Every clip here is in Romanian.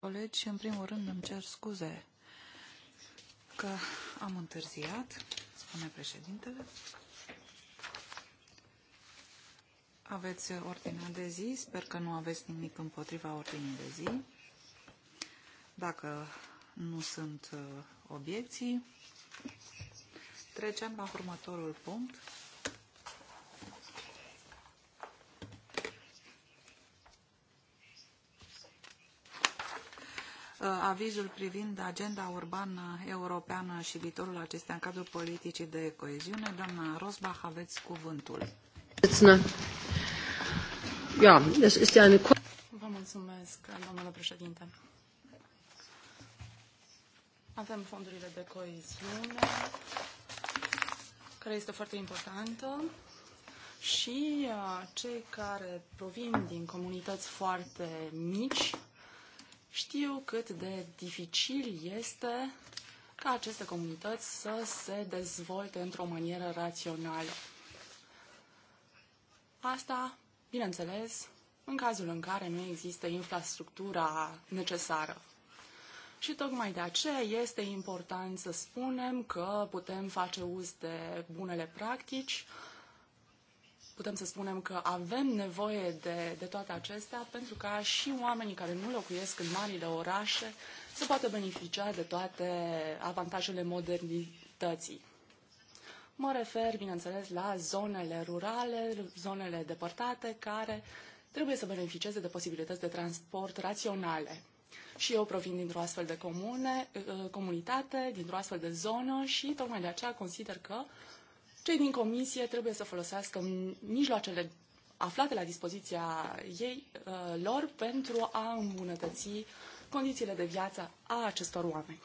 Colegi, în primul rând îmi cer scuze că am întârziat, spune președintele. Aveți ordinea de zi, sper că nu aveți nimic împotriva ordinii de zi. Dacă nu sunt uh, obiecții, trecem la următorul punct. Uh, avizul privind agenda urbană europeană și viitorul acestea în cadrul politicii de coeziune. Doamna Rosbach, aveți cuvântul. Vă mulțumesc, domnule președinte. Avem fondurile de coeziune, care este foarte importantă, și uh, cei care provin din comunități foarte mici știu cât de dificil este ca aceste comunități să se dezvolte într-o manieră rațională. Asta, bineînțeles, în cazul în care nu există infrastructura necesară. Și tocmai de aceea este important să spunem că putem face uz de bunele practici, uh, putem să spunem că avem nevoie de, de toate acestea pentru ca și oamenii care nu locuiesc în marile orașe să poată beneficia de toate avantajele modernității. Mă refer, bineînțeles, la zonele rurale, zonele depărtate, care trebuie să beneficieze de posibilități de transport raționale. Și eu provin dintr-o astfel de comune, eh, comunitate, dintr-o astfel de zonă și tocmai de aceea consider că cei din comisie trebuie să folosească mijloacele aflate la dispoziția ei, uh, lor pentru a îmbunătăți condițiile de viață a acestor oameni.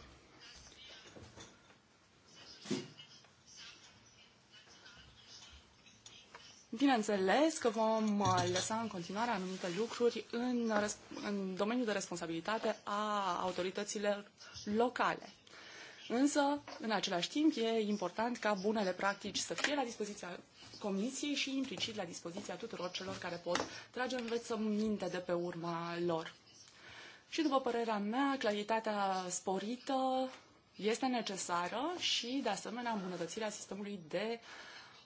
Bineînțeles că vom uh, lăsa în continuare anumite lucruri în, în domeniul de responsabilitate a autorităților locale. Însă, în același timp, e important ca bunele practici să fie la dispoziția Comisiei și implicit la dispoziția tuturor celor care pot trage învățăminte de pe urma lor. Și după părerea mea, claritatea sporită este necesară și, de asemenea, îmbunătățirea sistemului de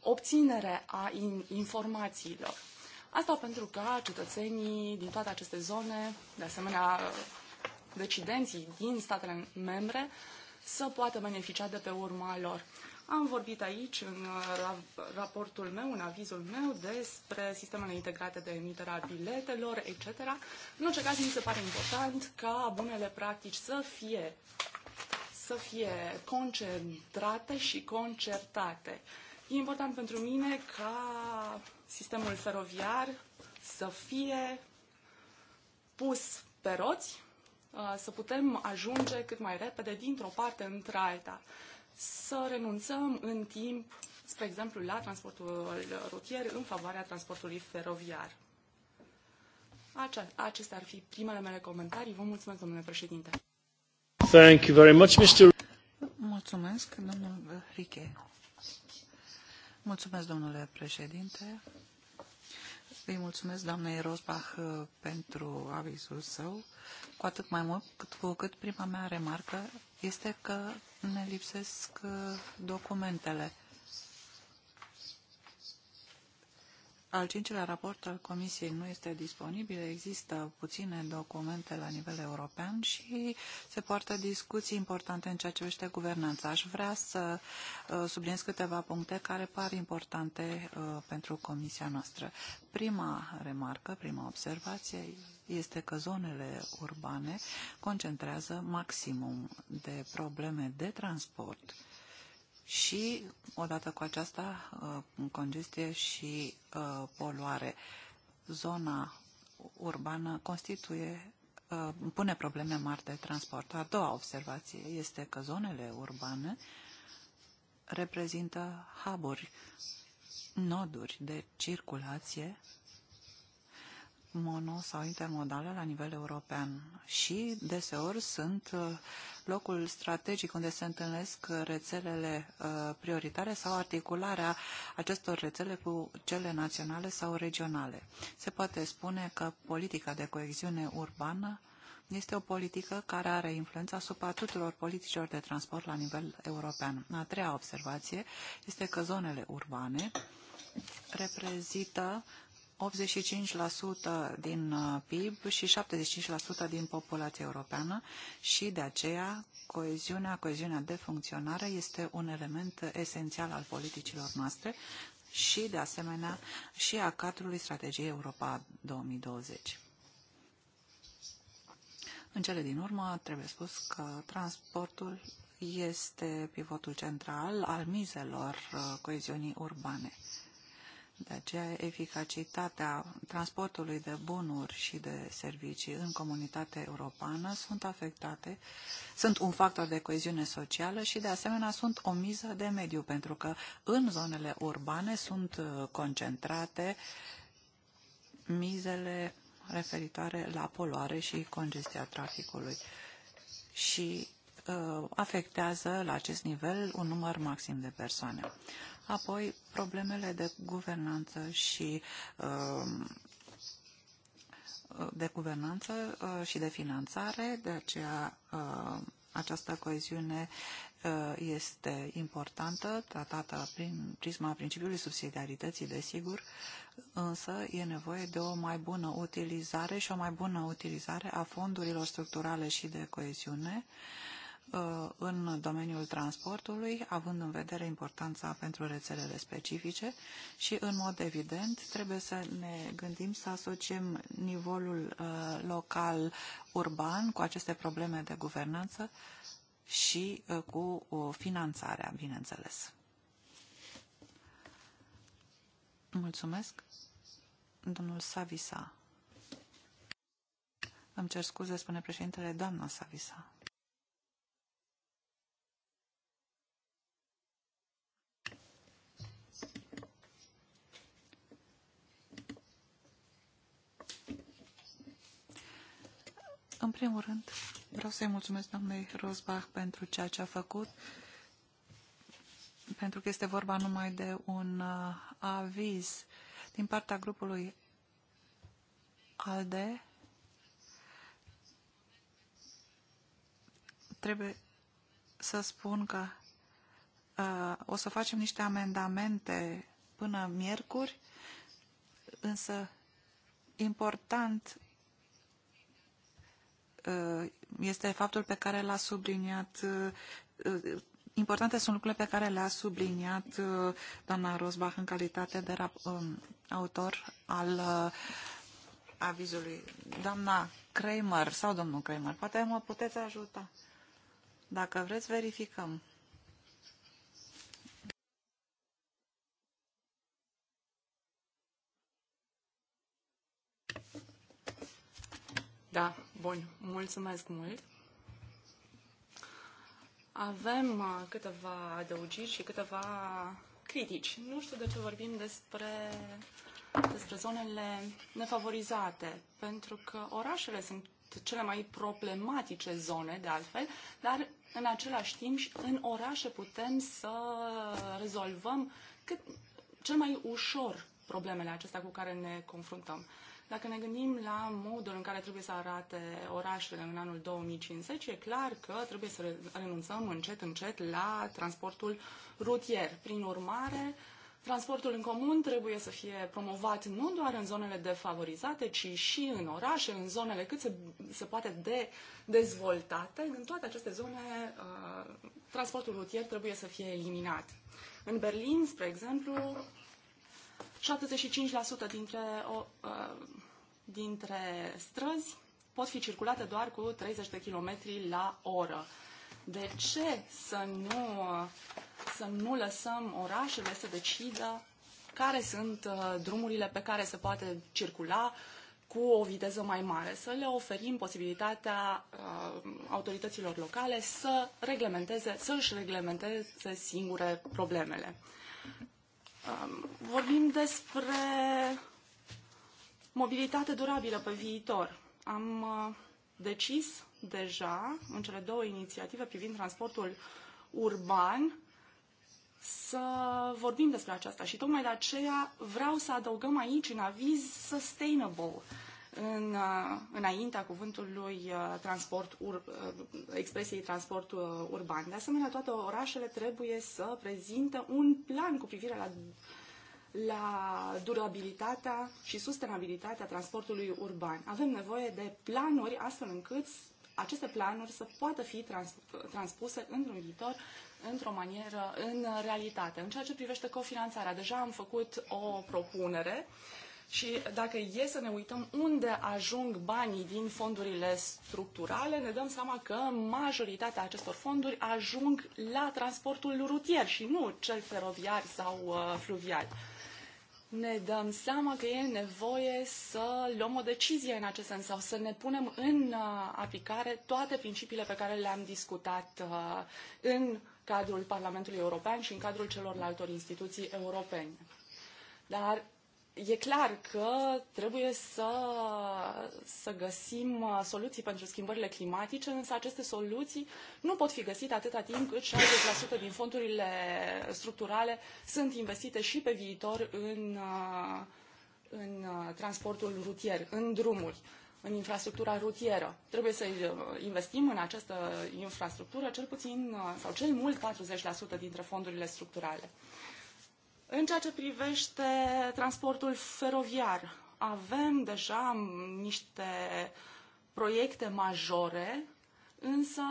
obținere a informațiilor. Asta pentru ca cetățenii din toate aceste zone, de asemenea decidenții din statele membre, să poată beneficia de pe urma lor. Am vorbit aici, în uh, raportul meu, în avizul meu, despre sistemele integrate de emitere a biletelor, etc. În orice caz, mi se pare important ca bunele practici să fie, să fie concentrate și concertate. E important pentru mine ca sistemul feroviar să fie pus pe roți Uh, să putem ajunge cât mai repede dintr-o parte într-alta. Să renunțăm în timp, spre exemplu, la transportul rutier în favoarea transportului feroviar. Acestea ar fi primele mele comentarii. Vă mulțumesc, domnule președinte. Thank you very much, Mr. Mulțumesc, domnule Riche. Mulțumesc, domnule președinte. Îi mulțumesc doamnei Rosbach uh, pentru avizul său, cu atât mai mult cât, cu cât prima mea remarcă este că ne lipsesc uh, documentele. Al cincilea raport al Comisiei nu este disponibil, există puține documente la nivel european și se poartă discuții importante în ceea ce privește guvernanța. Aș vrea să uh, subliniez câteva puncte care par importante uh, pentru Comisia noastră. Prima remarcă, prima observație este că zonele urbane concentrează maximum de probleme de transport și, odată cu aceasta, uh, congestie și uh, poluare. Zona urbană constituie uh, pune probleme mari de transport. A doua observație este că zonele urbane reprezintă huburi, noduri de circulație mono sau intermodală la nivel european și deseori sunt uh, locul strategic unde se întâlnesc rețelele uh, prioritare sau articularea acestor rețele cu cele naționale sau regionale. Se poate spune că politica de coeziune urbană este o politică care are influență asupra tuturor politicilor de transport la nivel european. A treia observație este că zonele urbane reprezintă 85% din uh, PIB și 75% din populația europeană și de aceea coeziunea, coeziunea de funcționare este un element esențial al politicilor noastre și de asemenea și a cadrului strategiei Europa 2020. În cele din urmă, trebuie spus că transportul este pivotul central al mizelor uh, coeziunii urbane. De aceea, eficacitatea transportului de bunuri și de servicii în comunitatea europeană sunt afectate, sunt un factor de coeziune socială și, de asemenea, sunt o miză de mediu, pentru că în zonele urbane sunt uh, concentrate mizele referitoare la poluare și congestia traficului. Și uh, afectează la acest nivel un număr maxim de persoane. Apoi, problemele de guvernanță și um, de guvernanță uh, și de finanțare, de aceea uh, această coeziune uh, este importantă, tratată prin prisma principiului subsidiarității, desigur, însă e nevoie de o mai bună utilizare și o mai bună utilizare a fondurilor structurale și de coeziune, uh, Uh, în domeniul transportului, având în vedere importanța pentru rețelele specifice și, în mod evident, trebuie să ne gândim să asociem nivelul uh, local urban cu aceste probleme de guvernanță și uh, cu finanțarea, bineînțeles. Mulțumesc. Domnul Savisa. Îmi cer scuze, spune președintele, doamna Savisa. În primul rând, vreau să-i mulțumesc doamnei Rosbach pentru ceea ce a făcut, pentru că este vorba numai de un uh, aviz din partea grupului ALDE. Trebuie să spun că uh, o să facem niște amendamente până miercuri, însă important Uh, este faptul pe care l-a subliniat uh, importante sunt lucrurile pe care le-a subliniat uh, doamna Rosbach în calitate de um, autor al avizului. Doamna Kramer sau domnul Kramer, poate mă puteți ajuta. Dacă vreți, verificăm. Da, Bun, mulțumesc mult. Avem uh, câteva adăugiri și câteva critici. Nu știu de ce vorbim despre, despre zonele nefavorizate, pentru că orașele sunt cele mai problematice zone, de altfel, dar în același timp și în orașe putem să rezolvăm cât, cel mai ușor problemele acestea cu care ne confruntăm. Dacă ne gândim la modul în care trebuie să arate orașele în anul 2050, e clar că trebuie să renunțăm încet, încet la transportul rutier. Prin urmare, Transportul în comun trebuie să fie promovat nu doar în zonele defavorizate, ci și în orașe, în zonele cât se, se poate de dezvoltate. În toate aceste zone, uh, transportul rutier trebuie să fie eliminat. În Berlin, spre exemplu, 75% dintre, o, ă, dintre străzi pot fi circulate doar cu 30 de km la oră. De ce să nu, să nu lăsăm orașele să decidă care sunt ă, drumurile pe care se poate circula cu o viteză mai mare, să le oferim posibilitatea ă, autorităților locale să reglementeze, să își reglementeze singure problemele. Um, vorbim despre mobilitate durabilă pe viitor. Am uh, decis deja în cele două inițiative privind transportul urban să vorbim despre aceasta și tocmai de aceea vreau să adăugăm aici în aviz sustainable, în, uh, înaintea cuvântului uh, transport ur, uh, expresiei transport urban. De asemenea, toate orașele trebuie să prezinte un plan cu privire la la durabilitatea și sustenabilitatea transportului urban. Avem nevoie de planuri astfel încât aceste planuri să poată fi trans, transpuse într-un viitor într-o manieră, în realitate. În ceea ce privește cofinanțarea, deja am făcut o propunere uh, și dacă e să ne uităm unde ajung banii din fondurile structurale, ne dăm seama că majoritatea acestor fonduri ajung la transportul rutier și nu cel feroviar sau uh, fluvial. Ne dăm seama că e nevoie să luăm o decizie în acest sens sau să ne punem în uh, aplicare toate principiile pe care le-am discutat uh, în cadrul Parlamentului European și în cadrul celorlalte instituții europene. Dar e clar că trebuie să, să găsim uh, soluții pentru schimbările climatice, însă aceste soluții nu pot fi găsite atâta timp cât 60% din fondurile structurale sunt investite și pe viitor în, uh, în uh, transportul rutier, în drumuri în infrastructura rutieră. Trebuie să investim în această infrastructură cel puțin sau cel mult 40% dintre fondurile structurale. În ceea ce privește transportul feroviar, avem deja niște proiecte majore, însă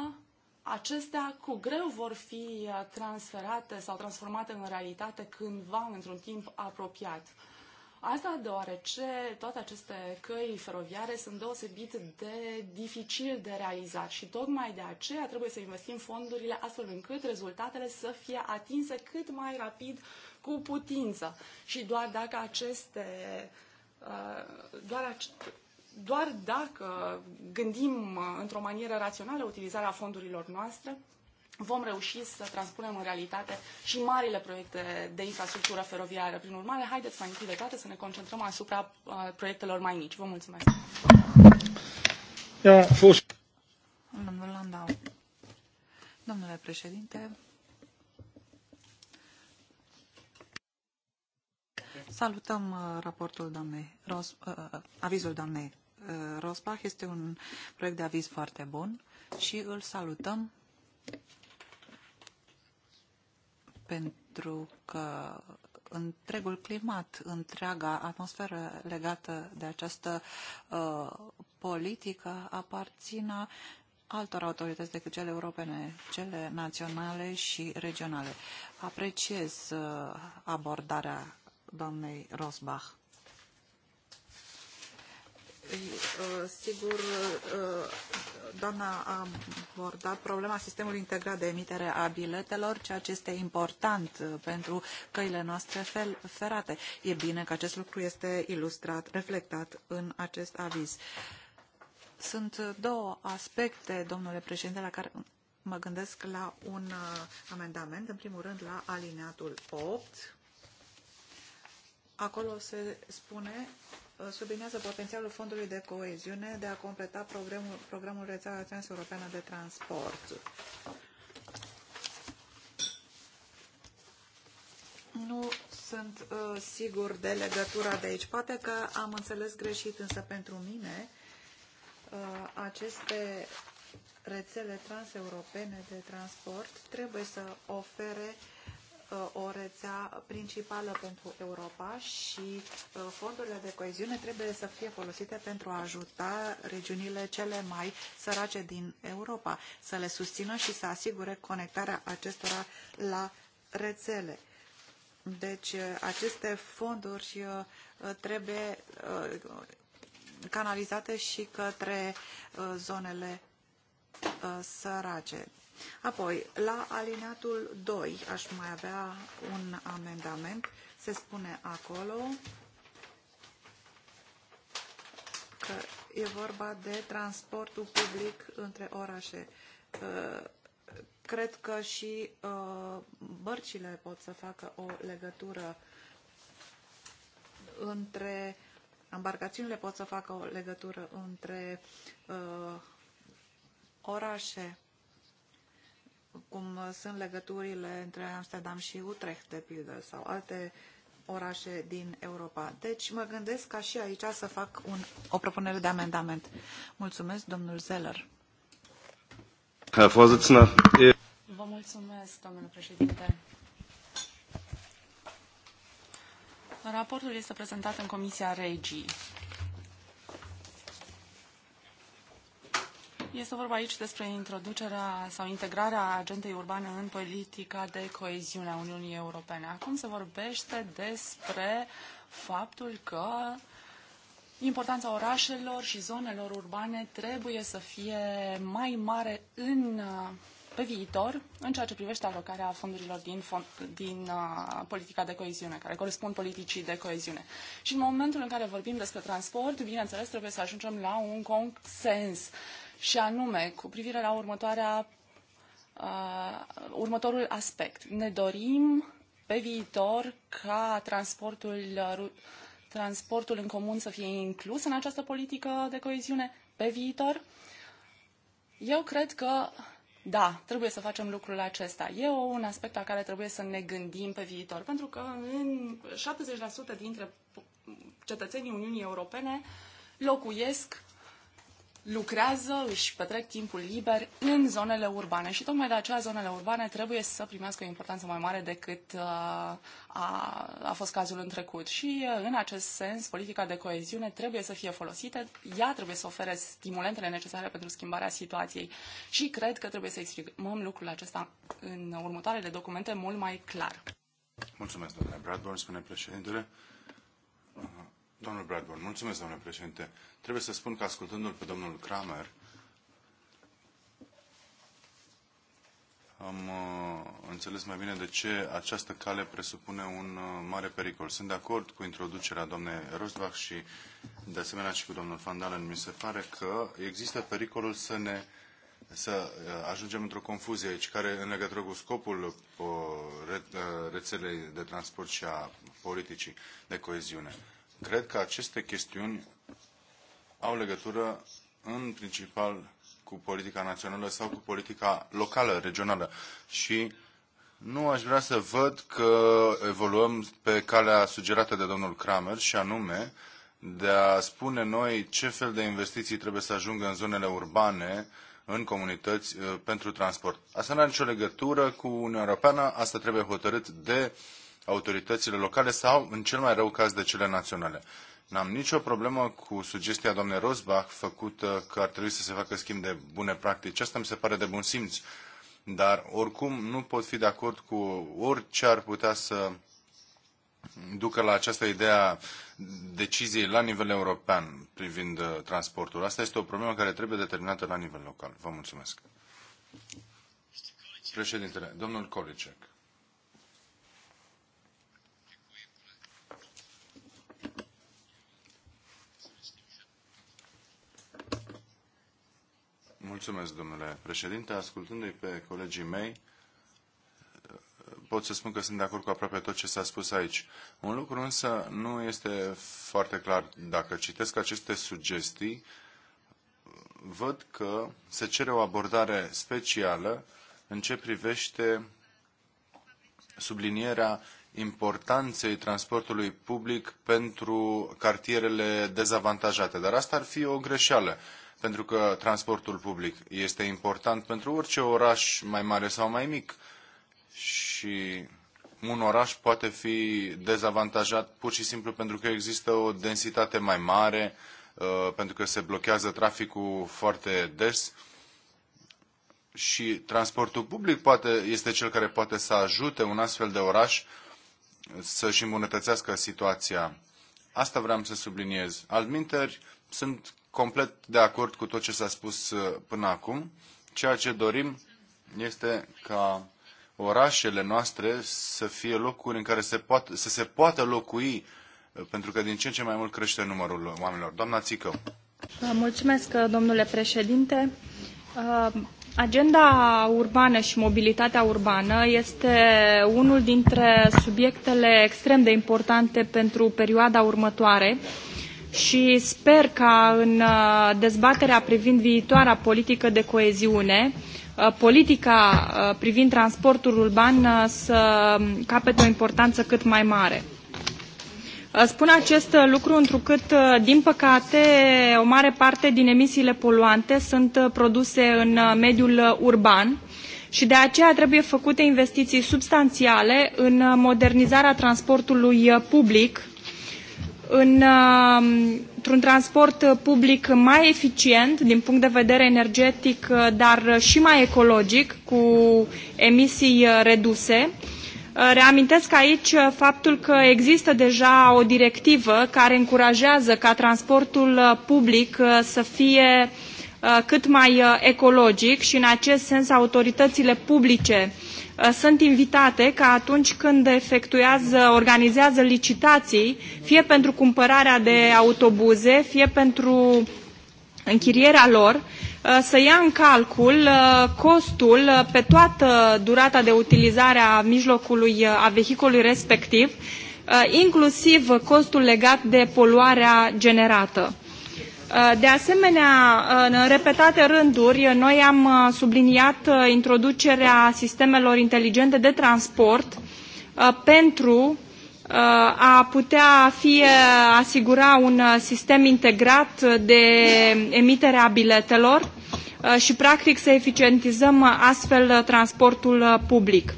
acestea cu greu vor fi transferate sau transformate în realitate cândva într-un timp apropiat. Asta deoarece toate aceste căi feroviare sunt deosebit de dificil de realizat și tocmai de aceea trebuie să investim fondurile astfel încât rezultatele să fie atinse cât mai rapid uh, cu putință și doar dacă aceste uh, doar, doar dacă gândim uh, într-o manieră rațională utilizarea fondurilor noastre, vom reuși să transpunem în realitate și marile proiecte de infrastructură feroviară Prin urmare, haideți mai întâi de toate să ne concentrăm asupra uh, proiectelor mai mici. Vă mulțumesc! Domnul Landau. Domnule președinte, Salutăm uh, raportul doamnei Ros, uh, uh, avizul doamnei Rosbach. Este un proiect de aviz foarte bun și îl salutăm pentru că întregul climat, întreaga atmosferă legată de această uh, politică aparțină altor autorități decât cele europene, cele naționale și regionale. Apreciez uh, abordarea doamnei Rosbach. Uh, sigur, uh, doamna a abordat problema sistemului integrat de emitere a biletelor, ceea ce este important uh, pentru căile noastre ferate. E bine că acest lucru este ilustrat, reflectat în acest aviz. Sunt două aspecte, domnule președinte, la care mă gândesc la un amendament. În primul rând, la alineatul 8, Acolo se spune, uh, sublinează potențialul fondului de coeziune de a completa programul, programul rețeaua transeuropeană de transport. Nu sunt uh, sigur de legătura de aici. Poate că am înțeles greșit, însă pentru mine uh, aceste rețele transeuropene de transport trebuie să ofere Uh, o rețea principală pentru Europa și uh, fondurile de coeziune trebuie să fie folosite pentru a ajuta regiunile cele mai sărace din Europa, să le susțină și să asigure conectarea acestora la rețele. Deci uh, aceste fonduri trebuie canalizate și către zonele sărace. Apoi, la alineatul 2 aș mai avea un amendament. Se spune acolo că e vorba de transportul public între orașe. Uh, cred că și uh, bărcile pot să facă o legătură între embarcațiunile pot să facă o legătură între uh, orașe cum uh, sunt legăturile între Amsterdam și Utrecht, de pildă, sau alte orașe din Europa. Deci mă gândesc ca și aici să fac un, o propunere de amendament. Mulțumesc, domnul Zeller. Vă mulțumesc, domnule președinte. Raportul este prezentat în Comisia Regii Este vorba aici despre introducerea sau integrarea agentei urbane în politica de coeziune a Uniunii Europene. Acum se vorbește despre faptul că importanța orașelor și zonelor urbane trebuie să fie mai mare în, pe viitor în ceea ce privește alocarea fondurilor din, fond, din uh, politica de coeziune, care corespund politicii de coeziune. Și în momentul în care vorbim despre transport, bineînțeles, trebuie să ajungem la un consens. Uh, și anume cu privire la următoarea, uh, următorul aspect. Ne dorim pe viitor ca transportul, transportul în comun să fie inclus în această politică de coeziune pe viitor? Eu cred că da, trebuie să facem lucrul acesta. E un aspect la care trebuie să ne gândim pe viitor, pentru că în 70% dintre cetățenii Uniunii Europene locuiesc lucrează, își petrec timpul liber în zonele urbane și tocmai de aceea zonele urbane trebuie să primească o importanță mai mare decât uh, a, a fost cazul în trecut. Și uh, în acest sens, politica de coeziune trebuie să fie folosită, ea trebuie să ofere stimulentele necesare pentru schimbarea situației și cred că trebuie să exprimăm lucrul acesta în următoarele documente mult mai clar. Mulțumesc, domnule Bradburn, spune președintele. Domnul Bradburn, mulțumesc, domnule președinte. Trebuie să spun că ascultându-l pe domnul Kramer, am uh, înțeles mai bine de ce această cale presupune un uh, mare pericol. Sunt de acord cu introducerea doamnei Rosbach și de asemenea și cu domnul Van Dalen. Mi se pare că există pericolul să ne să uh, ajungem într-o confuzie aici, care în legătură cu scopul uh, uh, rețelei de transport și a politicii de coeziune cred că aceste chestiuni au legătură în principal cu politica națională sau cu politica locală, regională. Și nu aș vrea să văd că evoluăm pe calea sugerată de domnul Kramer și anume de a spune noi ce fel de investiții trebuie să ajungă în zonele urbane, în comunități uh, pentru transport. Asta nu are nicio legătură cu Uniunea Europeană, asta trebuie hotărât de uh, autoritățile locale sau, în cel mai rău caz, de cele naționale. N-am nicio problemă cu sugestia doamnei Rosbach făcută că ar trebui să se facă schimb de bune practici. Asta mi se pare de bun simț. Dar, oricum, nu pot fi de acord cu orice ar putea să ducă la această idee a deciziei la nivel european privind uh, transportul. Asta este o problemă care trebuie determinată la nivel local. Vă mulțumesc. Președintele, domnul Kolicek. Mulțumesc, domnule președinte. Ascultându-i pe colegii mei, pot să spun că sunt de acord cu aproape tot ce s-a spus aici. Un lucru însă nu este foarte clar. Dacă citesc aceste sugestii, văd că se cere o abordare specială în ce privește sublinierea importanței transportului public pentru cartierele dezavantajate. Dar asta ar fi o greșeală pentru că transportul public este important pentru orice oraș, mai mare sau mai mic. Și un oraș poate fi dezavantajat pur și simplu pentru că există o densitate mai mare, uh, pentru că se blochează traficul foarte des și transportul public poate, este cel care poate să ajute un astfel de oraș să-și îmbunătățească situația. Asta vreau să subliniez. Altminteri, sunt complet de acord cu tot ce s-a spus uh, până acum. Ceea ce dorim este ca orașele noastre să fie locuri în care se poate, să se poată locui, uh, pentru că din ce în ce mai mult crește numărul oamenilor. Doamna Țică. Mulțumesc, uh, domnule președinte. Agenda urbană și mobilitatea urbană este unul dintre subiectele extrem de importante pentru perioada următoare și sper ca în uh, dezbaterea privind viitoarea politică de coeziune, uh, politica uh, privind transportul urban să capete o importanță cât mai mare. Spun acest lucru întrucât, din păcate, o mare parte din emisiile poluante sunt produse în mediul urban și de aceea trebuie făcute investiții substanțiale în modernizarea transportului public, în, um, într-un transport public mai eficient din punct de vedere energetic, uh, dar și mai ecologic, cu emisii uh, reduse. Uh, reamintesc aici faptul că există deja o directivă care încurajează ca transportul public să fie cât mai ecologic și în acest sens autoritățile publice uh, Uh, sunt invitate ca atunci când efectuează, organizează licitații, fie pentru cumpărarea de autobuze, fie pentru închirierea lor, uh, să ia în calcul uh, costul pe toată durata de utilizare a mijlocului, a vehicului respectiv, inclusiv costul legat de poluarea generată. Uh, de asemenea, în repetate rânduri, noi am uh, subliniat uh, introducerea sistemelor inteligente de transport pentru a putea fi asigura un sistem integrat de emitere a biletelor și, practic, să eficientizăm astfel transportul public.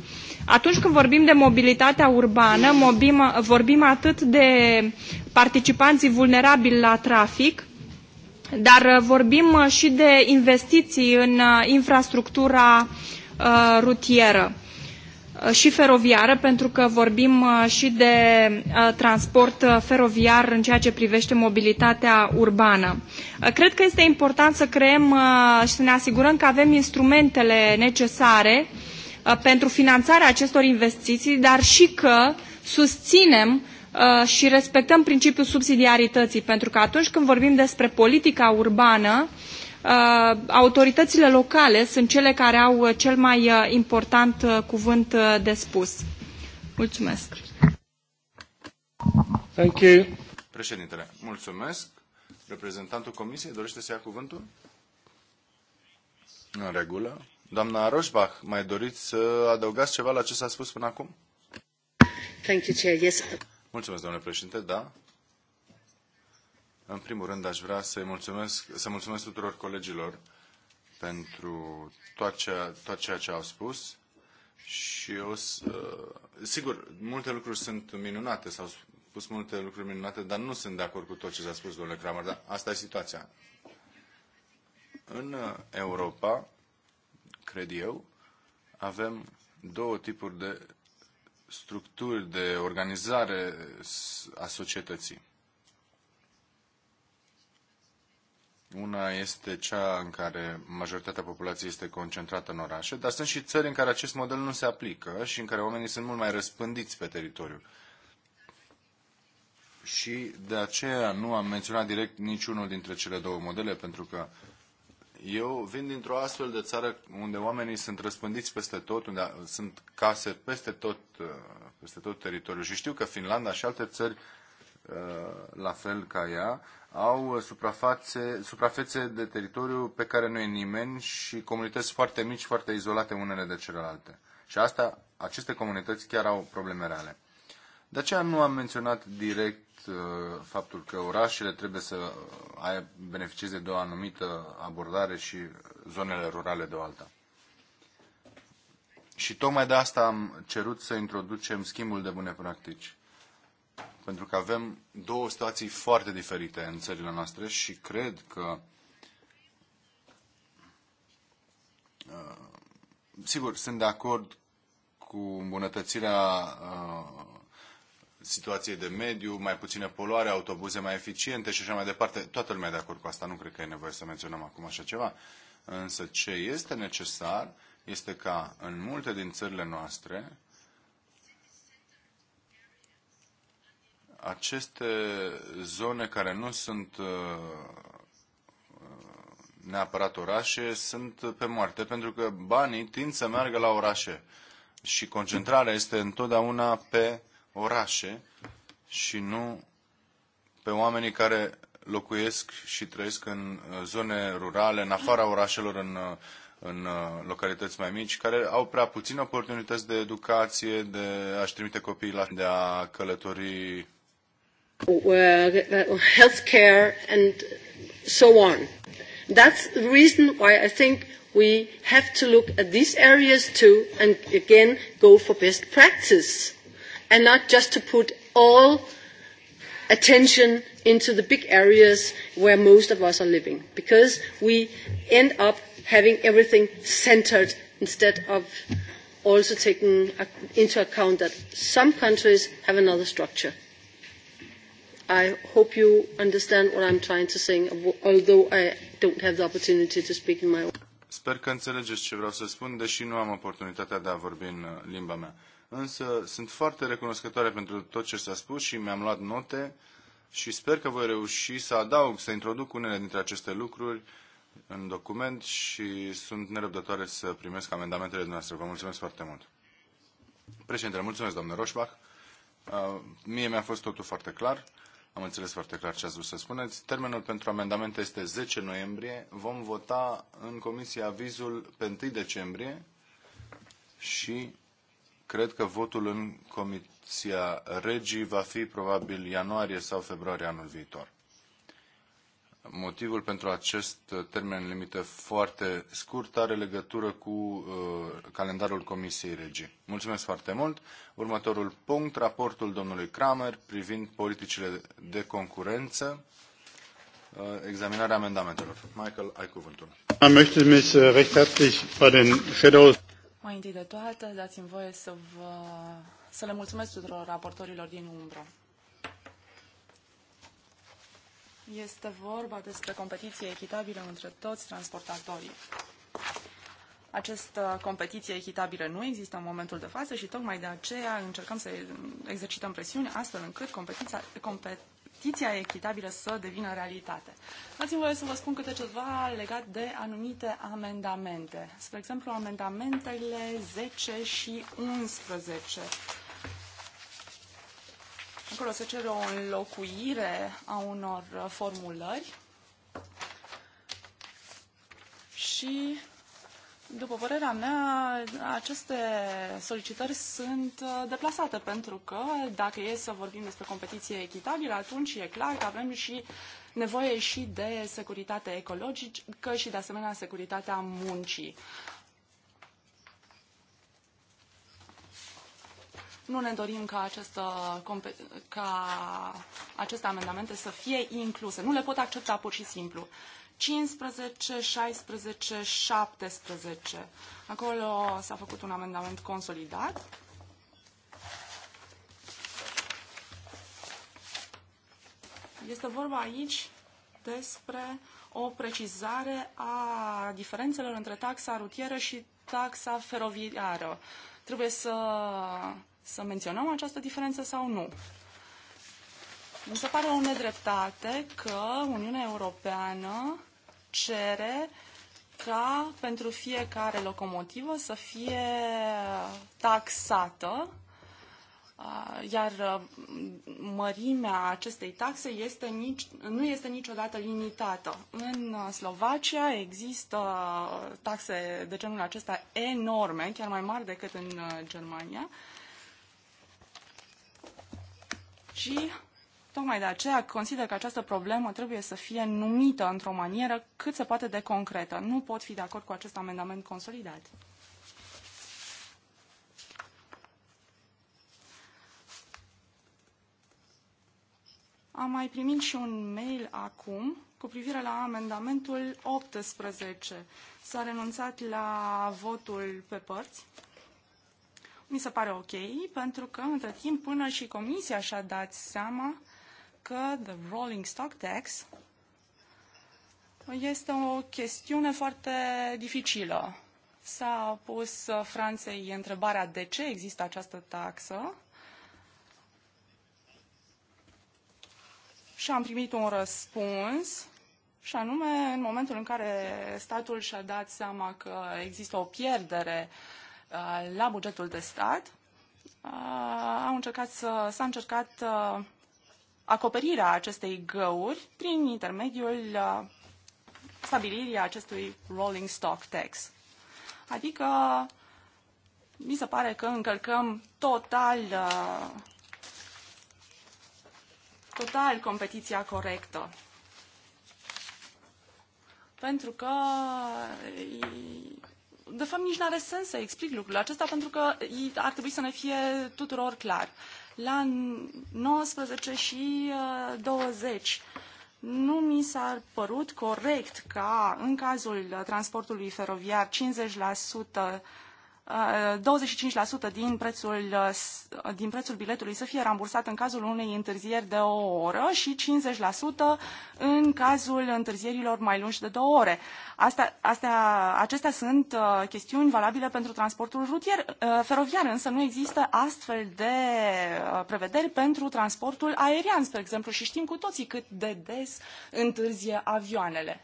Atunci când vorbim de mobilitatea urbană, vorbim atât de participanții vulnerabili la trafic, dar uh, vorbim uh, și de investiții în uh, infrastructura rutieră și feroviară, pentru că vorbim și de transport feroviar în ceea ce privește mobilitatea urbană. Cred că este important să creăm și să ne asigurăm că avem instrumentele necesare pentru finanțarea acestor investiții, dar și că susținem Uh, și respectăm principiul subsidiarității, pentru că atunci când vorbim despre politica urbană, uh, autoritățile locale sunt cele care au uh, cel mai important cuvânt de spus. Mulțumesc. Thank you. Președintele, mulțumesc. Reprezentantul Comisiei dorește să ia cuvântul? În regulă. Doamna Roșbach, mai doriți să adăugați ceva la ce s-a spus până acum? Thank you, Chair. Yes. Mulțumesc, domnule președinte, da. În primul rând, aș vrea să mulțumesc, să mulțumesc tuturor colegilor pentru tot ceea, tot ceea ce au spus și o să, uh, sigur, multe lucruri sunt minunate, s-au spus multe lucruri minunate, dar nu sunt de acord cu tot ce s-a spus, domnule Kramer, dar asta e situația. În uh, Europa, cred eu, avem două tipuri de structuri de organizare a societății. Una este cea în care majoritatea populației este concentrată în orașe, dar sunt și țări în care acest model nu se aplică și în care oamenii sunt mult mai răspândiți pe teritoriu. Și de aceea nu am menționat direct niciunul dintre cele două modele, pentru că eu vin dintr-o astfel de țară unde oamenii sunt răspândiți peste tot, unde sunt case peste tot, uh, peste tot teritoriul. Și știu că Finlanda și alte țări uh, la fel ca ea, au uh, suprafețe, suprafețe de teritoriu pe care nu e nimeni și comunități foarte mici, foarte izolate unele de celelalte. Și asta, aceste comunități chiar au probleme reale. De aceea nu am menționat direct Uh, faptul că orașele trebuie să beneficieze de o anumită abordare și zonele rurale de o alta. Și tocmai de asta am cerut să introducem schimbul de bune practici. Pentru că avem două situații foarte diferite în țările noastre și cred că uh, sigur, sunt de acord cu îmbunătățirea uh, situației de mediu, mai puține poluare, autobuze mai eficiente și așa mai departe. Toată lumea de acord cu asta, nu cred că e nevoie să menționăm acum așa ceva. Însă ce este necesar este ca în multe din țările noastre aceste zone care nu sunt uh, uh, neapărat orașe sunt pe moarte, pentru că banii tind să meargă la orașe și concentrarea este întotdeauna pe orașe și nu pe oamenii care locuiesc și trăiesc în uh, zone rurale, în afara orașelor, în, uh, în uh, localități mai mici, care au prea puține oportunități de educație, de a-și trimite copiii la de a călători. Healthcare and so on. That's the reason why I think we have to look at these areas too and again go for best practice and not just to put all attention into the big areas where most of us are living, because we end up having everything centered instead of also taking into account that some countries have another structure. I hope you understand what I'm trying to say, although I don't have the opportunity to speak in my own. Sper că înțelegeți ce vreau să spun, deși nu am oportunitatea de a vorbi în limba mea însă sunt foarte recunoscătoare pentru tot ce s-a spus și mi-am luat note și sper că voi reuși să adaug, să introduc unele dintre aceste lucruri în document și sunt nerăbdătoare să primesc amendamentele noastre. Vă mulțumesc foarte mult. Președintele, mulțumesc, domnule Roșbach. Uh, mie mi-a fost totul foarte clar. Am înțeles foarte clar ce ați vrut să spuneți. Termenul pentru amendamente este 10 noiembrie. Vom vota în comisie avizul pe 1 decembrie și Cred că votul în Comisia Regii va fi probabil ianuarie sau februarie anul viitor. Motivul pentru acest termen limită foarte scurt are legătură cu uh, calendarul Comisiei Regii. Mulțumesc foarte mult. Următorul punct, raportul domnului Kramer privind politicile de concurență, examinarea amendamentelor. Michael, ai cuvântul. Mai întâi de toate, dați-mi voie să, vă, să le mulțumesc tuturor raportorilor din umbră. Este vorba despre competiție echitabilă între toți transportatorii. Această competiție echitabilă nu există în momentul de față și tocmai de aceea încercăm să exercităm presiune astfel încât competiția, compet, competiția echitabilă să devină realitate. Dați-mi voie să vă spun câte ceva legat de anumite amendamente. Spre exemplu, amendamentele 10 și 11. Acolo se cere o înlocuire a unor formulări și după părerea mea, aceste solicitări sunt uh, deplasate pentru că dacă e să vorbim despre competiție echitabilă, atunci e clar că avem și nevoie și de securitate ecologică și de asemenea securitatea muncii. Nu ne dorim ca, această, ca aceste amendamente să fie incluse. Nu le pot accepta pur și simplu. 15, 16, 17. Acolo s-a făcut un amendament consolidat. Este vorba aici despre o precizare a diferențelor între taxa rutieră și taxa feroviară. Trebuie să, să menționăm această diferență sau nu? Mi se pare o nedreptate că Uniunea Europeană cere ca pentru fiecare locomotivă să fie taxată, uh, iar uh, mărimea acestei taxe este nici, nu este niciodată limitată. În uh, Slovacia există taxe de genul acesta enorme, chiar mai mari decât în Germania. Și Tocmai de aceea consider că această problemă trebuie să fie numită într-o manieră cât se poate de concretă. Nu pot fi de acord cu acest amendament consolidat. Am mai primit și un mail acum cu privire la amendamentul 18. S-a renunțat la votul pe părți. Mi se pare ok, pentru că între timp până și comisia și-a dat seama că the rolling stock tax este o chestiune foarte dificilă. S-a pus uh, Franței întrebarea de ce există această taxă și am primit un răspuns și anume în momentul în care statul și-a dat seama că există o pierdere uh, la bugetul de stat, uh, a încercat să, s-a încercat acoperirea acestei găuri prin intermediul uh, stabilirii acestui rolling stock tax. Adică mi se pare că încălcăm total, uh, total competiția corectă. Pentru că, uh, de fapt, nici nu are sens să explic lucrul acesta, pentru că ar trebui să ne fie tuturor clar. Uh, la 19 și 20. Uh, nu mi s-a părut corect ca în cazul uh, transportului feroviar 50% 25% din prețul, din prețul biletului să fie rambursat în cazul unei întârzieri de o oră și 50% în cazul întârzierilor mai lungi de două ore. Asta, astea, acestea sunt uh, chestiuni valabile pentru transportul rutier. Uh, feroviar însă nu există astfel de uh, prevederi pentru transportul aerian, spre exemplu, și știm cu toții cât de des întârzie avioanele.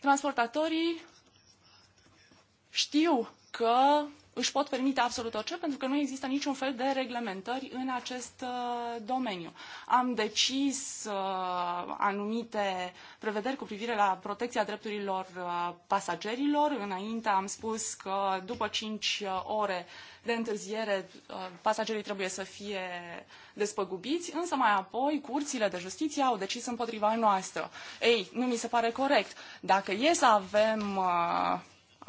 Transportatorii știu că își pot permite absolut orice, pentru că nu există niciun fel de reglementări în acest uh, domeniu. Am decis uh, anumite prevederi cu privire la protecția drepturilor uh, pasagerilor. Înainte am spus că după 5 ore de întârziere pasagerii trebuie să fie despăgubiți, însă mai apoi curțile de justiție au decis împotriva noastră. Ei, nu mi se pare corect. Dacă e să avem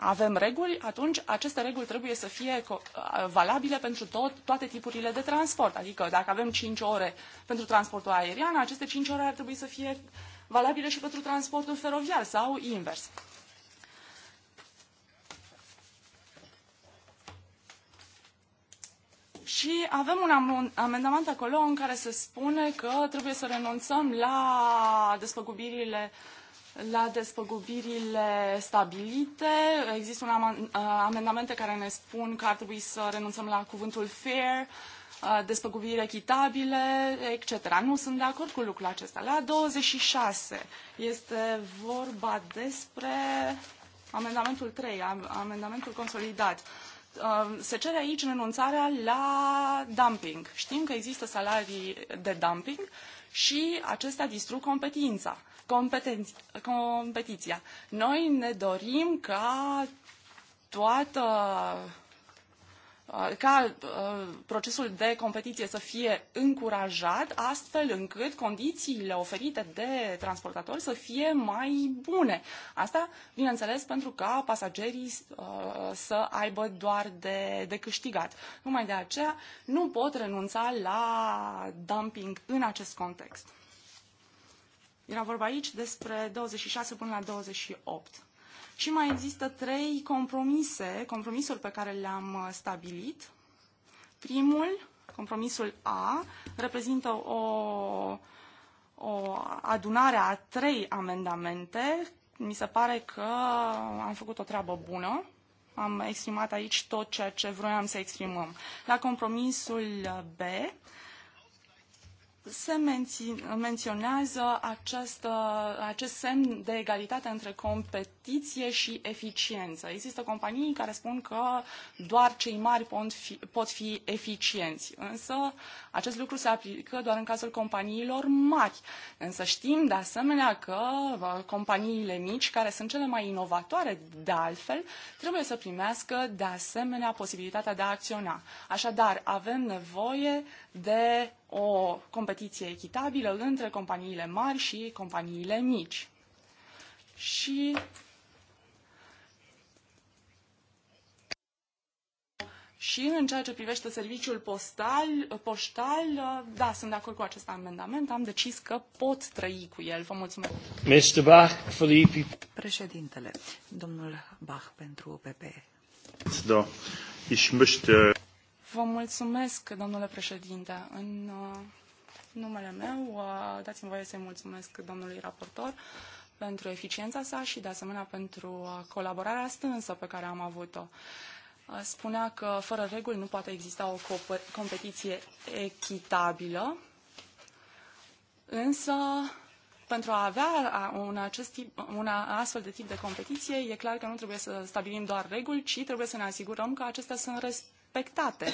avem reguli, atunci aceste reguli trebuie să fie valabile pentru tot, toate tipurile de transport. Adică dacă avem 5 ore pentru transportul aerian, aceste 5 ore ar trebui să fie valabile și pentru transportul feroviar sau invers. Și avem un amendament acolo în care se spune că trebuie să renunțăm la despăgubirile uh, la despăgubirile stabilite. Există un amendamente care ne spun că ar trebui să renunțăm la cuvântul fair, despăgubiri echitabile, etc. Nu sunt de acord cu lucrul acesta. La 26 este vorba despre amendamentul 3, amendamentul consolidat. Se cere aici renunțarea la dumping. Știm că există salarii de dumping și acestea distrug competința competiția. Noi ne dorim ca toată uh, ca uh, procesul de competiție să fie încurajat astfel încât condițiile oferite de transportatori să fie mai bune. Asta, bineînțeles, pentru ca pasagerii uh, să aibă doar de, de câștigat. Numai de aceea nu pot renunța la dumping în acest context. Era vorba aici despre 26 până la 28. Și mai există trei compromise, compromisuri pe care le-am uh, stabilit. Primul, compromisul A, reprezintă o, o adunare a trei amendamente. Mi se pare că am făcut o treabă bună. Am exprimat aici tot ceea ce vroiam să exprimăm. La compromisul B se menționează acest, acest semn de egalitate între competiție și eficiență. Există companii care spun că doar cei mari pot fi, pot fi eficienți, însă acest lucru se aplică doar în cazul companiilor mari. Însă știm de asemenea că companiile mici, care sunt cele mai inovatoare de altfel, trebuie să primească de asemenea posibilitatea de a acționa. Așadar, avem nevoie de o competiție echitabilă între companiile mari și companiile mici. Și Și în ceea ce privește serviciul postal, poștal, da, sunt de acord cu acest amendament, am decis că pot trăi cu el. Vă mulțumesc. Mr. Bach, Felipe. Președintele, domnul Bach pentru PP. Da, ich möchte... Vă mulțumesc, domnule președinte. În uh, numele meu, uh, dați-mi voie să-i mulțumesc domnului raportor pentru eficiența sa și, de asemenea, pentru uh, colaborarea strânsă pe care am avut-o. Spunea că fără reguli nu poate exista o competiție echitabilă, însă pentru a avea un, acest tip, un astfel de tip de competiție, e clar că nu trebuie să stabilim doar reguli, ci trebuie să ne asigurăm că acestea sunt respectate respectate.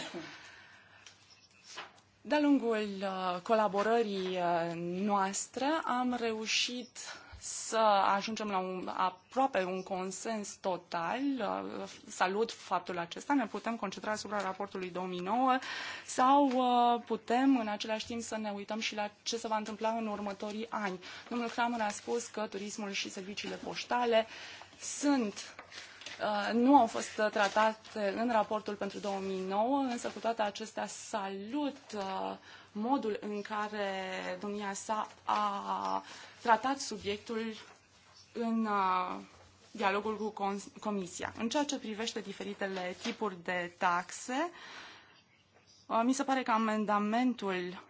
De-a lungul uh, colaborării uh, noastre am reușit să ajungem la un, aproape un consens total. Uh, salut faptul acesta, ne putem concentra asupra raportului 2009 sau putem în același timp să ne uităm și la ce se va întâmpla în următorii ani. Domnul Kramer a spus că turismul și serviciile poștale sunt Uh, nu au fost uh, tratate în raportul pentru 2009, însă cu toate acestea salut uh, modul în care domnia sa a tratat subiectul în dialogul cu Comisia. În ceea ce privește diferitele tipuri de taxe, mi se pare că amendamentul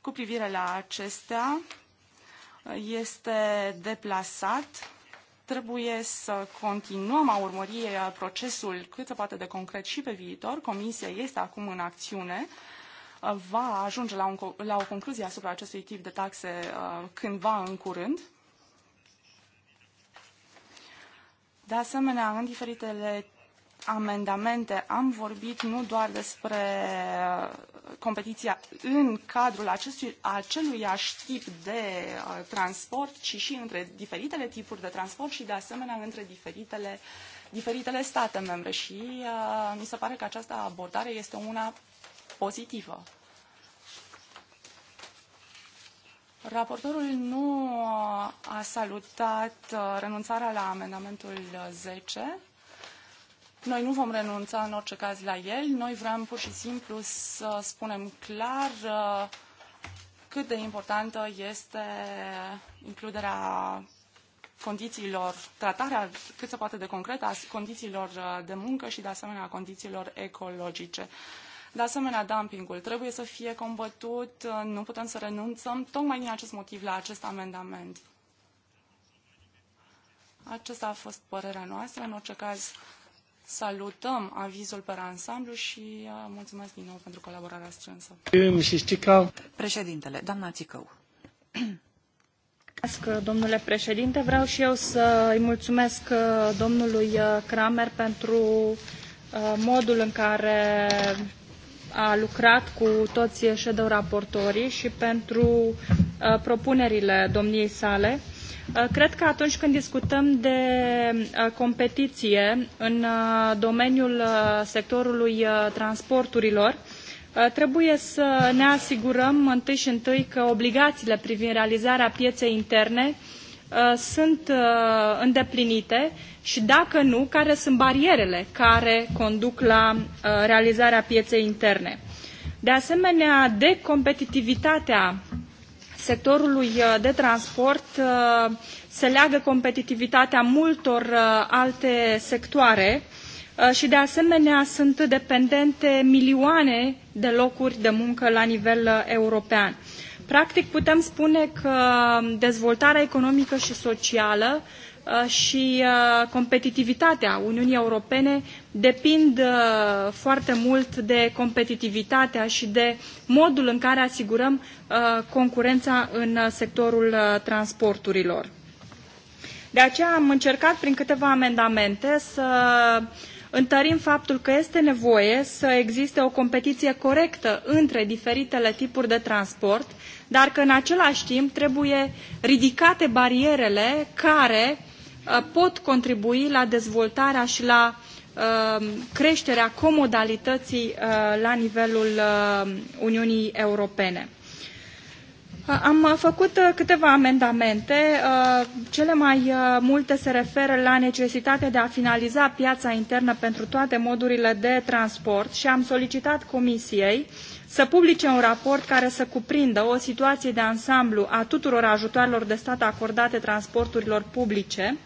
cu privire la acestea este deplasat Trebuie să continuăm a urmări procesul cât se poate de concret și pe viitor. Comisia este acum în acțiune va ajunge la, un, la o concluzie asupra acestui tip de taxe uh, cândva în curând. De asemenea, în diferitele amendamente am vorbit nu doar despre uh, competiția în cadrul acestui, aceluiași tip de uh, transport, ci și între diferitele tipuri de transport și de asemenea între diferitele, diferitele state membre. Și uh, mi se pare că această abordare este una pozitivă. Raportorul nu uh, a salutat renunțarea la amendamentul 10, noi nu vom renunța în orice caz la el, noi vrem pur și simplu să spunem clar uh, cât de importantă este includerea condițiilor, tratarea cât se poate de concretă a condițiilor uh, de muncă și de asemenea a condițiilor ecologice. De asemenea, dumpingul trebuie să fie combătut, uh, nu putem să renunțăm tocmai din acest motiv la acest amendament. Acesta a fost părerea noastră. În orice caz, salutăm avizul pe ansamblu și uh, mulțumesc din nou pentru colaborarea strânsă. Președintele, doamna Țicău. Domnule președinte, vreau și eu să îi mulțumesc uh, domnului uh, Kramer pentru modul în care a lucrat cu toți shadow raportorii și pentru uh, propunerile domniei sale. Uh, cred că atunci când discutăm de uh, competiție în domeniul sectorului transporturilor, trebuie să ne asigurăm întâi și întâi că obligațiile privind realizarea pieței interne uh, Uh, sunt uh, îndeplinite și dacă nu, care sunt barierele care conduc la uh, realizarea pieței interne. De asemenea, de competitivitatea sectorului de transport se leagă competitivitatea multor alte sectoare și de asemenea sunt dependente milioane de locuri de muncă la nivel european. Practic putem spune că dezvoltarea economică și socială uh, și uh, competitivitatea Uniunii Europene depind uh, foarte mult de competitivitatea și de modul în care asigurăm concurența în sectorul transporturilor. De aceea am încercat prin câteva amendamente să uh, întărim faptul că este nevoie să existe o competiție corectă între diferitele tipuri de transport, dar că în același timp trebuie ridicate barierele care uh, pot contribui la dezvoltarea și la uh, creșterea comodalității uh, la nivelul Uniunii Europene. Uh, am uh, făcut uh, câteva amendamente. Cele mai multe se referă la necesitatea de a finaliza piața internă pentru toate modurile de transport și am solicitat Comisiei să publice un raport care să cuprindă o situație de ansamblu a tuturor ajutoarelor de stat acordate transporturilor publice.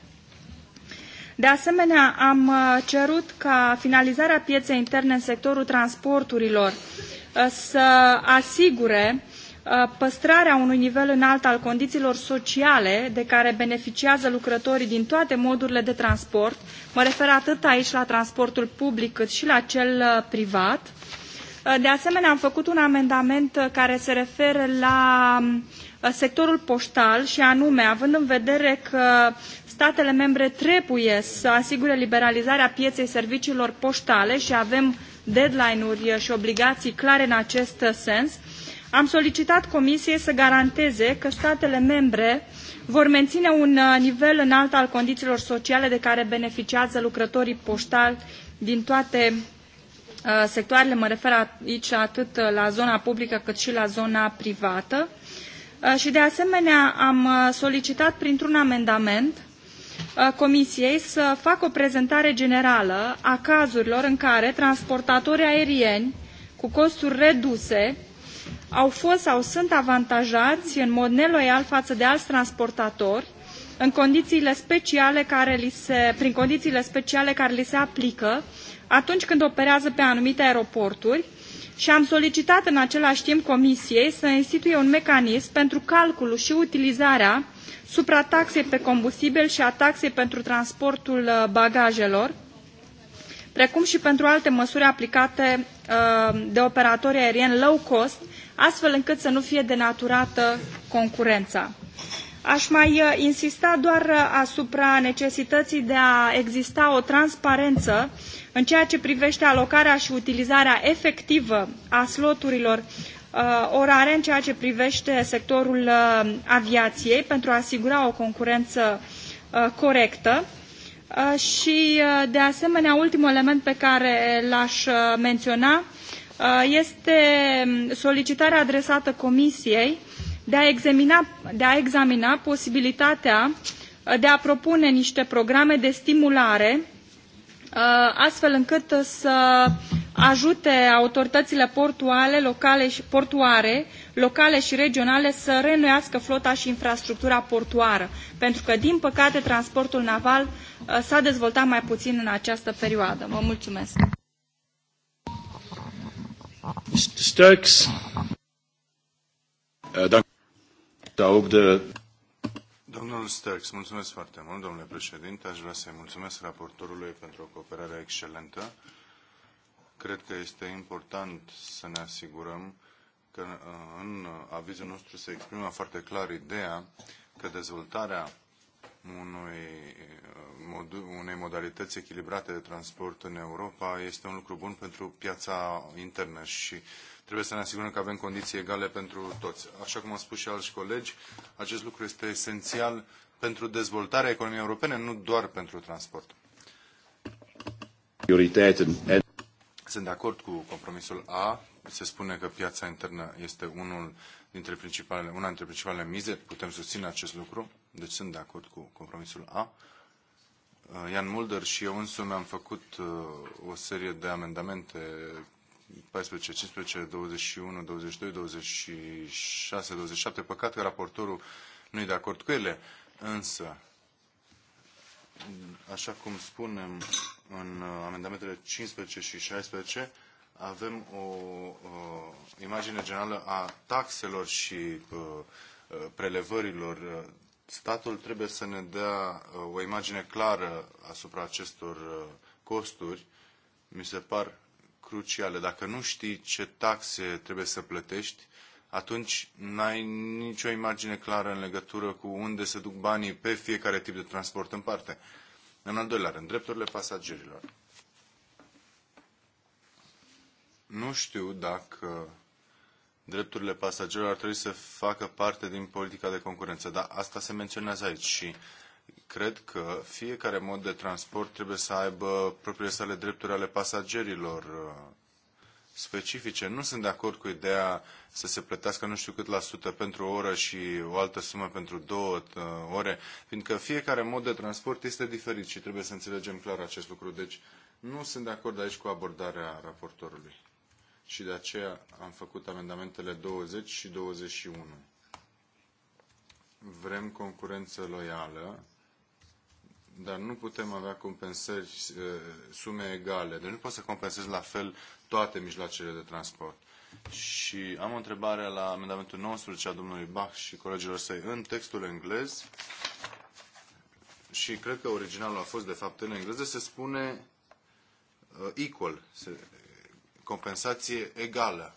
De asemenea, am cerut ca finalizarea pieței interne în sectorul transporturilor să asigure uh, Uh, păstrarea unui nivel înalt al condițiilor sociale de care beneficiază lucrătorii din toate modurile de transport, mă refer atât aici la transportul public cât și la cel uh, privat. Uh, de asemenea, am făcut un amendament care se referă la um, sectorul poștal și anume, având în vedere că statele membre trebuie să asigure liberalizarea pieței serviciilor poștale și avem deadline-uri și obligații clare în acest sens, am solicitat Comisiei să garanteze că statele membre vor menține un uh, nivel înalt al condițiilor sociale de care beneficiază lucrătorii poștali din toate uh, sectoarele, mă refer aici atât la zona publică cât și la zona privată. Uh, și de asemenea am solicitat printr-un amendament Comisiei să facă o prezentare generală a cazurilor în care transportatorii aerieni cu costuri reduse au fost sau sunt avantajați în mod neloial față de alți transportatori în condițiile speciale care li se, prin condițiile speciale care li se aplică atunci când operează pe anumite aeroporturi și am solicitat în același timp Comisiei să instituie un mecanism pentru calculul și utilizarea suprataxei pe combustibil și a taxei pentru transportul uh, bagajelor, precum și pentru alte măsuri aplicate uh, de operatorii aerieni low cost astfel încât să nu fie denaturată concurența. Aș mai uh, insista doar uh, asupra necesității de a exista o transparență în ceea ce privește alocarea și utilizarea efectivă a sloturilor uh, orare în ceea ce privește sectorul aviației pentru a asigura o concurență corectă. Și, de asemenea, ultimul element pe care l-aș menționa Uh, este um, solicitarea adresată Comisiei de a examina, de a examina posibilitatea uh, de a propune niște programe de stimulare uh, astfel încât să ajute autoritățile portuale, locale și, portuare locale și regionale să reînnoiască flota și infrastructura portuară, pentru că, din păcate, transportul naval s-a dezvoltat mai puțin în această perioadă. Vă mulțumesc! Mr. Sturks. Eh, de... Domnul Sturks, mulțumesc foarte mult, domnule președinte. Aș vrea să-i mulțumesc raportorului pentru o cooperare excelentă. Cred că este important să ne asigurăm că în avizul nostru se exprimă foarte clar ideea că dezvoltarea unui, eh, unei modalități echilibrate de transport în Europa este un lucru bun pentru piața internă și trebuie să ne asigurăm că avem condiții egale pentru toți. Așa cum au spus și alți colegi, acest lucru este esențial pentru dezvoltarea economiei europene, nu doar pentru transport. Sunt de acord cu compromisul A. Se spune că piața internă este unul dintre principalele, una dintre principalele mize, putem susține acest lucru, deci sunt de acord cu compromisul A. Uh, Ian Mulder și eu însumi am făcut uh, o serie de amendamente 14, 15, 21, 22, 26, 27. Păcat că raportorul nu e de acord cu ele, însă, așa cum spunem în uh, amendamentele 15 și 16, avem o uh, imagine generală a taxelor și uh, uh, prelevărilor. Statul trebuie să ne dea uh, o imagine clară asupra acestor uh, costuri. Mi se par cruciale. Dacă nu știi ce taxe trebuie să plătești, atunci n-ai nicio imagine clară în legătură cu unde se duc banii pe fiecare tip de transport în parte. În al doilea rând, drepturile pasagerilor. Nu știu dacă drepturile pasagerilor ar trebui să facă parte din politica de concurență, dar asta se menționează aici și cred că fiecare mod de transport trebuie să aibă propriile sale drepturi ale pasagerilor uh, specifice. Nu sunt de acord cu ideea să se plătească nu știu cât la sută pentru o oră și o altă sumă pentru două uh, ore, fiindcă fiecare mod de transport este diferit și trebuie să înțelegem clar acest lucru. Deci nu sunt de acord aici cu abordarea raportorului și de aceea am făcut amendamentele 20 și 21. Vrem concurență loială, dar nu putem avea compensări, uh, sume egale. Deci nu pot să compensez la fel toate mijloacele de transport. Și am o întrebare la amendamentul 19 a domnului Bach și colegilor săi în textul englez și cred că originalul a fost de fapt în engleză, se spune uh, equal, compensație egală.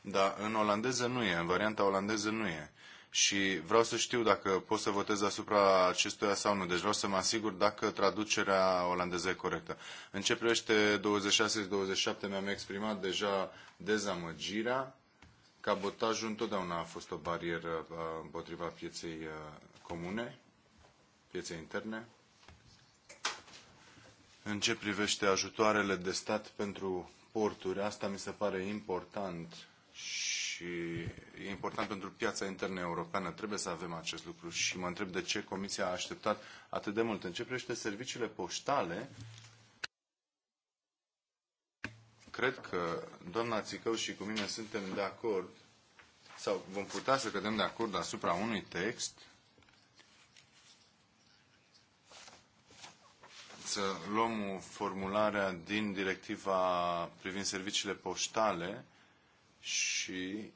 Dar în olandeză nu e, în varianta olandeză nu e. Și vreau să știu dacă pot să votez asupra acestuia sau nu. Deci vreau să mă asigur dacă traducerea olandeză e corectă. În ce privește 26-27 mi-am exprimat deja dezamăgirea. Cabotajul întotdeauna a fost o barieră uh, împotriva pieței uh, comune, pieței interne. În ce privește ajutoarele de stat pentru exporturi. Asta mi se pare important și e important pentru piața internă europeană. Trebuie să avem acest lucru și mă întreb de ce Comisia a așteptat atât de mult. În ce privește serviciile poștale, cred că doamna Țicău și cu mine suntem de acord sau vom putea să cădem de acord asupra unui text să luăm formularea din directiva privind serviciile poștale și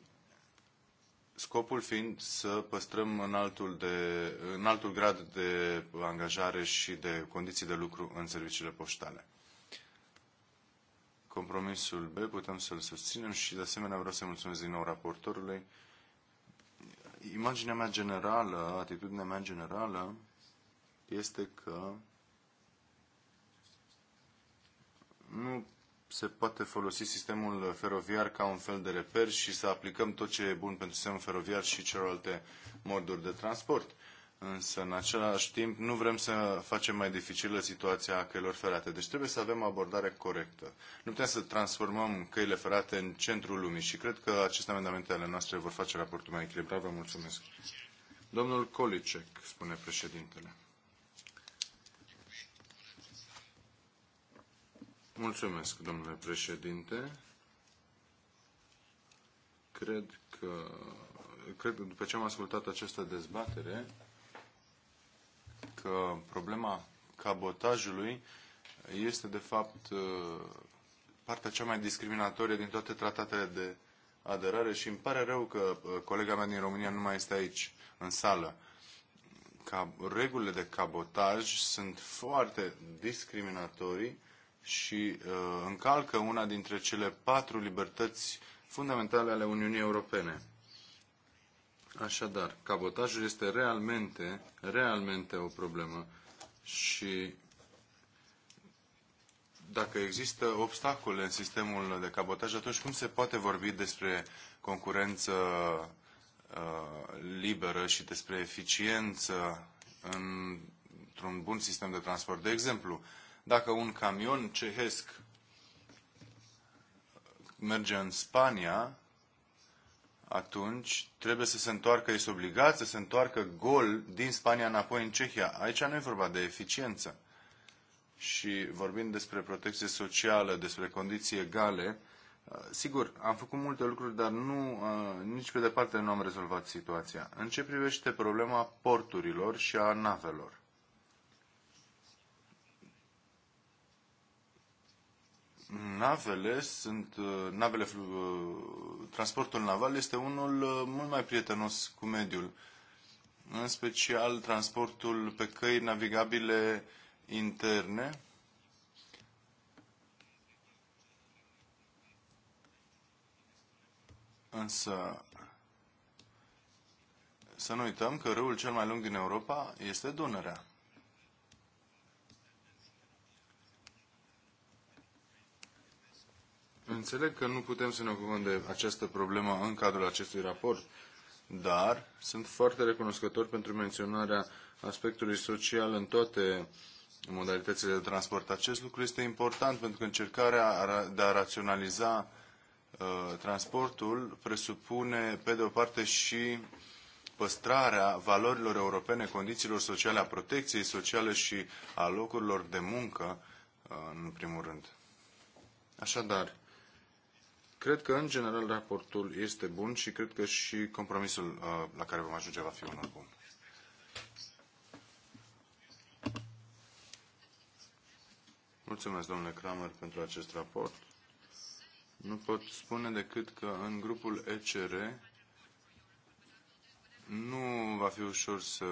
scopul fiind să păstrăm în altul, de, în altul grad de angajare și de condiții de lucru în serviciile poștale. Compromisul B putem să-l susținem și de asemenea vreau să mulțumesc din nou raportorului. Imaginea mea generală, atitudinea mea generală este că nu se poate folosi sistemul feroviar ca un fel de reper și să aplicăm tot ce e bun pentru sistemul feroviar și celelalte moduri de transport. Însă, în același timp, nu vrem să facem mai dificilă situația căilor ferate. Deci trebuie să avem abordare corectă. Nu putem să transformăm căile ferate în centrul lumii și cred că aceste amendamente ale noastre vor face raportul mai echilibrat. Vă mulțumesc. Domnul Kolicek, spune președintele. Mulțumesc, domnule președinte. Cred că, cred că după ce am ascultat această dezbatere, că problema cabotajului este de fapt uh, partea cea mai discriminatorie din toate tratatele de aderare și îmi pare rău că uh, colega mea din România nu mai este aici, în sală. Ca, regulile de cabotaj sunt foarte discriminatorii și uh, încalcă una dintre cele patru libertăți fundamentale ale Uniunii Europene. Așadar, cabotajul este realmente, realmente o problemă și dacă există obstacole în sistemul de cabotaj, atunci cum se poate vorbi despre concurență uh, liberă și despre eficiență într-un bun sistem de transport? De exemplu, uh, dacă un camion cehesc merge în Spania, atunci trebuie să se întoarcă, este obligat să se întoarcă gol din Spania înapoi în Cehia. Aici nu e vorba de eficiență. Și vorbind despre protecție socială, despre condiții egale, uh, sigur, am făcut multe lucruri, dar nu, uh, nici pe departe nu am rezolvat situația. În ce privește problema porturilor și a navelor? navele sunt, uh, navele, uh, transportul naval este unul uh, mult mai prietenos cu mediul. În special transportul pe căi navigabile interne. Însă să nu uităm că râul cel mai lung din Europa este Dunărea. Înțeleg că nu putem să ne ocupăm de această problemă în cadrul acestui raport, dar sunt foarte recunoscător pentru menționarea aspectului social în toate modalitățile de transport. Acest lucru este important pentru că încercarea de a raționaliza uh, transportul presupune, pe de o parte, și păstrarea valorilor europene, condițiilor sociale, a protecției sociale și a locurilor de muncă, uh, în primul rând. Așadar, Cred că, în general, raportul este bun și cred că și compromisul uh, la care vom ajunge va fi unul bun. Mulțumesc, domnule Kramer, pentru acest raport. Nu pot spune decât că în grupul ECR nu va fi ușor să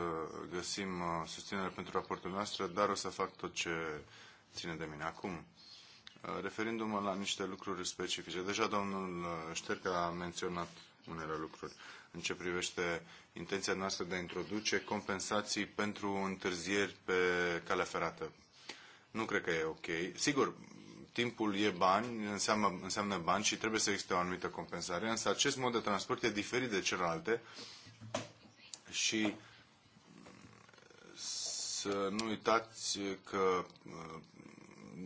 găsim uh, susținere pentru raportul noastră, dar o să fac tot ce ține de mine. Acum, Uh, referindu-mă la niște lucruri specifice. Deja domnul uh, Șterca a menționat unele lucruri în ce privește intenția noastră de a introduce compensații pentru întârzieri pe calea ferată. Nu cred că e ok. Sigur, timpul e bani, înseamnă, înseamnă bani și trebuie să existe o anumită compensare, însă acest mod de transport e diferit de celelalte și să nu uitați că uh,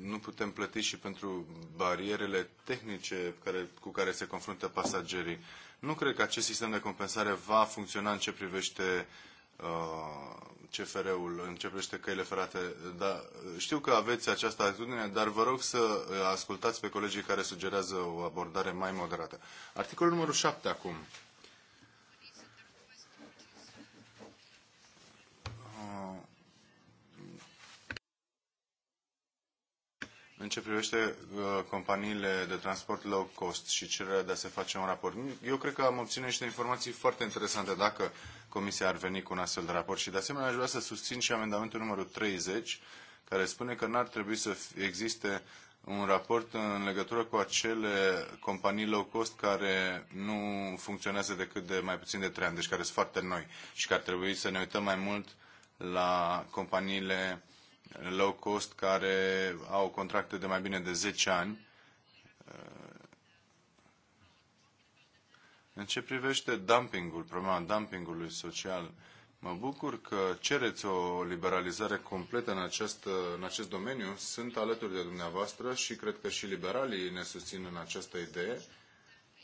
nu putem plăti și pentru barierele tehnice care, cu care se confruntă pasagerii. Nu cred că acest sistem de compensare va funcționa în ce privește uh, CFR-ul, în ce privește căile ferate. Da, știu că aveți această atitudine, dar vă rog să uh, ascultați pe colegii care sugerează o abordare mai moderată. Articolul numărul 7 acum. Uh, În ce privește uh, companiile de transport low cost și cererea de a se face un raport, eu cred că am obținut niște informații foarte interesante dacă Comisia ar veni cu un astfel de raport și de asemenea aș vrea să susțin și amendamentul numărul 30 care spune că n-ar trebui să existe un raport în legătură cu acele companii low cost care nu funcționează decât de mai puțin de trei ani, deci care sunt foarte noi și că ar trebui să ne uităm mai mult la companiile uh, low cost care au contracte de mai bine de 10 ani. În ce privește dumpingul, problema dumpingului social, mă bucur că cereți o liberalizare completă în, acest, în acest domeniu. Sunt alături de dumneavoastră și cred că și liberalii ne susțin în această idee,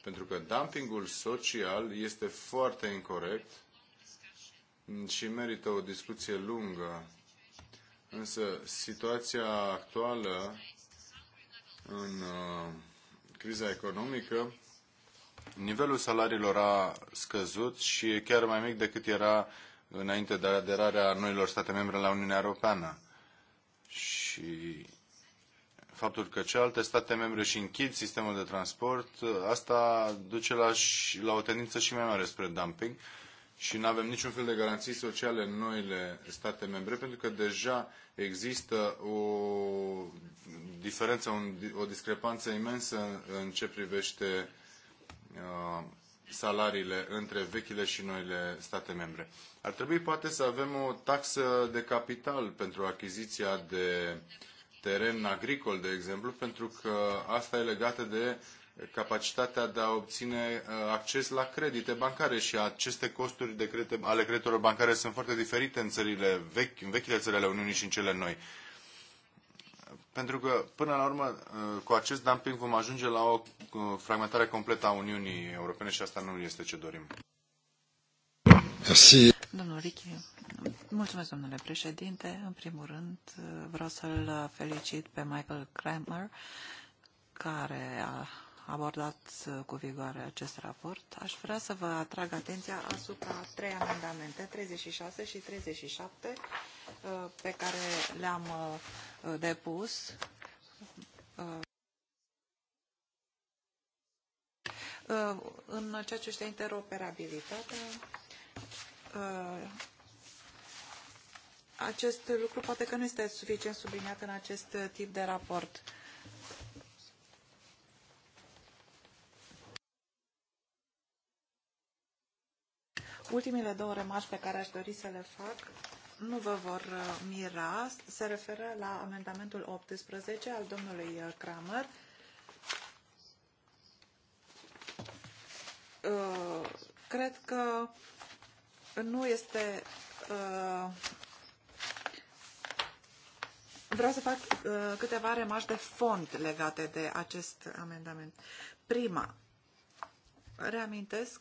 pentru că dumpingul social este foarte incorrect și merită o discuție lungă Însă situația actuală în uh, criza economică, nivelul salariilor a scăzut și e chiar mai mic decât era înainte de aderarea noilor state membre la Uniunea Europeană. Și faptul că celelalte state membre și închid sistemul de transport, asta duce la, la o tendință și mai mare spre dumping și nu avem niciun fel de garanții sociale în noile state membre, pentru că deja există o diferență, o discrepanță imensă în ce privește uh, salariile între vechile și noile state membre. Ar trebui poate să avem o taxă de capital pentru achiziția de teren agricol, de exemplu, pentru că asta e legată de capacitatea de a obține uh, acces la credite bancare și aceste costuri de credite, ale creditelor bancare sunt foarte diferite în țările vechi, în vechile țări ale Uniunii și în cele noi. Pentru că, până la urmă, uh, cu acest dumping vom ajunge la o uh, fragmentare completă a Uniunii Europene și asta nu este ce dorim. Merci. Domnul Richi, mulțumesc, domnule președinte. În primul rând, vreau să-l felicit pe Michael Kramer, care a abordat uh, cu vigoare acest raport, aș vrea să vă atrag atenția asupra trei amendamente, 36 și 37, uh, pe care le-am uh, depus. În ceea ce este interoperabilitatea, acest lucru poate că nu este suficient subliniat în acest tip de raport. Ultimile două remarci pe care aș dori să le fac nu vă vor uh, mira, se referă la amendamentul 18 al domnului uh, Kramer. Uh, cred că nu este... Vreau să fac câteva remarci de fond legate de acest amendament. Prima, reamintesc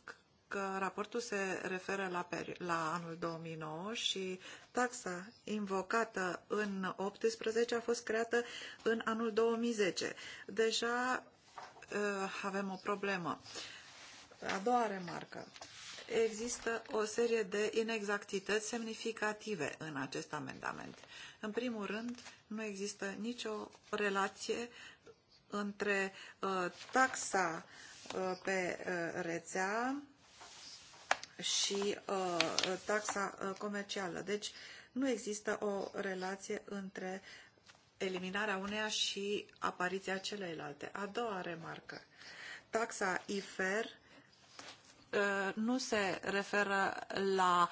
că raportul se referă la, la anul 2009 și taxa invocată în 2018 a fost creată în anul 2010. Deja uh, avem o problemă. A doua remarcă. Există o serie de inexactități semnificative în acest amendament. În primul rând, nu există nicio relație între uh, taxa uh, pe uh, rețea și uh, taxa uh, comercială. Deci nu există o relație între eliminarea uneia și apariția celeilalte. A doua remarcă. Taxa IFER uh, nu se referă la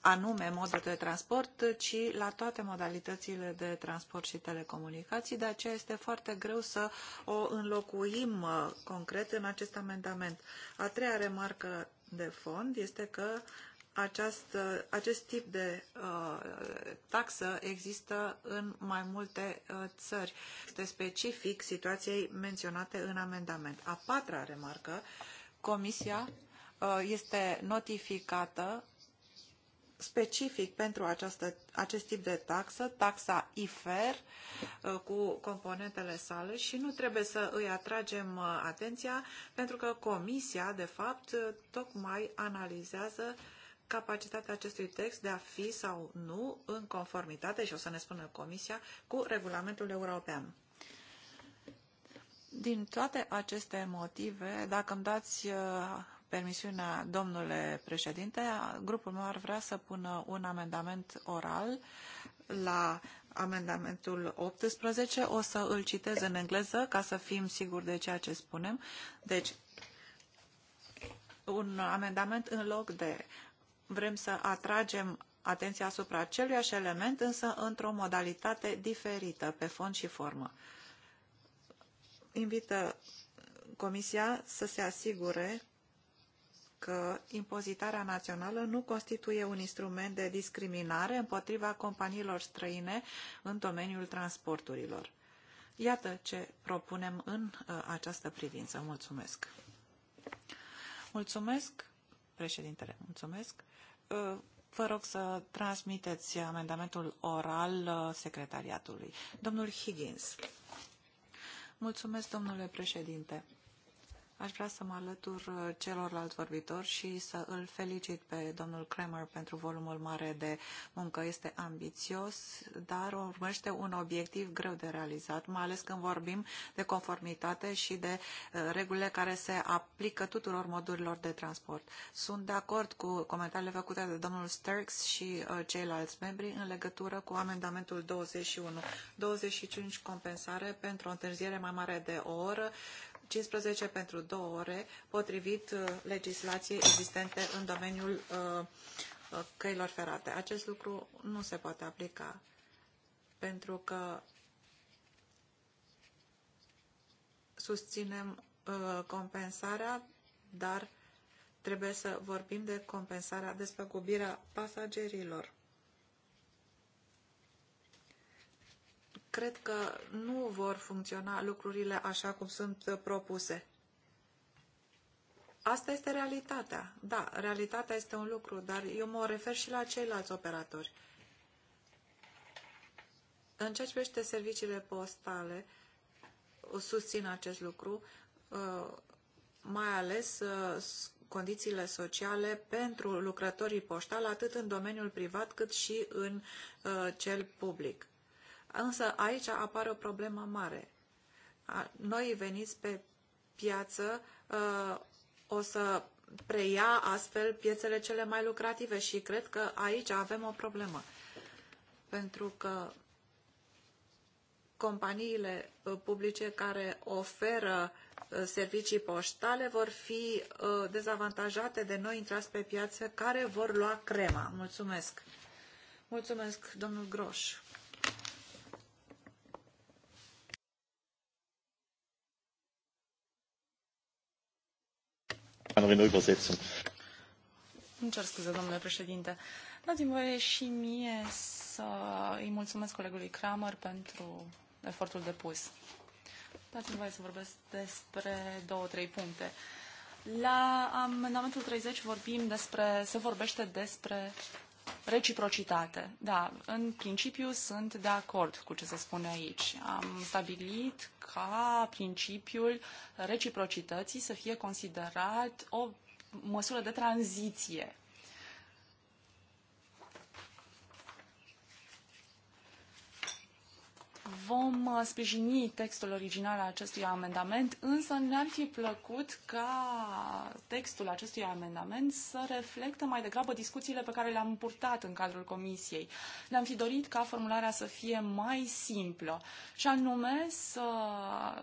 anume modul de transport, ci la toate modalitățile de transport și telecomunicații. De aceea este foarte greu să o înlocuim uh, concret în acest amendament. A treia remarcă de fond este că acest uh, acest tip de uh, taxă există în mai multe uh, țări. Este specific situației menționate în amendament. A patra remarcă, Comisia uh, este notificată specific pentru această, acest tip de taxă, taxa IFER, uh, cu componentele sale și nu trebuie să îi atragem uh, atenția pentru că Comisia, de fapt, uh, tocmai analizează capacitatea acestui text de a fi sau nu în conformitate, și o să ne spună Comisia, cu regulamentul european. Din toate aceste motive, dacă îmi dați permisiunea domnule președinte, grupul meu ar vrea să pună un amendament oral la amendamentul 18. O să îl citez în engleză ca să fim siguri de ceea ce spunem. Deci, un amendament în loc de vrem să atragem atenția asupra aceluiași element, însă într-o modalitate diferită, pe fond și formă. Invită Comisia să se asigure că impozitarea națională nu constituie un instrument de discriminare împotriva companiilor străine în domeniul transporturilor. Iată ce propunem în uh, această privință. Mulțumesc. Mulțumesc, președintele, mulțumesc. Uh, vă rog să transmiteți amendamentul oral uh, secretariatului. Domnul Higgins. Mulțumesc, domnule președinte. Aș vrea să mă alătur uh, celorlalți vorbitori și să îl felicit pe domnul Kramer pentru volumul mare de muncă. Este ambițios, dar urmește un obiectiv greu de realizat, mai ales când vorbim de conformitate și de uh, regulile care se aplică tuturor modurilor de transport. Sunt de acord cu comentariile făcute de domnul Sturks și uh, ceilalți membri în legătură cu amendamentul 21. 25 compensare pentru o întârziere mai mare de o oră 15 pentru 2 ore, potrivit uh, legislației existente în domeniul uh, uh, căilor ferate. Acest lucru nu se poate aplica, pentru că susținem compensarea, dar trebuie să vorbim de compensarea despăgubirea pasagerilor. cred că nu vor funcționa lucrurile așa cum sunt propuse. Asta este realitatea. Da, realitatea este un lucru, dar eu mă refer și la ceilalți operatori. În ceea ce privește serviciile postale, susțin acest lucru, uh, mai ales uh, condițiile sociale pentru lucrătorii poștali, atât în domeniul privat cât și în uh, cel public. Însă aici apare o problemă mare. Noi veniți pe piață ă, o să preia astfel piețele cele mai lucrative și cred că aici avem o problemă. Pentru că companiile ă, publice care oferă ă, servicii poștale vor fi dezavantajate de noi intrați pe piață care vor lua crema. Mulțumesc. Mulțumesc, domnul Groș. Îmi cer scuze, domnule președinte. Dați-mi voie și mie să îi mulțumesc colegului Kramer pentru efortul depus. Dați-mi voie să vorbesc despre două, trei puncte. La amendamentul 30 vorbim despre, se vorbește despre reciprocitate. Da, în principiu sunt de acord cu ce se spune aici. Am stabilit ca principiul reciprocității să fie considerat o măsură de tranziție Vom uh, sprijini textul original al acestui amendament, însă ne-ar fi plăcut ca textul acestui amendament să reflecte mai degrabă discuțiile pe care le-am purtat în cadrul comisiei. Ne-am fi dorit ca formularea să fie mai simplă și anume să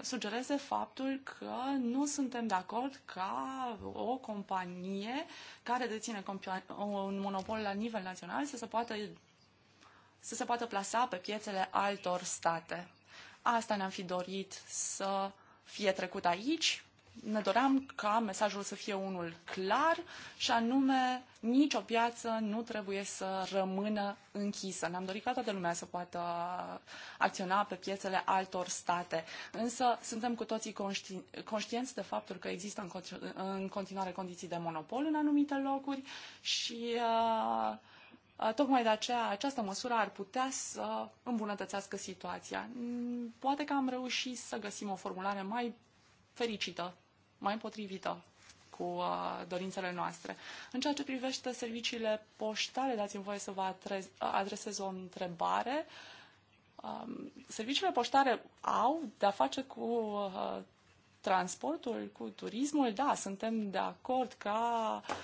sugereze faptul că nu suntem de acord ca o companie care deține un monopol la nivel național să se poată să se poată plasa pe piețele altor state. Asta ne-am fi dorit să fie trecut aici. Ne doream ca mesajul să fie unul clar și anume nicio piață nu trebuie să rămână închisă. Ne-am dorit ca toată lumea să poată acționa pe piețele altor state. Însă suntem cu toții conști- conștienți de faptul că există în, continuare condiții de monopol în anumite locuri și uh, Tocmai de aceea, această măsură ar putea să îmbunătățească situația. Mm, poate că am reușit să găsim o formulare mai fericită, mai potrivită cu dorințele noastre. În ceea ce privește serviciile poștale, dați-mi voie să vă adresez o întrebare. Serviciile poștale au de-a face cu transportul, cu turismul? Da, suntem de acord ca uh,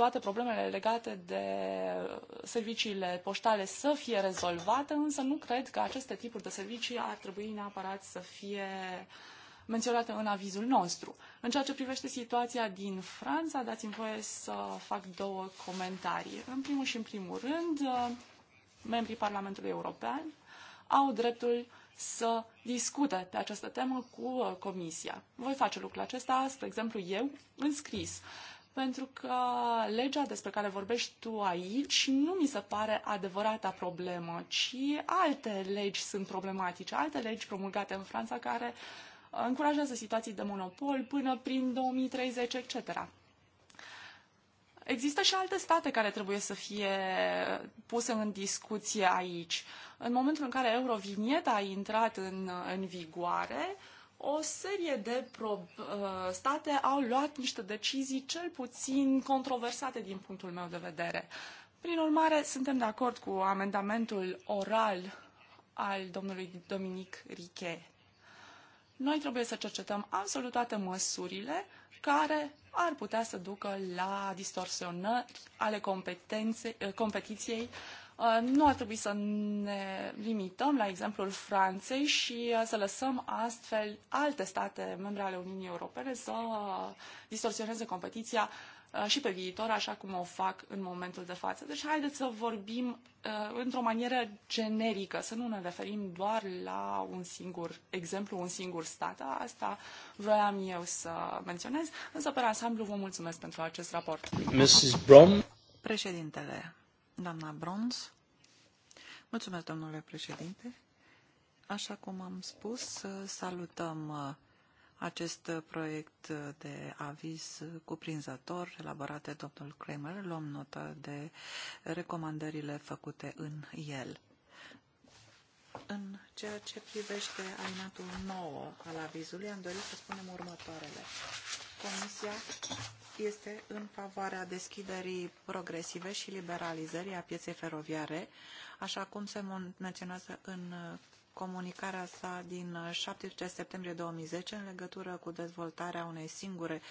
toate problemele legate de serviciile poștale să fie rezolvate, însă nu cred că aceste tipuri de servicii ar trebui neapărat să fie menționate în avizul nostru. În ceea ce privește situația din Franța, dați-mi voie să fac două comentarii. În primul și în primul rând, membrii Parlamentului European au dreptul să discute pe această temă cu Comisia. Voi face lucrul acesta, spre exemplu, eu, în scris pentru că legea despre care vorbești tu aici nu mi se pare adevărata problemă, ci alte legi sunt problematice, alte legi promulgate în Franța care uh, încurajează situații de monopol până prin 2030, etc. Există și alte state care trebuie să fie uh, puse în discuție aici. În momentul în care Eurovinieta a intrat în, uh, în vigoare, uh, o serie de uh, state au luat niște decizii cel puțin controversate din punctul meu de vedere. Prin urmare, suntem de acord cu amendamentul oral al domnului Dominic Riche. Noi trebuie să cercetăm absolut toate măsurile care ar putea să ducă la distorsionări ale competenței, uh, competiției Uh, nu ar trebui să ne limităm la exemplul Franței și uh, să lăsăm astfel alte state membre ale Uniunii Europene să uh, distorsioneze competiția și pe viitor, așa cum o fac în momentul de față. Deci haideți să vorbim într-o manieră generică, să nu ne referim doar la un singur exemplu, un singur stat. Asta vroiam eu să menționez, însă pe ansamblu vă mulțumesc pentru acest raport. Mrs. Brom. Președintele, Doamna Bronz. Mulțumesc, domnule președinte. Așa cum am spus, salutăm uh, acest proiect de aviz cuprinzător elaborat de domnul Kramer. Luăm notă de recomandările făcute în el. În ceea ce privește alinatul 9 al avizului, am dorit să spunem următoarele. Comisia este în favoarea deschiderii progresive și liberalizării a pieței feroviare, așa cum se menționează în uh, comunicarea sa din 17 uh, septembrie 2010 în legătură cu dezvoltarea unei singure,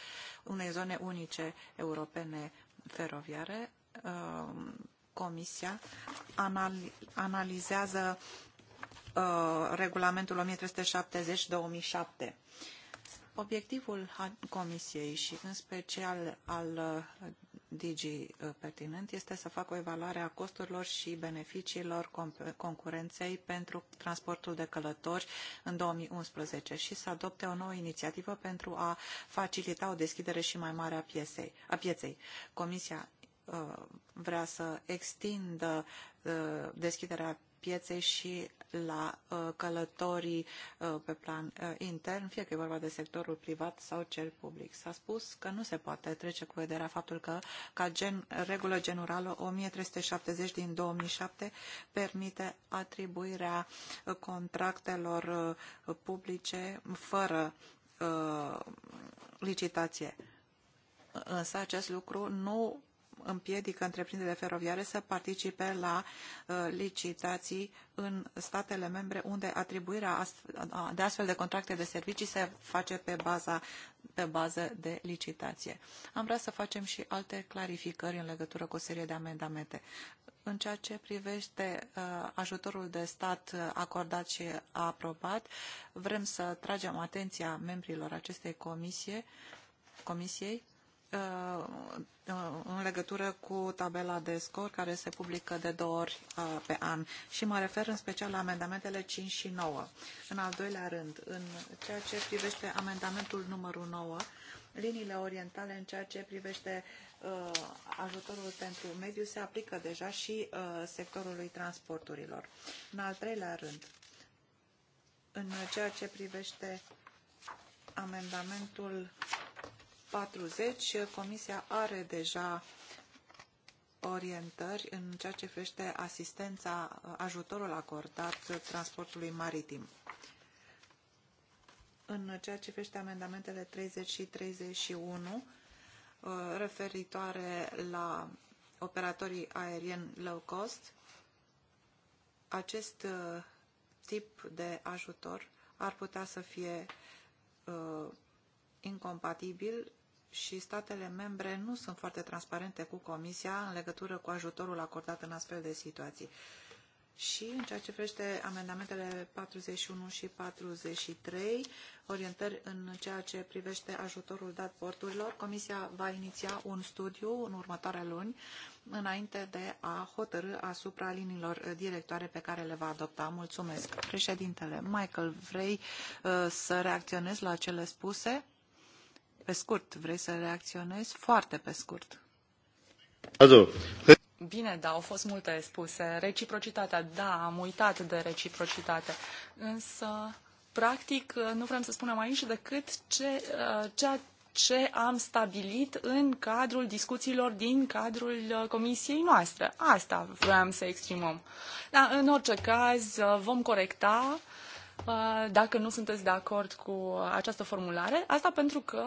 unei zone unice europene feroviare. Uh, Comisia analizează regulamentul 1370-2007 Obiectivul Comisiei și în special al uh, Digi uh, pertinent este să facă o evaluare a costurilor și beneficiilor concurenței pentru transportul de călători în 2011 și să adopte o nouă inițiativă pentru a facilita o deschidere și mai mare a, piesei, a pieței. Comisia uh, vrea să extindă deschiderea pieței și la uh, călătorii uh, pe plan uh, intern, fie că e vorba de sectorul privat sau cel public. S-a spus că nu se poate trece cu vederea faptul că, ca gen, regulă generală 1370 din 2007 permite atribuirea contractelor publice fără licitație. Însă acest lucru nu împiedică întreprinderile feroviare să participe la uh, licitații în statele membre unde atribuirea de astfel de contracte de servicii se face pe, baza, pe bază de licitație. Am vrea să facem și alte clarificări în legătură cu o serie de amendamente în ceea ce privește uh, ajutorul de stat uh, acordat și aprobat, vrem să tragem atenția membrilor acestei comisie, comisiei Uh, uh, în legătură cu tabela de scor care se publică de două ori uh, pe an și mă refer în special la amendamentele 5 și 9. În al doilea rând, în ceea ce privește amendamentul numărul 9, liniile orientale în ceea ce privește ajutorul pentru mediu se aplică deja și sectorului transporturilor. În al treilea rând, în ceea ce privește amendamentul 40, Comisia are deja orientări în ceea ce privește asistența, ajutorul acordat transportului maritim. În ceea ce privește amendamentele 30 și 31, uh, referitoare la operatorii aerieni low cost, acest uh, tip de ajutor ar putea să fie uh, incompatibil și statele membre nu sunt foarte transparente cu Comisia în legătură cu ajutorul acordat în astfel de situații. Și în ceea ce privește amendamentele 41 și 43, orientări în ceea ce privește ajutorul dat porturilor, Comisia va iniția un studiu în următoarea luni, înainte de a hotărâ asupra liniilor directoare pe care le va adopta. Mulțumesc. Președintele, Michael, vrei uh, să reacționezi la cele spuse? Pe scurt, vrei să reacționezi? Foarte pe scurt. Bine, da, au fost multe spuse. Reciprocitatea, da, am uitat de reciprocitate. Însă, practic, nu vrem să spunem aici decât ce, uh, ceea ce am stabilit în cadrul discuțiilor din cadrul uh, comisiei noastre. Asta vreau să exprimăm. Da, în orice caz, uh, vom corecta uh, Uh, dacă nu sunteți de acord cu această formulare. Asta pentru că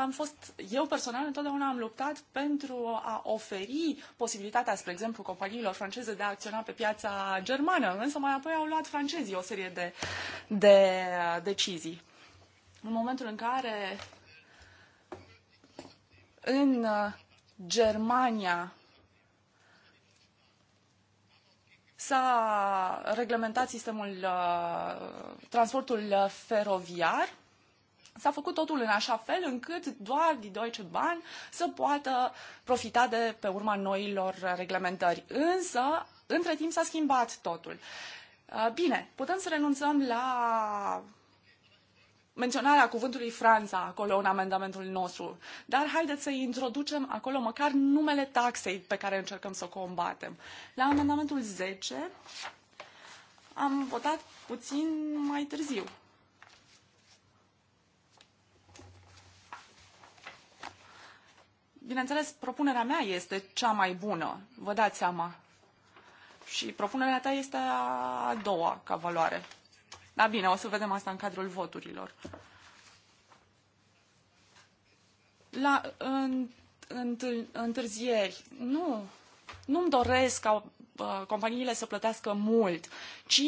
am fost, eu personal întotdeauna am luptat pentru a oferi posibilitatea, spre exemplu, companiilor franceze de a acționa pe piața germană, însă mai apoi au luat francezii o serie de, de decizii. În momentul în care în Germania S-a reglementat sistemul, uh, transportul uh, feroviar, s-a făcut totul în așa fel încât doar din Deutsche Bahn să poată profita de pe urma noilor reglementări. Însă, între timp s-a schimbat totul. Uh, bine, putem să renunțăm la menționarea cuvântului Franța acolo în amendamentul nostru, dar haideți să introducem acolo măcar numele taxei pe care încercăm să o combatem. La amendamentul 10 am votat puțin mai târziu. Bineînțeles, propunerea mea este cea mai bună, vă dați seama. Și propunerea ta este a doua ca valoare. Dar bine, o să vedem asta în cadrul voturilor. La în, în, întârzieri, nu, nu-mi doresc ca uh, companiile să plătească mult, ci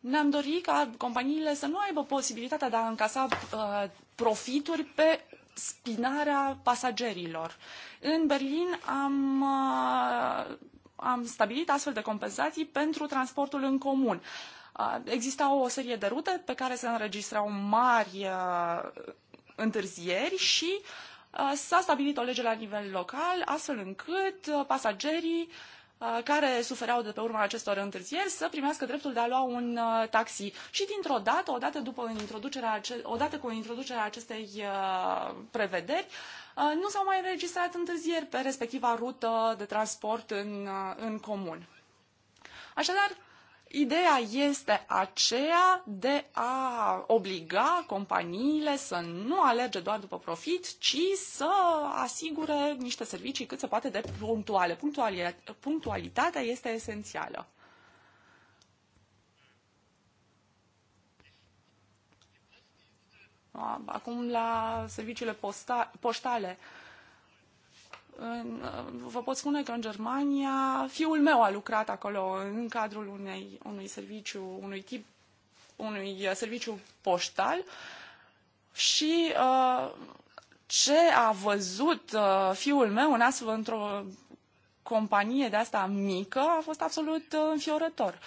ne-am dorit ca companiile să nu aibă posibilitatea de a încasa uh, profituri pe spinarea pasagerilor. În Berlin am, uh, am stabilit astfel de compensații pentru transportul în comun. Uh, Existau o serie de rute pe care se înregistrau mari întârzieri și s-a stabilit o lege la nivel local, astfel încât pasagerii care sufereau de pe urma acestor întârzieri să primească dreptul de a lua un taxi. Și dintr-o dată, odată, după introducerea, odată cu introducerea acestei prevederi, nu s-au mai înregistrat întârzieri pe respectiva rută de transport în, în comun. Așadar, Ideea este aceea de a obliga companiile să nu alerge doar după profit, ci să asigure niște servicii cât se poate de punctuale. Punctualitatea este esențială. Acum la serviciile posta- poștale. Uh, în, vă pot spune că în Germania fiul meu a lucrat acolo în cadrul unei, unui serviciu, unui tip, unui uh, serviciu poștal și uh, ce a văzut uh, fiul meu în astfel într-o companie de asta mică a fost absolut înfiorător.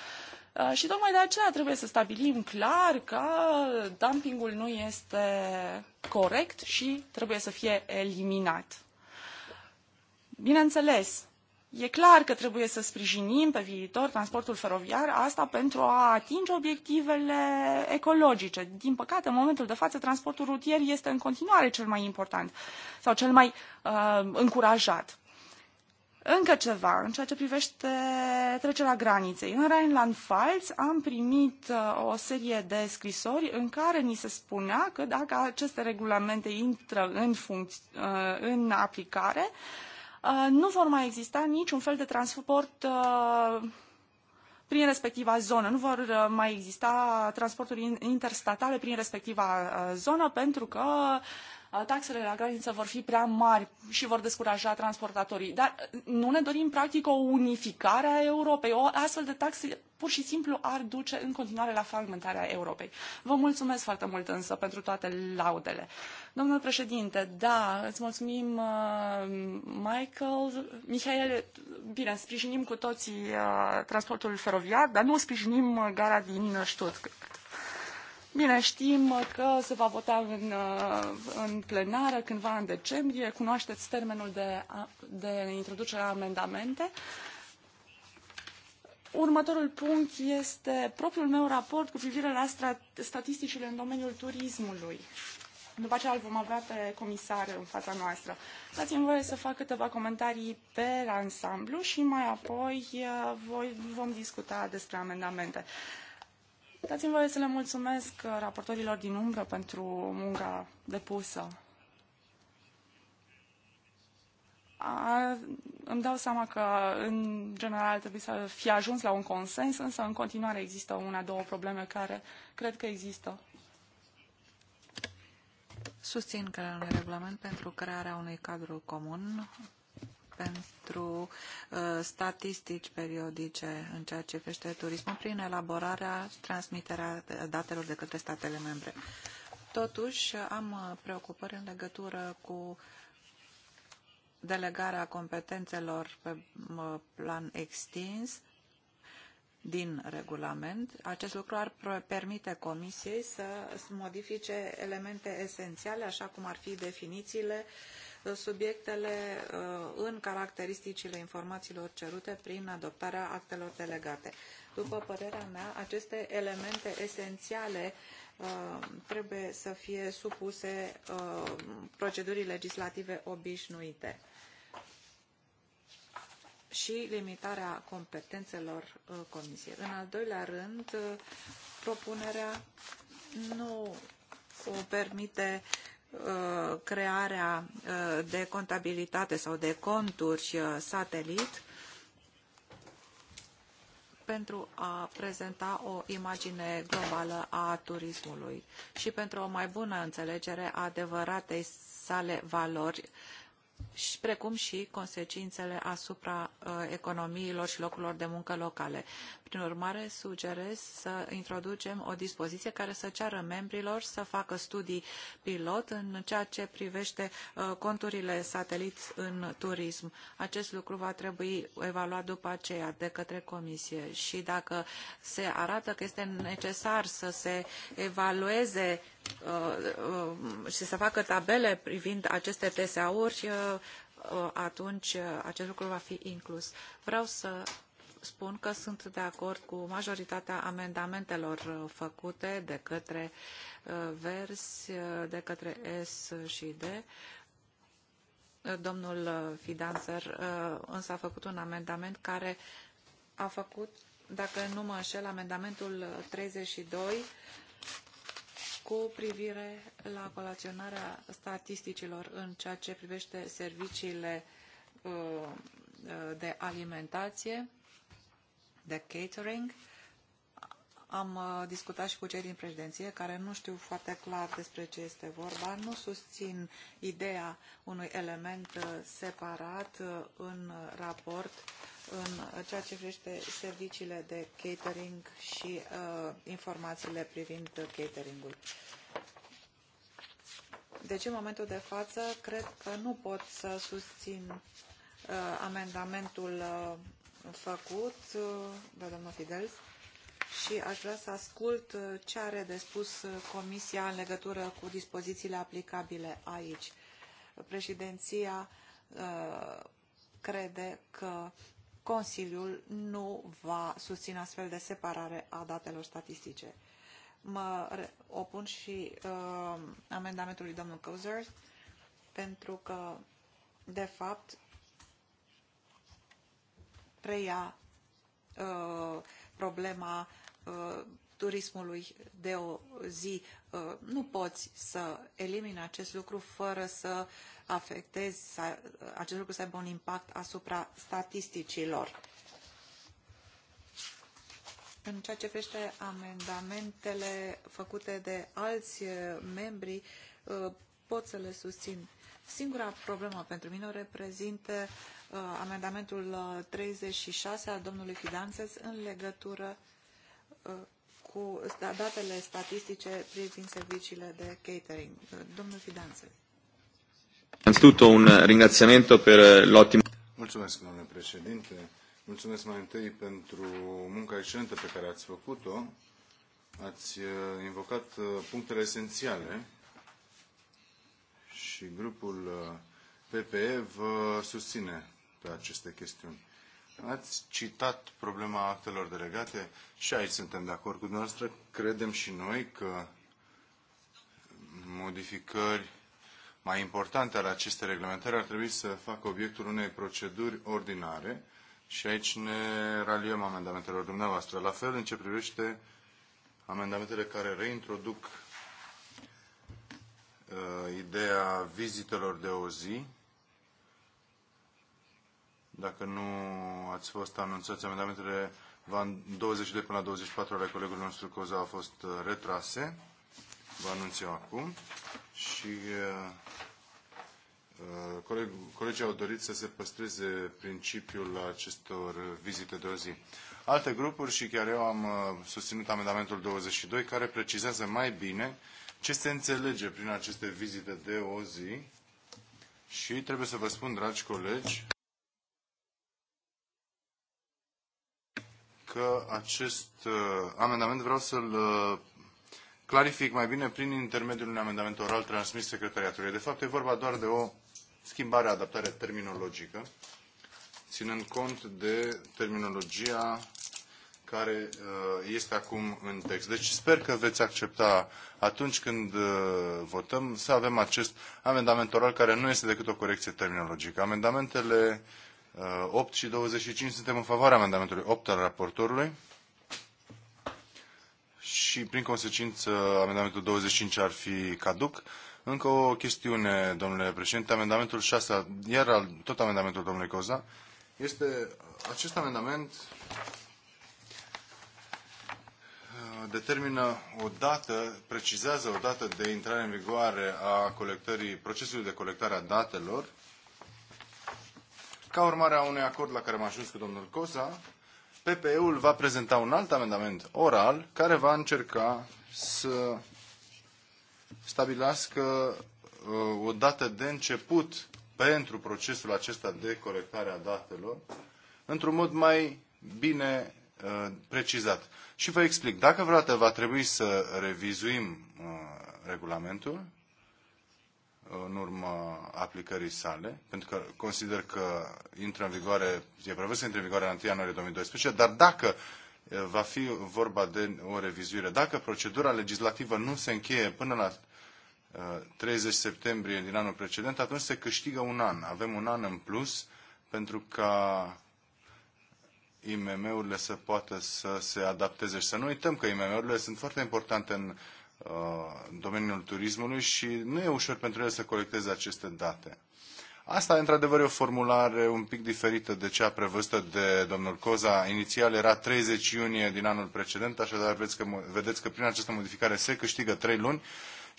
și tocmai de aceea trebuie să stabilim clar că dumpingul nu este corect și trebuie să fie eliminat. Bineînțeles, e clar că trebuie să sprijinim pe viitor transportul feroviar, asta pentru a atinge obiectivele ecologice. Din păcate, în momentul de față, transportul rutier este în continuare cel mai important sau cel mai uh, încurajat. Încă ceva, în ceea ce privește trecerea graniței. În Rheinland-Pfalz am primit uh, o serie de scrisori în care ni se spunea că dacă aceste regulamente intră în, uh, în aplicare, Uh, nu vor mai exista niciun fel de transport uh, prin respectiva zonă. Nu vor uh, mai exista transporturi interstatale prin respectiva zonă pentru că taxele la graniță vor fi prea mari și vor descuraja transportatorii. Dar uh, nu ne dorim, practic, o unificare a Europei. O astfel de taxe pur și simplu ar duce în continuare la fragmentarea Europei. Vă mulțumesc foarte mult însă pentru toate laudele. Domnul președinte, da, îți mulțumim, uh, Michael. Michael, bine, sprijinim cu toții uh, transportul feroviar, dar nu sprijinim gara din Stuttgart. Bine, știm că se va vota în, uh, în plenară cândva în decembrie. Cunoașteți termenul de, de introducere a amendamente. Următorul punct este propriul meu raport cu privire la statisticile în domeniul turismului. După aceea îl vom avea pe comisar în fața noastră. Dați-mi voie să fac câteva comentarii pe ansamblu și mai apoi uh, voi, vom discuta despre amendamente. Dați-mi voie să le mulțumesc uh, raportorilor din umbră pentru munca depusă. A, îmi dau seama că, în general, trebuie să fie ajuns la un consens, însă, în continuare, există una, două probleme care cred că există. Susțin că un regulament pentru crearea unui cadru comun pentru uh, statistici periodice în ceea ce privește turismul prin elaborarea și transmiterea datelor de către statele membre. Totuși, am uh, preocupări în legătură cu delegarea competențelor pe uh, plan extins din regulament. Acest lucru ar permite Comisiei să modifice elemente esențiale, așa cum ar fi definițiile, subiectele uh, în caracteristicile informațiilor cerute prin adoptarea actelor delegate. După părerea mea, aceste elemente esențiale uh, trebuie să fie supuse uh, procedurii legislative obișnuite și limitarea competențelor comisiei. În al doilea rând, propunerea nu permite Uh, crearea uh, de contabilitate sau de conturi uh, satelit pentru a prezenta o imagine globală a turismului și pentru o mai bună înțelegere a adevăratei sale valori, și precum și consecințele asupra economiilor și locurilor de muncă locale. Prin urmare, sugerez să introducem o dispoziție care să ceară membrilor să facă studii pilot în ceea ce privește uh, conturile satelit în turism. Acest lucru va trebui evaluat după aceea de către comisie și dacă se arată că este necesar să se evalueze uh, uh, și să facă tabele privind aceste TSA-uri, atunci acest lucru va fi inclus. Vreau să spun că sunt de acord cu majoritatea amendamentelor uh, făcute de către uh, Vers, uh, de către S și D. Domnul Fidanzer însă a făcut un amendament care a făcut, dacă nu mă înșel, amendamentul 32 cu privire la colaționarea statisticilor în ceea ce privește serviciile de alimentație de catering. Am uh, discutat și cu cei din președinție care nu știu foarte clar despre ce este vorba, nu susțin ideea unui element uh, separat uh, în raport în ceea ce privește serviciile de catering și uh, informațiile privind cateringul. Deci, în momentul de față, cred că nu pot să susțin uh, amendamentul uh, făcut uh, de doamna Fidels și aș vrea să ascult uh, ce are de spus uh, Comisia în legătură cu dispozițiile aplicabile aici. Președinția crede că Consiliul nu va susține astfel de separare a datelor statistice. Mă opun și uh, amendamentului domnului Căuzer pentru că, de fapt, preia uh, problema uh, turismului de o zi. Uh, nu poți să elimini acest lucru fără să afectezi, să, uh, acest lucru să aibă un impact asupra statisticilor. În ceea ce privește amendamentele făcute de alți uh, membri, uh, pot să le susțin Singura problemă pentru mine o reprezintă uh, amendamentul 36 uh, al domnului Fidanțes în legătură uh, cu datele statistice privind serviciile de catering. Uh, domnul Fidanțes. Innanzitutto un ringraziamento per l'ottimo. Mulțumesc, domnule președinte. Mulțumesc mai întâi pentru munca excelentă pe care ați făcut-o. Ați uh, invocat punctele esențiale și grupul uh, PPE vă susține pe aceste chestiuni. Ați citat problema actelor delegate și aici suntem de acord cu dumneavoastră. Credem și noi că modificări mai importante ale acestei reglementări ar trebui să facă obiectul unei proceduri ordinare și aici ne raliem amendamentelor dumneavoastră. La fel în ce privește amendamentele care reintroduc Uh, ideea vizitelor de o zi. Dacă nu ați fost anunțați, amendamentele 22 până la 24 ale colegului nostru Coza au fost uh, retrase. Vă anunț eu acum. Și uh, uh, coleg, colegii au dorit să se păstreze principiul acestor vizite de o zi. Alte grupuri și chiar eu am susținut amendamentul 22 care precizează mai bine uh, ce se înțelege prin aceste vizite de o zi și trebuie să vă spun, dragi colegi, că acest uh, amendament vreau să-l uh, clarific mai bine prin intermediul unui amendament oral transmis secretariatului. De fapt, e vorba doar de o schimbare, adaptare terminologică, ținând cont de terminologia care uh, este acum în text. Deci sper că veți accepta atunci când uh, votăm să avem acest amendament oral care nu este decât o corecție terminologică. Amendamentele 8 uh, și 25 suntem în favoarea amendamentului 8 al raportorului și prin consecință amendamentul 25 ar fi caduc. Încă o chestiune, domnule președinte, amendamentul 6, iar tot amendamentul domnului Coza, este acest amendament determină o dată, precizează o dată de intrare în vigoare a colectării, procesului de colectare a datelor, ca urmare a unui acord la care am ajuns cu domnul Cosa, PPE-ul va prezenta un alt amendament oral care va încerca să stabilească uh, o dată de început pentru procesul acesta de colectare a datelor într-un mod mai bine Uh, precizat. Și vă explic. Dacă vreodată va trebui să revizuim uh, regulamentul uh, în urma aplicării sale, pentru că consider că intră în vigoare, e prevăzut să intre în vigoare la 1 ianuarie 2012, dar dacă va fi vorba de o revizuire, dacă procedura legislativă nu se încheie până la 30 septembrie din anul precedent, atunci se câștigă un an. Avem un an în plus pentru ca IMM-urile să poată să se adapteze și să nu uităm că IMM-urile sunt foarte importante în uh, domeniul turismului și nu e ușor pentru ele să colecteze aceste date. Asta, într-adevăr, e o formulare un pic diferită de cea prevăzută de domnul Coza. Inițial era 30 iunie din anul precedent, așadar vedeți că, vedeți că prin această modificare se câștigă 3 luni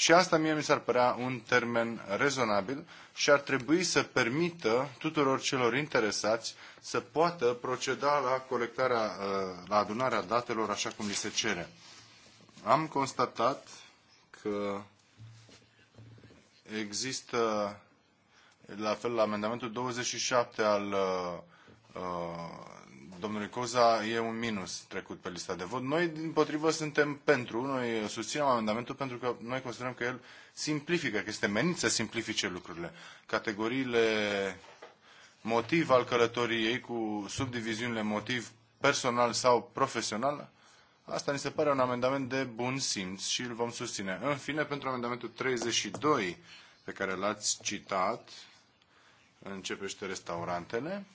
și asta mie mi s-ar părea un termen rezonabil și ar trebui să permită tuturor celor interesați să poată proceda la colectarea, uh, la adunarea datelor așa cum li se cere. Am constatat că există la fel la amendamentul 27 al uh, uh, domnului Coza e un minus trecut pe lista de vot. Noi, din potrivă, suntem pentru. Noi susținem amendamentul pentru că noi considerăm că el simplifică, că este menit să simplifice lucrurile. Categoriile motiv al călătoriei cu subdiviziunile motiv personal sau profesional, asta ni se pare un amendament de bun simț și îl vom susține. În fine, pentru amendamentul 32 pe care l-ați citat, începește restaurantele.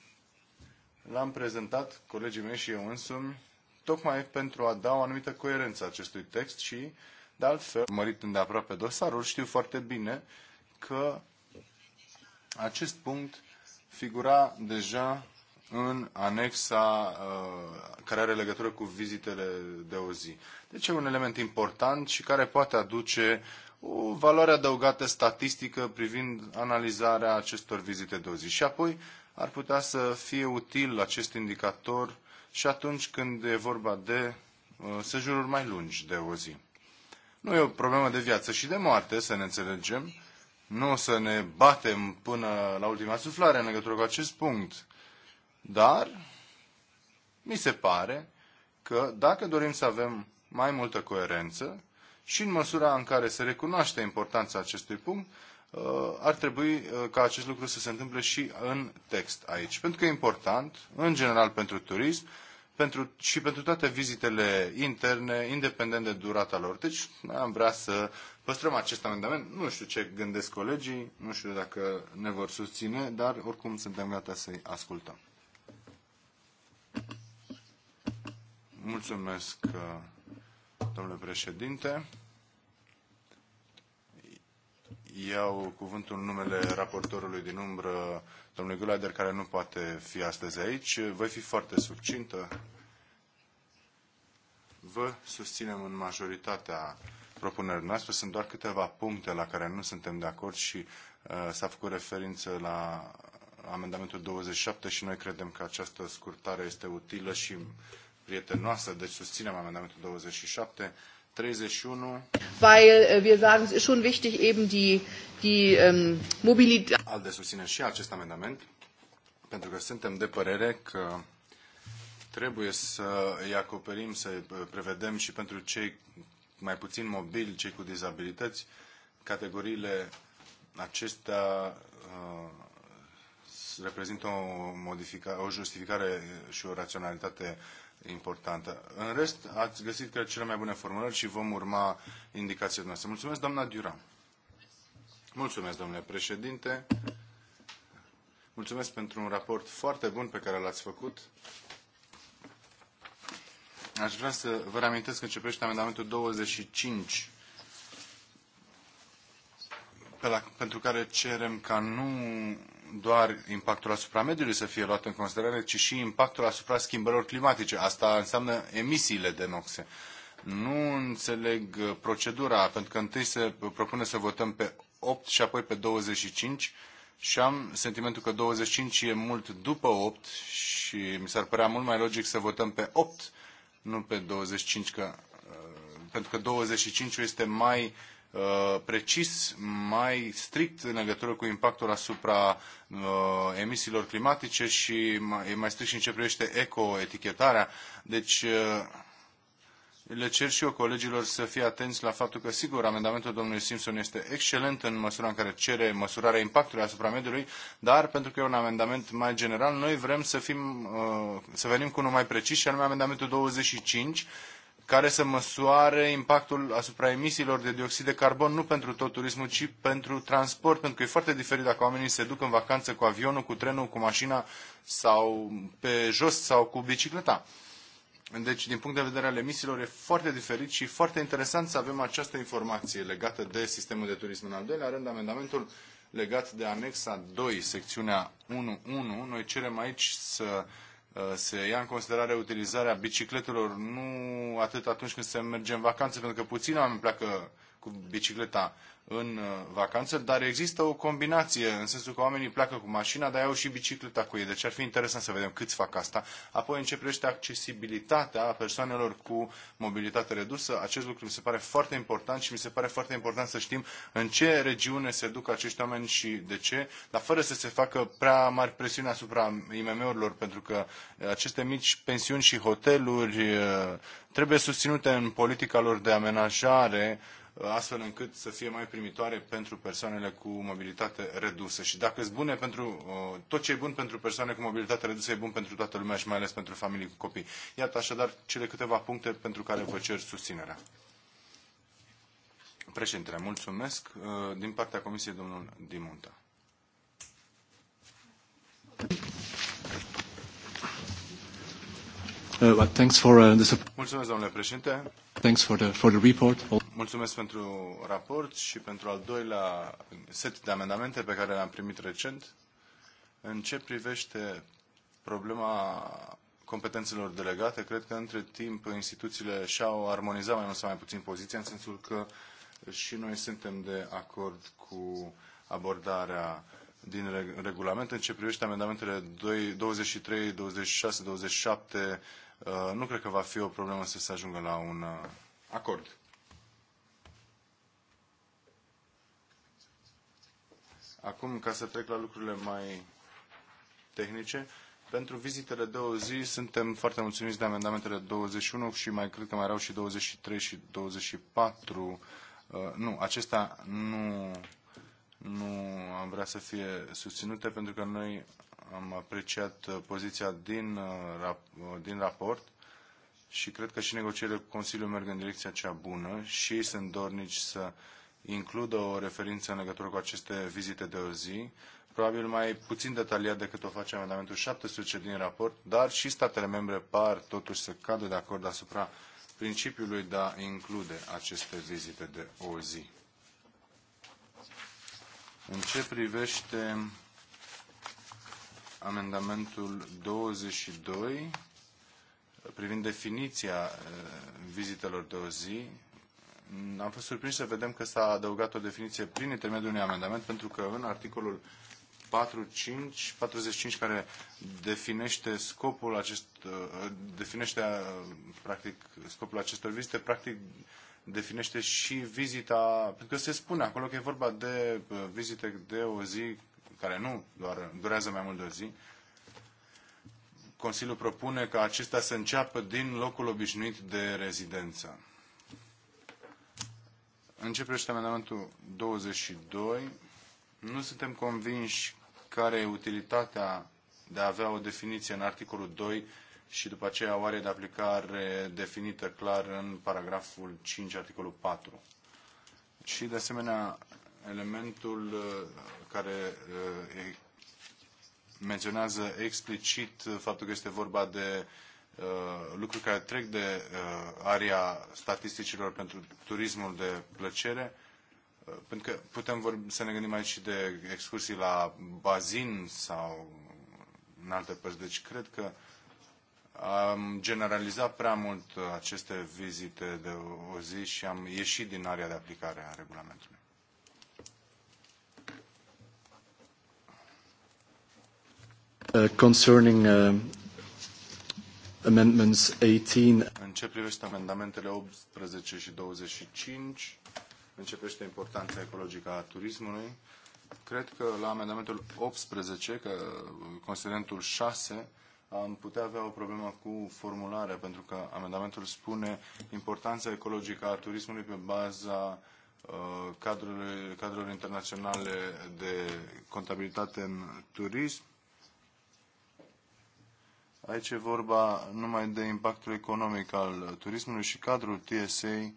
L-am prezentat colegii mei și eu însumi, tocmai pentru a da o anumită coerență acestui text și, de altfel, mărit îndeaproape dosarul, știu foarte bine că acest punct figura deja în anexa uh, care are legătură cu vizitele de o zi. Deci e un element important și care poate aduce o valoare adăugată statistică privind analizarea acestor vizite de o zi. Și apoi ar putea să fie util acest indicator și atunci când e vorba de uh, sejururi mai lungi de o zi. Nu e o problemă de viață și de moarte, să ne înțelegem. Nu o să ne batem până la ultima suflare în legătură cu acest punct. Dar mi se pare că dacă dorim să avem mai multă coerență și în măsura în care se recunoaște importanța acestui punct, Uh, ar trebui uh, ca acest lucru să se întâmple și în text aici. Pentru că e important, în general pentru turism, pentru, și pentru toate vizitele interne, independent de durata lor. Deci am vrea să păstrăm acest amendament. Nu știu ce gândesc colegii, nu știu dacă ne vor susține, dar oricum suntem gata să-i ascultăm. Mulțumesc, uh, domnule președinte iau cuvântul în numele raportorului din umbră, domnului Gulader, care nu poate fi astăzi aici. Voi fi foarte succintă. Vă susținem în majoritatea propunerilor noastre. Sunt doar câteva puncte la care nu suntem de acord și uh, s-a făcut referință la amendamentul 27 și noi credem că această scurtare este utilă și prietenoasă, deci susținem amendamentul 27 31. Weil äh, wir sagen, es ist schon wichtig, eben die, die ähm, Mobilität. Alde susține și acest amendament, pentru că suntem de părere că trebuie să îi acoperim, să îi prevedem și pentru cei mai puțin mobili, cei cu dizabilități, categoriile acestea uh, reprezintă o, modifica- o justificare și o raționalitate uh, importantă. În rest, ați găsit, că cele mai bune formulări și vom urma indicațiile noastre. Mulțumesc, doamna Duran. Mulțumesc, domnule președinte. Mulțumesc pentru un raport foarte bun pe care l-ați făcut. Aș vrea să vă reamintesc că începește amendamentul 25 pe la, pentru care cerem ca nu doar impactul asupra mediului să fie luat în considerare, ci și impactul asupra schimbărilor climatice. Asta înseamnă emisiile de noxe. Nu înțeleg uh, procedura, pentru că întâi se propune să votăm pe 8 și apoi pe 25 și am sentimentul că 25 e mult după 8 și mi s-ar părea mult mai logic să votăm pe 8, nu pe 25, că, uh, pentru că 25 este mai Uh, precis, mai strict în legătură cu impactul asupra uh, emisiilor climatice și mai strict și în ce privește ecoetichetarea. Deci, uh, le cer și eu colegilor să fie atenți la faptul că, sigur, amendamentul domnului Simpson este excelent în măsura în care cere măsurarea impactului asupra mediului, dar pentru că e un amendament mai general, noi vrem să, fim, să venim cu unul mai precis și anume amendamentul 25, care să măsoare impactul asupra emisiilor de dioxid de carbon, nu pentru tot turismul, ci pentru transport, pentru că e foarte diferit dacă oamenii se duc în vacanță cu avionul, cu trenul, cu mașina sau pe jos sau cu bicicleta. Deci, din punct de vedere al emisiilor, e foarte diferit și foarte interesant să avem această informație legată de sistemul de turism. În al doilea rând, amendamentul legat de anexa 2, secțiunea 1.1, noi cerem aici să Uh, se ia în considerare utilizarea bicicletelor, nu atât atunci când se merge în vacanță, pentru că puțin oameni pleacă cu bicicleta în uh, vacanță, dar există o combinație, în sensul că oamenii pleacă cu mașina, dar iau și bicicleta cu ei. Deci ar fi interesant să vedem câți fac asta. Apoi începește accesibilitatea persoanelor cu mobilitate redusă. Acest lucru mi se pare foarte important și mi se pare foarte important să știm în ce regiune se duc acești oameni și de ce, dar fără să se facă prea mari presiuni asupra IMM-urilor, pentru că uh, aceste mici pensiuni și hoteluri uh, trebuie susținute în politica lor de amenajare, astfel încât să fie mai primitoare pentru persoanele cu mobilitate redusă. Și dacă sunt bune pentru, uh, tot ce e bun pentru persoane cu mobilitate redusă e bun pentru toată lumea și mai ales pentru familii cu copii. Iată așadar cele câteva puncte pentru care vă cer susținerea. Președintele, mulțumesc. Uh, din partea Comisiei, domnul Dimunta. Uh, thanks for uh, the Mulțumesc, domnule președinte. Thanks for the, for the report. Mulțumesc pentru raport și pentru al doilea set de amendamente pe care le-am primit recent. În ce privește problema competențelor delegate, cred că între timp instituțiile și-au armonizat mai mult sau mai puțin poziția, în sensul că și noi suntem de acord cu abordarea din regulament în ce privește amendamentele 2, 23, 26, 27, Uh, nu cred că va fi o problemă să se ajungă la un uh, acord. Acum, ca să trec la lucrurile mai tehnice, pentru vizitele de o zi suntem foarte mulțumiți de amendamentele 21 și mai cred că mai erau și 23 și 24. Uh, nu, acesta nu, nu am vrea să fie susținute pentru că noi am apreciat uh, poziția din, uh, uh, din raport și cred că și negocierile cu Consiliul merg în direcția cea bună și ei sunt dornici să includă o referință în legătură cu aceste vizite de o zi, probabil mai puțin detaliat decât o face amendamentul 17 din raport, dar și statele membre par totuși să cadă de acord asupra principiului de a include aceste vizite de o zi. În ce privește amendamentul 22 privind definiția eh, vizitelor de o zi. Am fost surprins să vedem că s-a adăugat o definiție prin intermediul unui amendament, pentru că în articolul 45, 45 care definește scopul acest, eh, definește eh, practic scopul acestor vizite, practic definește și vizita, pentru că se spune acolo că e vorba de vizite de o zi care nu doar durează mai mult de o zi, Consiliul propune ca acesta să înceapă din locul obișnuit de rezidență. Începește amendamentul 22. Nu suntem convinși care e utilitatea de a avea o definiție în articolul 2 și după aceea o are de aplicare definită clar în paragraful 5, articolul 4. Și de asemenea elementul uh, care uh, menționează explicit uh, faptul că este vorba de lucruri care trec de aria statisticilor pentru turismul de plăcere, pentru că putem vorbi, să ne gândim aici și de excursii la bazin sau în alte părți. Deci cred că am generalizat prea mult aceste vizite de o zi și am ieșit din area de aplicare a regulamentului. Uh, concerning uh, amendments 18. În ce privește amendamentele 18 și 25, în ce importanța ecologică a turismului, cred că la amendamentul 18, că considerentul 6, am putea avea o problemă cu formularea, pentru că amendamentul spune importanța ecologică a turismului pe baza uh, cadrelor, cadrelor internaționale de contabilitate în turism Aici e vorba numai de impactul economic al turismului și cadrul TSA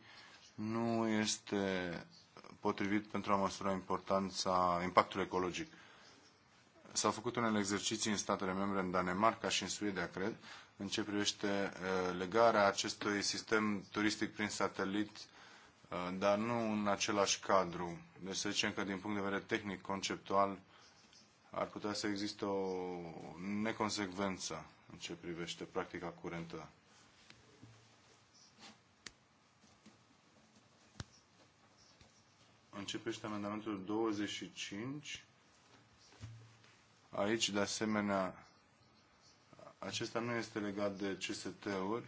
nu este potrivit pentru a măsura importanța impactului ecologic. S-au făcut unele exerciții în statele membre, în Danemarca și în Suedia, cred, în ce privește legarea acestui sistem turistic prin satelit, dar nu în același cadru. Deci să zicem că din punct de vedere tehnic, conceptual, ar putea să existe o neconsecvență în ce privește practica curentă. Începește amendamentul 25. Aici, de asemenea, acesta nu este legat de CST-uri.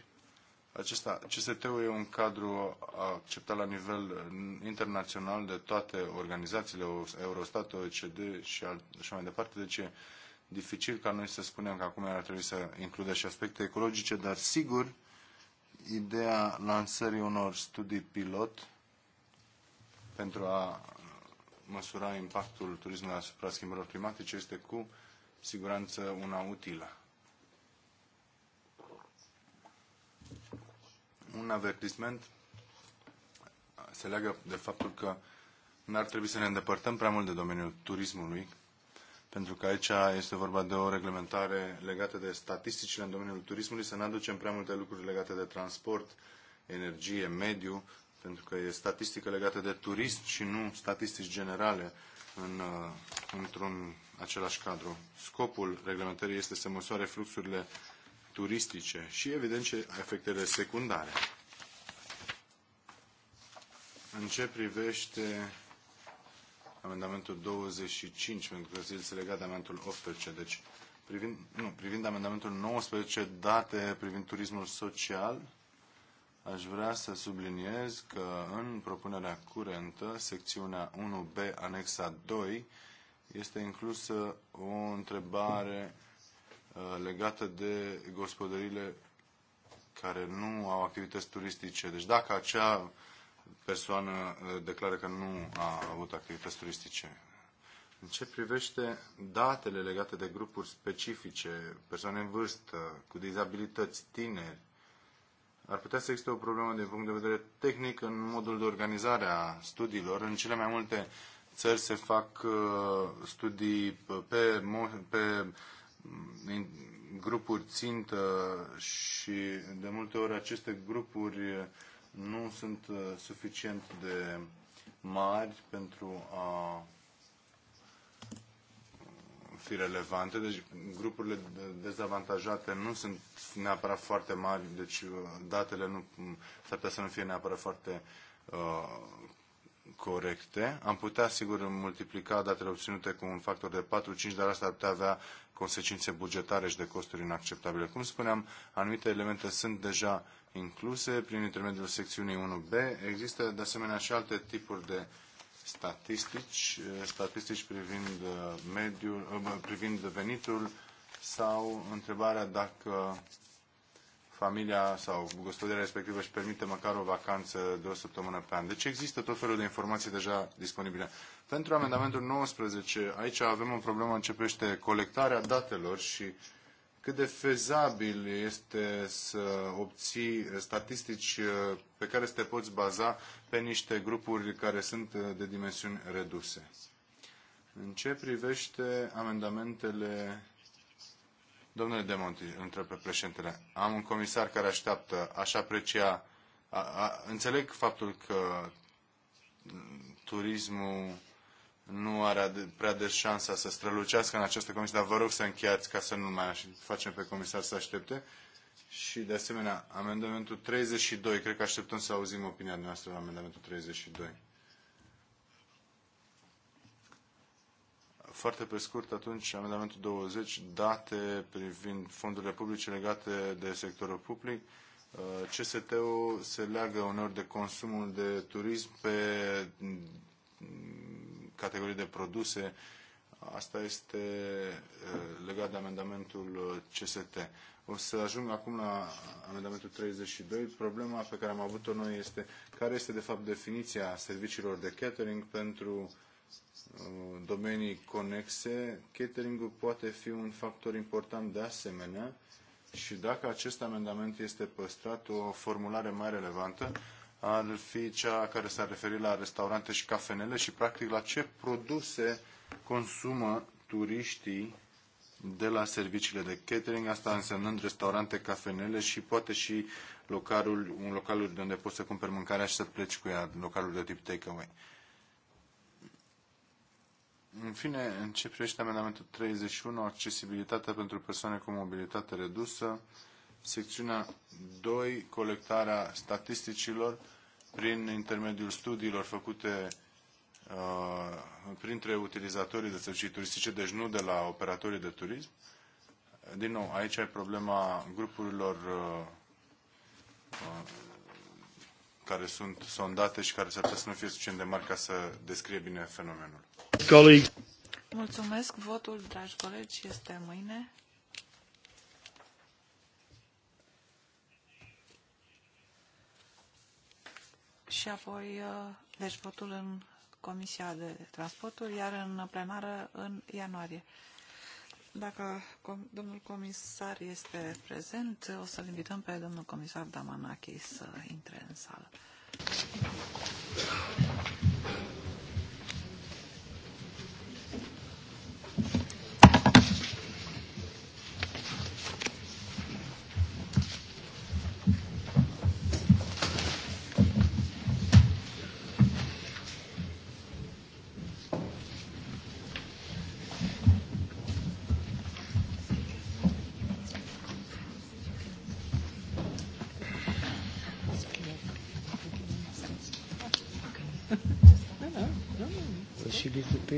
Acesta, CST-ul e un cadru acceptat la nivel internațional de toate organizațiile, Eurostat, OECD și, alt, și mai departe. Deci dificil ca noi să spunem că acum ar trebui să includă și aspecte ecologice, dar sigur, ideea lansării unor studii pilot pentru a măsura impactul turismului asupra schimbărilor climatice este cu siguranță una utilă. Un avertisment se leagă de faptul că n-ar trebui să ne îndepărtăm prea mult de domeniul turismului, pentru că aici este vorba de o reglementare legată de statisticile în domeniul turismului, să nu aducem prea multe lucruri legate de transport, energie, mediu, pentru că e statistică legată de turism și nu statistici generale în, uh, într-un același cadru. Scopul reglementării este să măsoare fluxurile turistice și, evident, ce efectele secundare. În ce privește amendamentul 25, pentru că este legat de amendamentul 18. Deci, privind, nu, privind amendamentul 19, date privind turismul social, aș vrea să subliniez că în propunerea curentă, secțiunea 1B, anexa 2, este inclusă o întrebare uh, legată de gospodările care nu au activități turistice. Deci dacă acea persoană uh, declară că nu a avut activități turistice. În ce privește datele legate de grupuri specifice, persoane în vârstă, cu dizabilități, tineri, ar putea să existe o problemă din punct de vedere tehnic în modul de organizare a studiilor. În cele mai multe țări se fac uh, studii pe, pe mm, grupuri țintă și de multe ori aceste grupuri nu sunt uh, suficient de mari pentru a uh, fi relevante, deci grupurile dezavantajate nu sunt neapărat foarte mari, deci uh, datele nu s-ar putea să nu fie neapărat foarte corecte. Am putea, sigur, multiplica datele obținute cu un factor de 4-5, dar asta ar putea avea consecințe bugetare și de costuri inacceptabile. Cum spuneam, anumite elemente sunt deja incluse prin intermediul secțiunii 1B. Există de asemenea și alte tipuri de statistici, eh, statistici privind eh, mediul, eh, privind venitul sau întrebarea dacă familia sau gospodarea respectivă își permite măcar o vacanță de o săptămână pe an. Deci există tot felul de informații deja disponibile. Pentru amendamentul 19, aici avem o problemă, începește colectarea datelor și cât de fezabil este să obții statistici uh, pe care să te poți baza pe niște grupuri care sunt uh, de dimensiuni reduse. În ce privește amendamentele Domnule Demonti, întrebe președintele, am un comisar care așteaptă, aș aprecia, a, a, înțeleg faptul că mm, turismul nu are prea des șansa să strălucească în această comisie, dar vă rog să încheiați ca să nu mai facem pe comisar să aștepte. Și de asemenea, amendamentul 32, cred că așteptăm să auzim opinia noastră la amendamentul 32. Foarte pe scurt, atunci, amendamentul 20, date privind fondurile publice legate de sectorul public. Uh, CST-ul se leagă uneori de consumul de turism pe categorii de produse. Asta este legat de amendamentul CST. O să ajung acum la amendamentul 32. Problema pe care am avut-o noi este care este de fapt definiția serviciilor de catering pentru domenii conexe. Cateringul poate fi un factor important de asemenea și dacă acest amendament este păstrat, o formulare mai relevantă ar fi cea care s-ar referi la restaurante și cafenele și practic la ce produse consumă turiștii de la serviciile de catering, asta însemnând restaurante, cafenele și poate și localul, un local de unde poți să cumperi mâncarea și să pleci cu ea, localul de tip takeaway. În fine, în ce privește amendamentul 31, accesibilitatea pentru persoane cu mobilitate redusă, secțiunea 2, colectarea statisticilor prin intermediul studiilor făcute uh, printre utilizatorii de servicii turistice, deci nu de la operatorii de turism. Din nou, aici ai problema grupurilor uh, uh, care sunt sondate și care s-ar putea să nu fie suficient de mari ca să descrie bine fenomenul. Colegi. Mulțumesc. Votul, dragi colegi, este mâine. și apoi uh, deci votul în Comisia de Transporturi, iar în plenară în ianuarie. Dacă com domnul comisar este prezent, o să-l invităm pe domnul comisar Damanachi să intre în sală.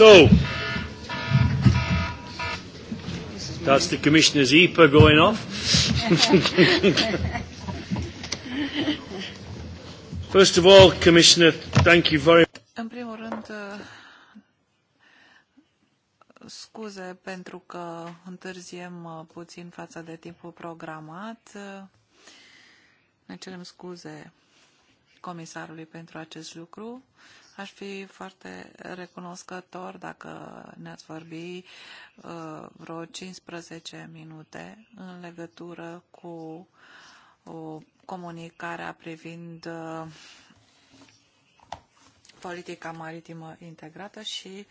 So, that's the Commissioner's EPA going off. First of all, Commissioner, thank you very much. În primul rând, uh, scuze pentru că întârziem uh, puțin față de timpul programat. Uh, ne cerem scuze comisarului pentru acest lucru. Aș fi foarte recunoscător dacă ne-ați vorbi uh, vreo 15 minute în legătură cu comunicarea privind uh, politica maritimă integrată și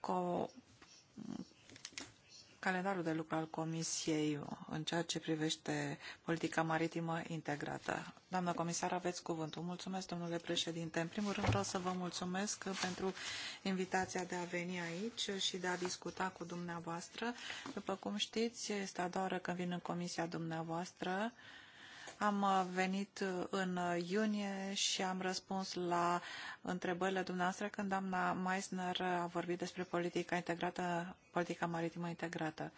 cu calendarul de lucru al Comisiei în ceea ce privește politica maritimă integrată. Doamnă comisar, aveți cuvântul. Mulțumesc, domnule președinte. În primul rând vreau să vă mulțumesc pentru invitația de a veni aici și de a discuta cu dumneavoastră. După cum știți, este a doua oară când vin în comisia dumneavoastră am uh, venit uh, în uh, iunie și am răspuns la întrebările dumneavoastră când doamna Meissner a vorbit despre politica integrată, politica maritimă integrată.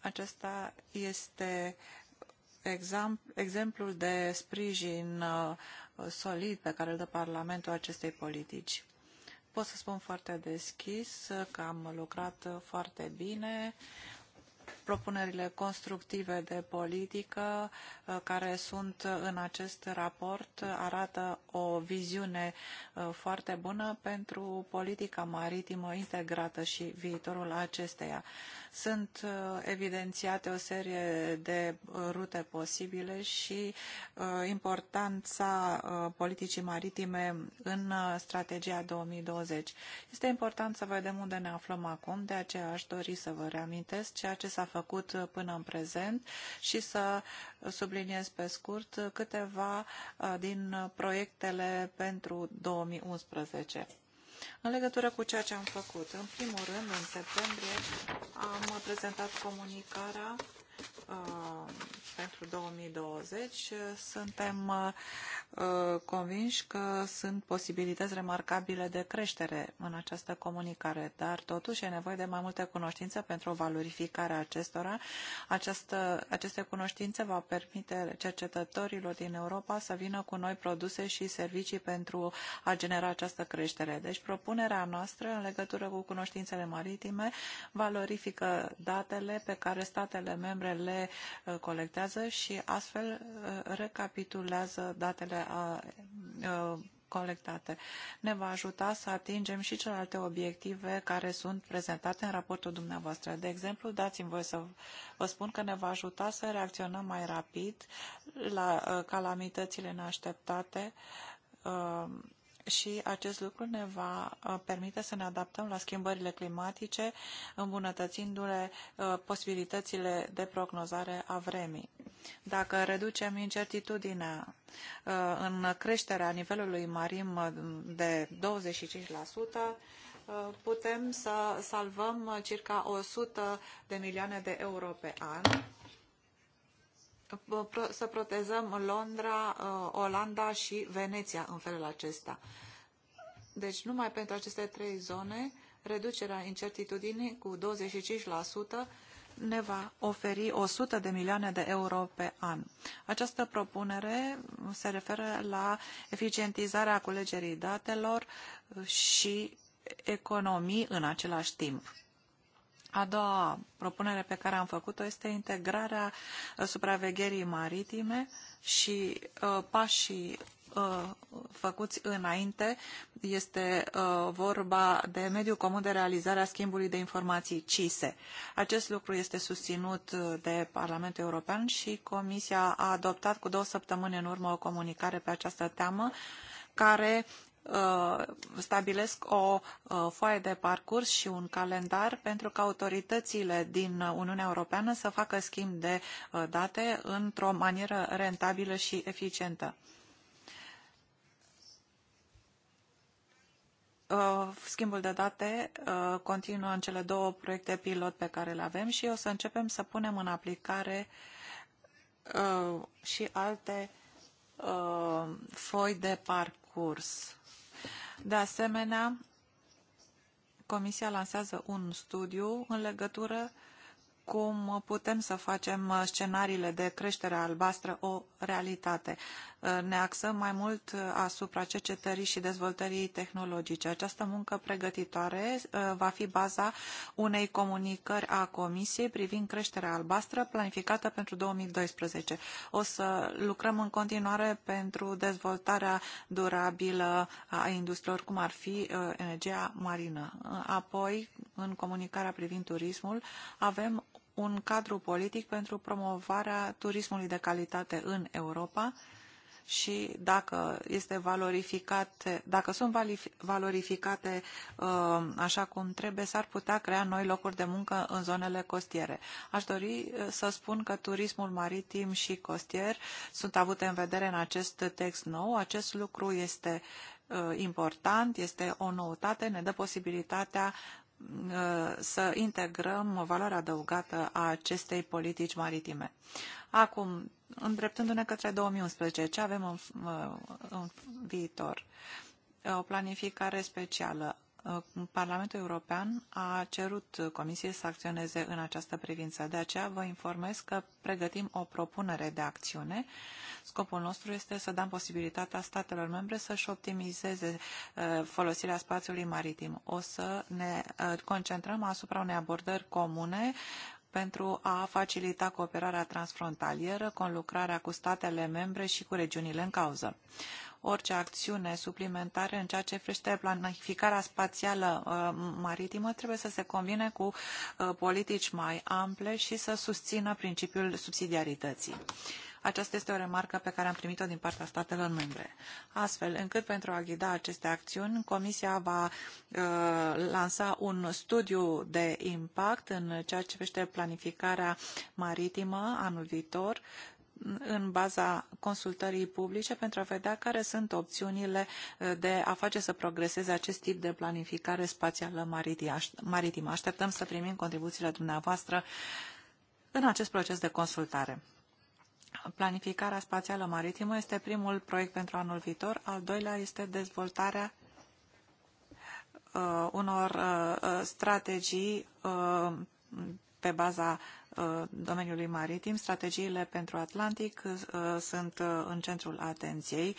Acesta este exemplul de sprijin solid pe care îl dă Parlamentul acestei politici. Pot să spun foarte deschis că am lucrat foarte bine propunerile constructive de politică uh, care sunt în acest raport arată o viziune uh, foarte bună pentru politica maritimă integrată și viitorul acesteia. Sunt uh, evidențiate o serie de uh, rute posibile și uh, importanța politicii maritime în strategia 2020. Este important să vedem unde ne aflăm acum, de aceea aș dori să vă reamintesc ceea ce s-a făcut până în prezent și să subliniez pe scurt câteva din proiectele pentru 2011. În legătură cu ceea ce am făcut, în primul rând, în septembrie, am prezentat comunicarea Uh, pentru 2020. Uh, suntem uh, convinși că sunt posibilități remarcabile de creștere în această comunicare, dar totuși e nevoie de mai multe cunoștințe pentru valorificarea acestora. Această, aceste cunoștințe va permite cercetătorilor din Europa să vină cu noi produse și servicii pentru a genera această creștere. Deci propunerea noastră în legătură cu cunoștințele maritime valorifică datele pe care statele membre care le uh, colectează și astfel uh, recapitulează datele a uh, colectate. Ne va ajuta să atingem și celelalte obiective care sunt prezentate în raportul dumneavoastră. De exemplu, dați-mi voi să vă spun că ne va ajuta să reacționăm mai rapid la calamitățile neașteptate, și acest lucru ne va uh, permite să ne adaptăm la schimbările climatice, îmbunătățindu-le uh, posibilitățile de prognozare a vremii. Dacă reducem incertitudinea uh, în creșterea nivelului marim de 25%, putem să salvăm circa 100 de milioane de euro pe an să protejăm Londra, uh, Olanda și Veneția în felul acesta. Deci numai pentru aceste trei zone, reducerea incertitudinii cu 25% ne va oferi 100 de milioane de euro pe an. Această propunere se referă la eficientizarea culegerii datelor și economii în același timp. A doua propunere pe care am făcut-o este integrarea uh, supravegherii maritime și uh, pașii uh, făcuți înainte este uh, vorba de mediul comun de realizare a schimbului de informații CISE. Acest lucru este susținut de Parlamentul European și Comisia a adoptat cu două săptămâni în urmă o comunicare pe această teamă care Uh, stabilesc o uh, foaie de parcurs și un calendar pentru ca autoritățile din Uniunea Europeană să facă schimb de uh, date într-o manieră rentabilă și eficientă. Schimbul de date continuă în cele două proiecte pilot pe care le avem și o să începem să punem în aplicare și alte foi de parcurs. De asemenea, Comisia lansează un studiu în legătură cum putem să facem uh, scenariile de creștere albastră o realitate. Uh, ne axăm mai mult uh, asupra cercetării și dezvoltării tehnologice. Această muncă pregătitoare va fi baza unei comunicări a Comisiei privind creșterea albastră planificată pentru 2012. O să lucrăm în continuare pentru dezvoltarea durabilă a industriilor, cum ar fi energia marină. Apoi, în comunicarea privind turismul, avem un cadru politic pentru promovarea turismului de calitate în Europa și dacă este valorificat, dacă sunt valorificate uh, așa cum trebuie, s-ar putea crea noi locuri de muncă în zonele costiere. Aș dori uh, să spun că turismul maritim și costier sunt avute în vedere în acest text nou. Acest lucru este uh, important, este o noutate, ne dă posibilitatea să integrăm valoarea adăugată a acestei politici maritime. Acum, îndreptându-ne către 2011, ce avem în, în viitor? O planificare specială Uh, Parlamentul European a cerut Comisiei să acționeze în această privință. De aceea vă informez că pregătim o propunere de acțiune. Scopul nostru este să dăm posibilitatea statelor membre să-și optimizeze uh, folosirea spațiului maritim. O să ne uh, concentrăm asupra unei abordări comune pentru a facilita cooperarea transfrontalieră, conlucrarea cu statele membre și cu regiunile în cauză orice acțiune suplimentară în ceea ce privește planificarea spațială uh, maritimă trebuie să se combine cu uh, politici mai ample și să susțină principiul subsidiarității. Aceasta este o remarcă pe care am primit-o din partea statelor membre. Astfel, încât pentru a ghida aceste acțiuni, Comisia va uh, lansa un studiu de impact în ceea ce privește planificarea maritimă anul viitor în baza consultării publice pentru a vedea care sunt opțiunile uh, de a face să progreseze acest tip de planificare spațială maritimă. Așteptăm să primim contribuțiile dumneavoastră în acest proces de consultare. Planificarea spațială maritimă este primul proiect pentru anul viitor, al doilea este dezvoltarea uh, unor uh, uh strategii uh, pe baza Uh, domeniului maritim. Strategiile pentru Atlantic uh, sunt uh, în centrul atenției.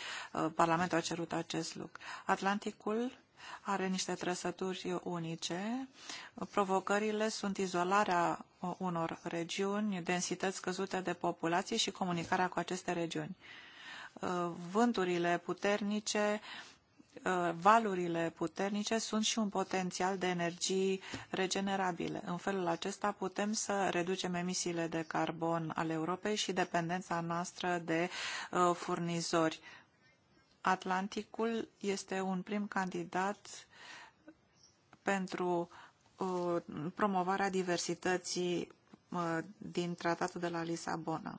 Parlamentul a cerut acest lucru. Atlanticul are niște trăsături unice. Provocările sunt izolarea unor regiuni, densități scăzute de populație și comunicarea cu aceste regiuni. Vânturile puternice Uh, valurile puternice sunt și un potențial de energii regenerabile. În felul acesta putem să reducem emisiile de carbon ale Europei și dependența noastră de uh, furnizori. Atlanticul este un prim candidat pentru uh, promovarea diversității din tratatul de la Lisabona.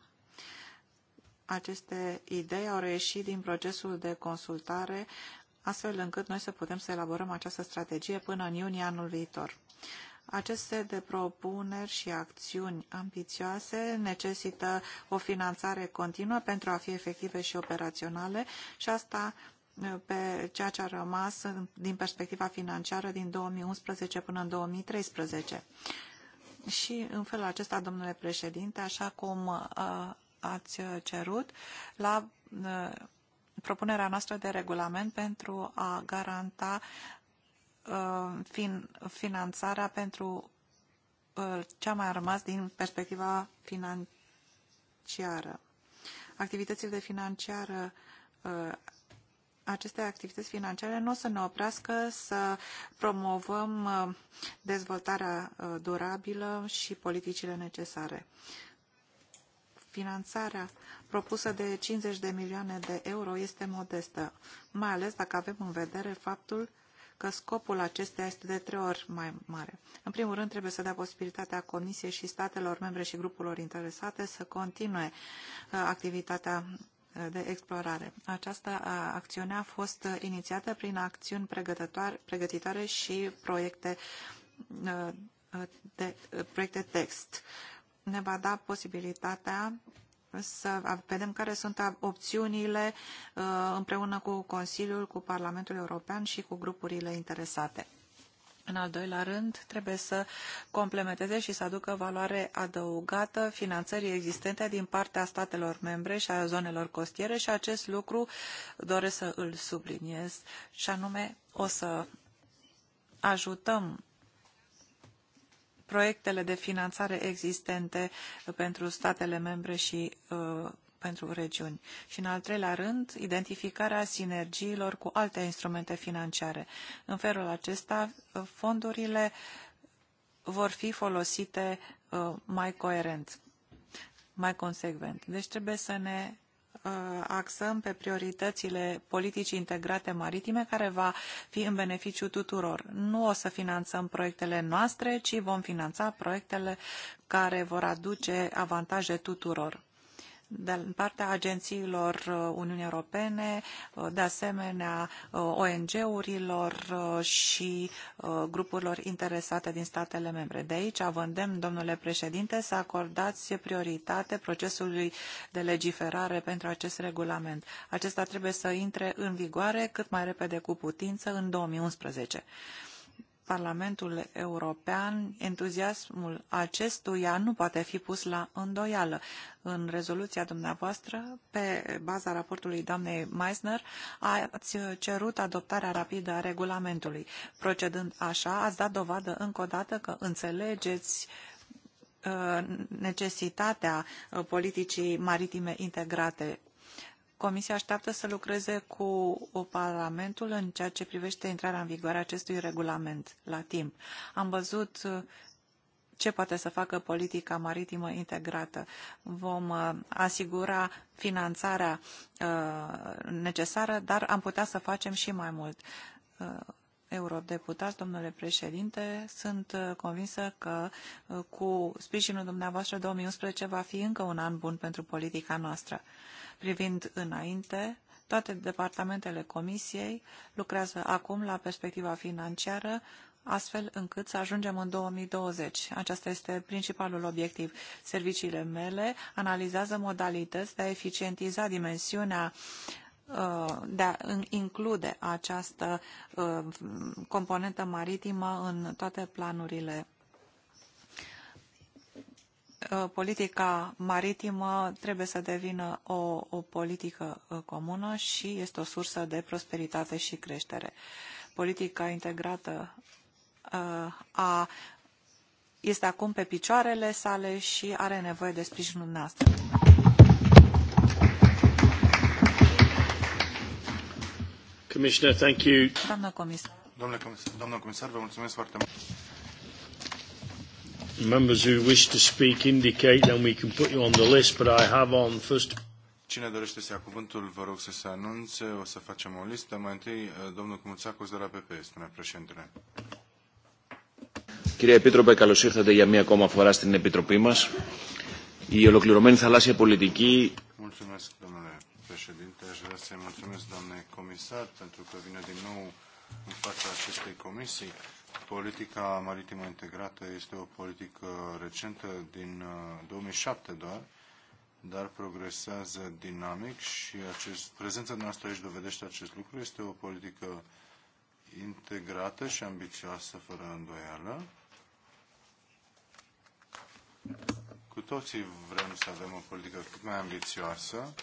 Aceste idei au reieșit din procesul de consultare astfel încât noi să putem să elaborăm această strategie până în iunie anul viitor. Aceste de propuneri și acțiuni ambițioase necesită o finanțare continuă pentru a fi efective și operaționale și asta uh, pe ceea ce a rămas din perspectiva financiară din 2011 până în 2013. Și în felul acesta, domnule președinte, așa cum uh, ați cerut, la uh, propunerea noastră de regulament pentru a garanta uh, fin, finanțarea pentru uh, ce a mai rămas din perspectiva financiară. Activitățile de financiară, uh, aceste activități financiare nu o să ne oprească să promovăm dezvoltarea durabilă și politicile necesare. Finanțarea propusă de 50 de milioane de euro este modestă, mai ales dacă avem în vedere faptul că scopul acesteia este de trei ori mai mare. În primul rând, trebuie să dea posibilitatea Comisiei și statelor membre și grupurilor interesate să continue uh, activitatea uh, de explorare. Această uh, acțiune a fost inițiată prin acțiuni pregătitoare și proiecte, de, proiecte text ne va da posibilitatea să vedem care sunt opțiunile uh, împreună cu Consiliul, cu Parlamentul European și cu grupurile interesate. În al doilea rând, trebuie să complementeze și să aducă valoare adăugată finanțării existente din partea statelor membre și a zonelor costiere și acest lucru doresc să îl subliniez și anume o să ajutăm proiectele de finanțare existente pentru statele membre și uh, pentru regiuni. Și în al treilea rând, identificarea sinergiilor cu alte instrumente financiare. În felul acesta, uh, fondurile vor fi folosite uh, mai coerent, mai consecvent. Deci trebuie să ne Uh, axăm pe prioritățile politicii integrate maritime, care va fi în beneficiu tuturor. Nu o să finanțăm proiectele noastre, ci vom finanța proiectele care vor aduce avantaje tuturor din partea agențiilor uh, Uniunii Europene, uh, de asemenea uh, ONG-urilor și grupurilor interesate din statele membre. De aici vă îndemn, domnule președinte, să acordați prioritate procesului de legiferare pentru acest regulament. Acesta trebuie să intre în vigoare cât mai repede cu putință în 2011. Parlamentul European, entuziasmul acestuia nu poate fi pus la îndoială. În rezoluția dumneavoastră, pe baza raportului doamnei Meissner, ați cerut adoptarea rapidă a regulamentului. Procedând așa, ați dat dovadă încă o dată că înțelegeți uh, necesitatea uh, politicii maritime integrate Comisia așteaptă să lucreze cu Parlamentul în ceea ce privește intrarea în vigoare a acestui regulament la timp. Am văzut uh, ce poate să facă politica maritimă integrată. Vom uh, asigura finanțarea uh, necesară, dar am putea să facem și mai mult eurodeputați, domnule președinte. Sunt uh, convinsă că uh, cu sprijinul dumneavoastră 2011 va fi încă un an bun pentru politica noastră. Privind înainte, toate departamentele Comisiei lucrează acum la perspectiva financiară, astfel încât să ajungem în 2020. Acesta este principalul obiectiv. Serviciile mele analizează modalități de a eficientiza dimensiunea uh, Uh, de a include această uh, componentă maritimă în toate planurile. Uh, politica maritimă trebuie să devină o, o politică comună și este o sursă de prosperitate și creștere. Politica integrată a, este acum pe picioarele sale și are nevoie de sprijinul noastră. doamnă comisar. Domnule vă mulțumesc foarte mult. Members who wish to speak indicate, then we can put you on the list, but I have on first... Cine dorește să ia cuvântul, vă rog să se anunțe, o să facem o listă. Mai întâi, eh, domnul Cumuțacos de la PP, spune președintele. Κύριε Επίτροπε, καλώς ήρθατε για μία ακόμα φορά στην Επιτροπή μας. Η ολοκληρωμένη θαλάσσια πολιτική... Mulțumesc, domnule aș vrea să-i mulțumesc, doamne comisar, pentru că vine din nou în fața acestei comisii. Politica maritimă integrată este o politică recentă din 2007 uh, doar, dar progresează dinamic și acest, prezența noastră aici dovedește acest lucru. Este o politică integrată și ambicioasă, fără îndoială. Cu toții vrem să avem o politică cât mai ambițioasă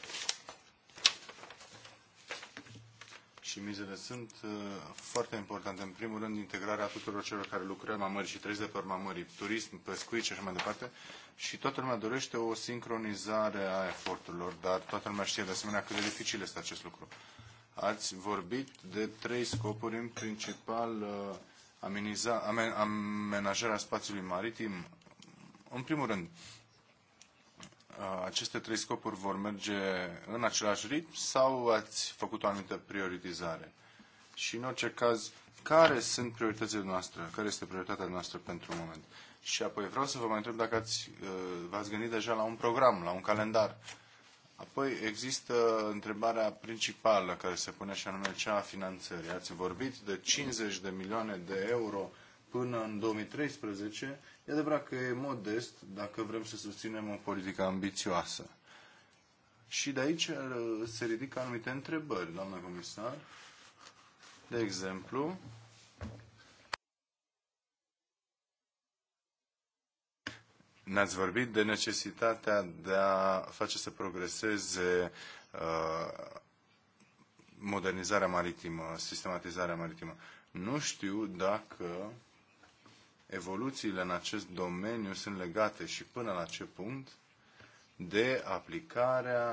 și mizele sunt uh, foarte importante. În primul rând, integrarea tuturor celor care lucrează la mări și trăiesc de pe urma mării, turism, pescuit și așa mai departe. Și toată lumea dorește o sincronizare a eforturilor, dar toată lumea știe de asemenea cât de dificil este acest lucru. Ați vorbit de trei scopuri, în principal uh, ameniza, amen, amenajarea spațiului maritim. În primul rând, Uh, aceste trei scopuri vor merge în același ritm sau ați făcut o anumită prioritizare? Și în orice caz, care sunt prioritățile noastre? Care este prioritatea noastră pentru un moment? Și apoi vreau să vă mai întreb dacă ați, uh, v-ați gândit deja la un program, la un calendar. Apoi există întrebarea principală care se pune și anume cea a finanțării. Ați vorbit de 50 de milioane de euro până în 2013 E adevărat că e modest dacă vrem să susținem o politică ambițioasă. Și de aici uh, se ridică anumite întrebări, doamna comisar. De exemplu, ne-ați vorbit de necesitatea de a face să progreseze uh, modernizarea maritimă, sistematizarea maritimă. Nu știu dacă evoluțiile în acest domeniu sunt legate și până la ce punct de aplicarea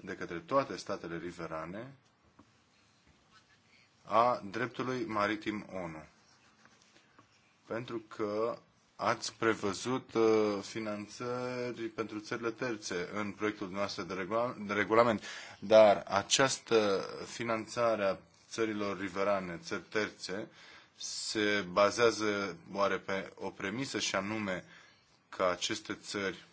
de către toate statele riverane a dreptului maritim ONU. Pentru că ați prevăzut uh, finanțări pentru țările terțe în proiectul noastră de, regulament, dar această finanțare a țărilor riverane, țări terțe, se bazează oare pe o premisă și anume că aceste țări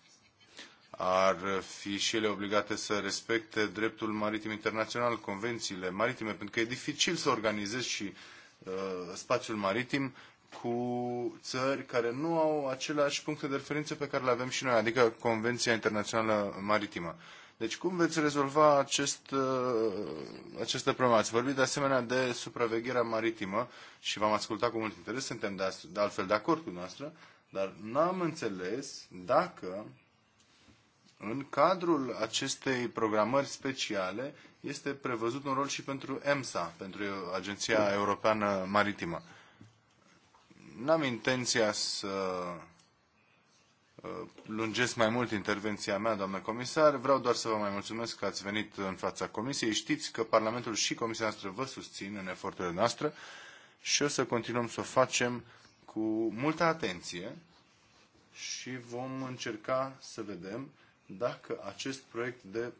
ar fi și ele obligate să respecte dreptul maritim internațional, convențiile maritime, pentru că e dificil să organizezi și uh, spațiul maritim cu țări care nu au aceleași puncte de referință pe care le avem și noi, adică Convenția Internațională Maritimă. Deci cum veți rezolva acest, uh, această problemă? Ați vorbit de asemenea de supravegherea maritimă și v-am ascultat cu mult interes, suntem de, de altfel de acord cu noastră, dar n-am înțeles dacă în cadrul acestei programări speciale este prevăzut un rol și pentru EMSA, pentru Agenția Europeană Maritimă. N-am intenția să Uh, lungesc mai mult intervenția mea, doamnă comisar. Vreau doar să vă mai mulțumesc că ați venit în fața Comisiei. Știți că Parlamentul și Comisia noastră vă susțin în eforturile noastre și o să continuăm să o facem cu multă atenție și vom încerca să vedem dacă acest proiect de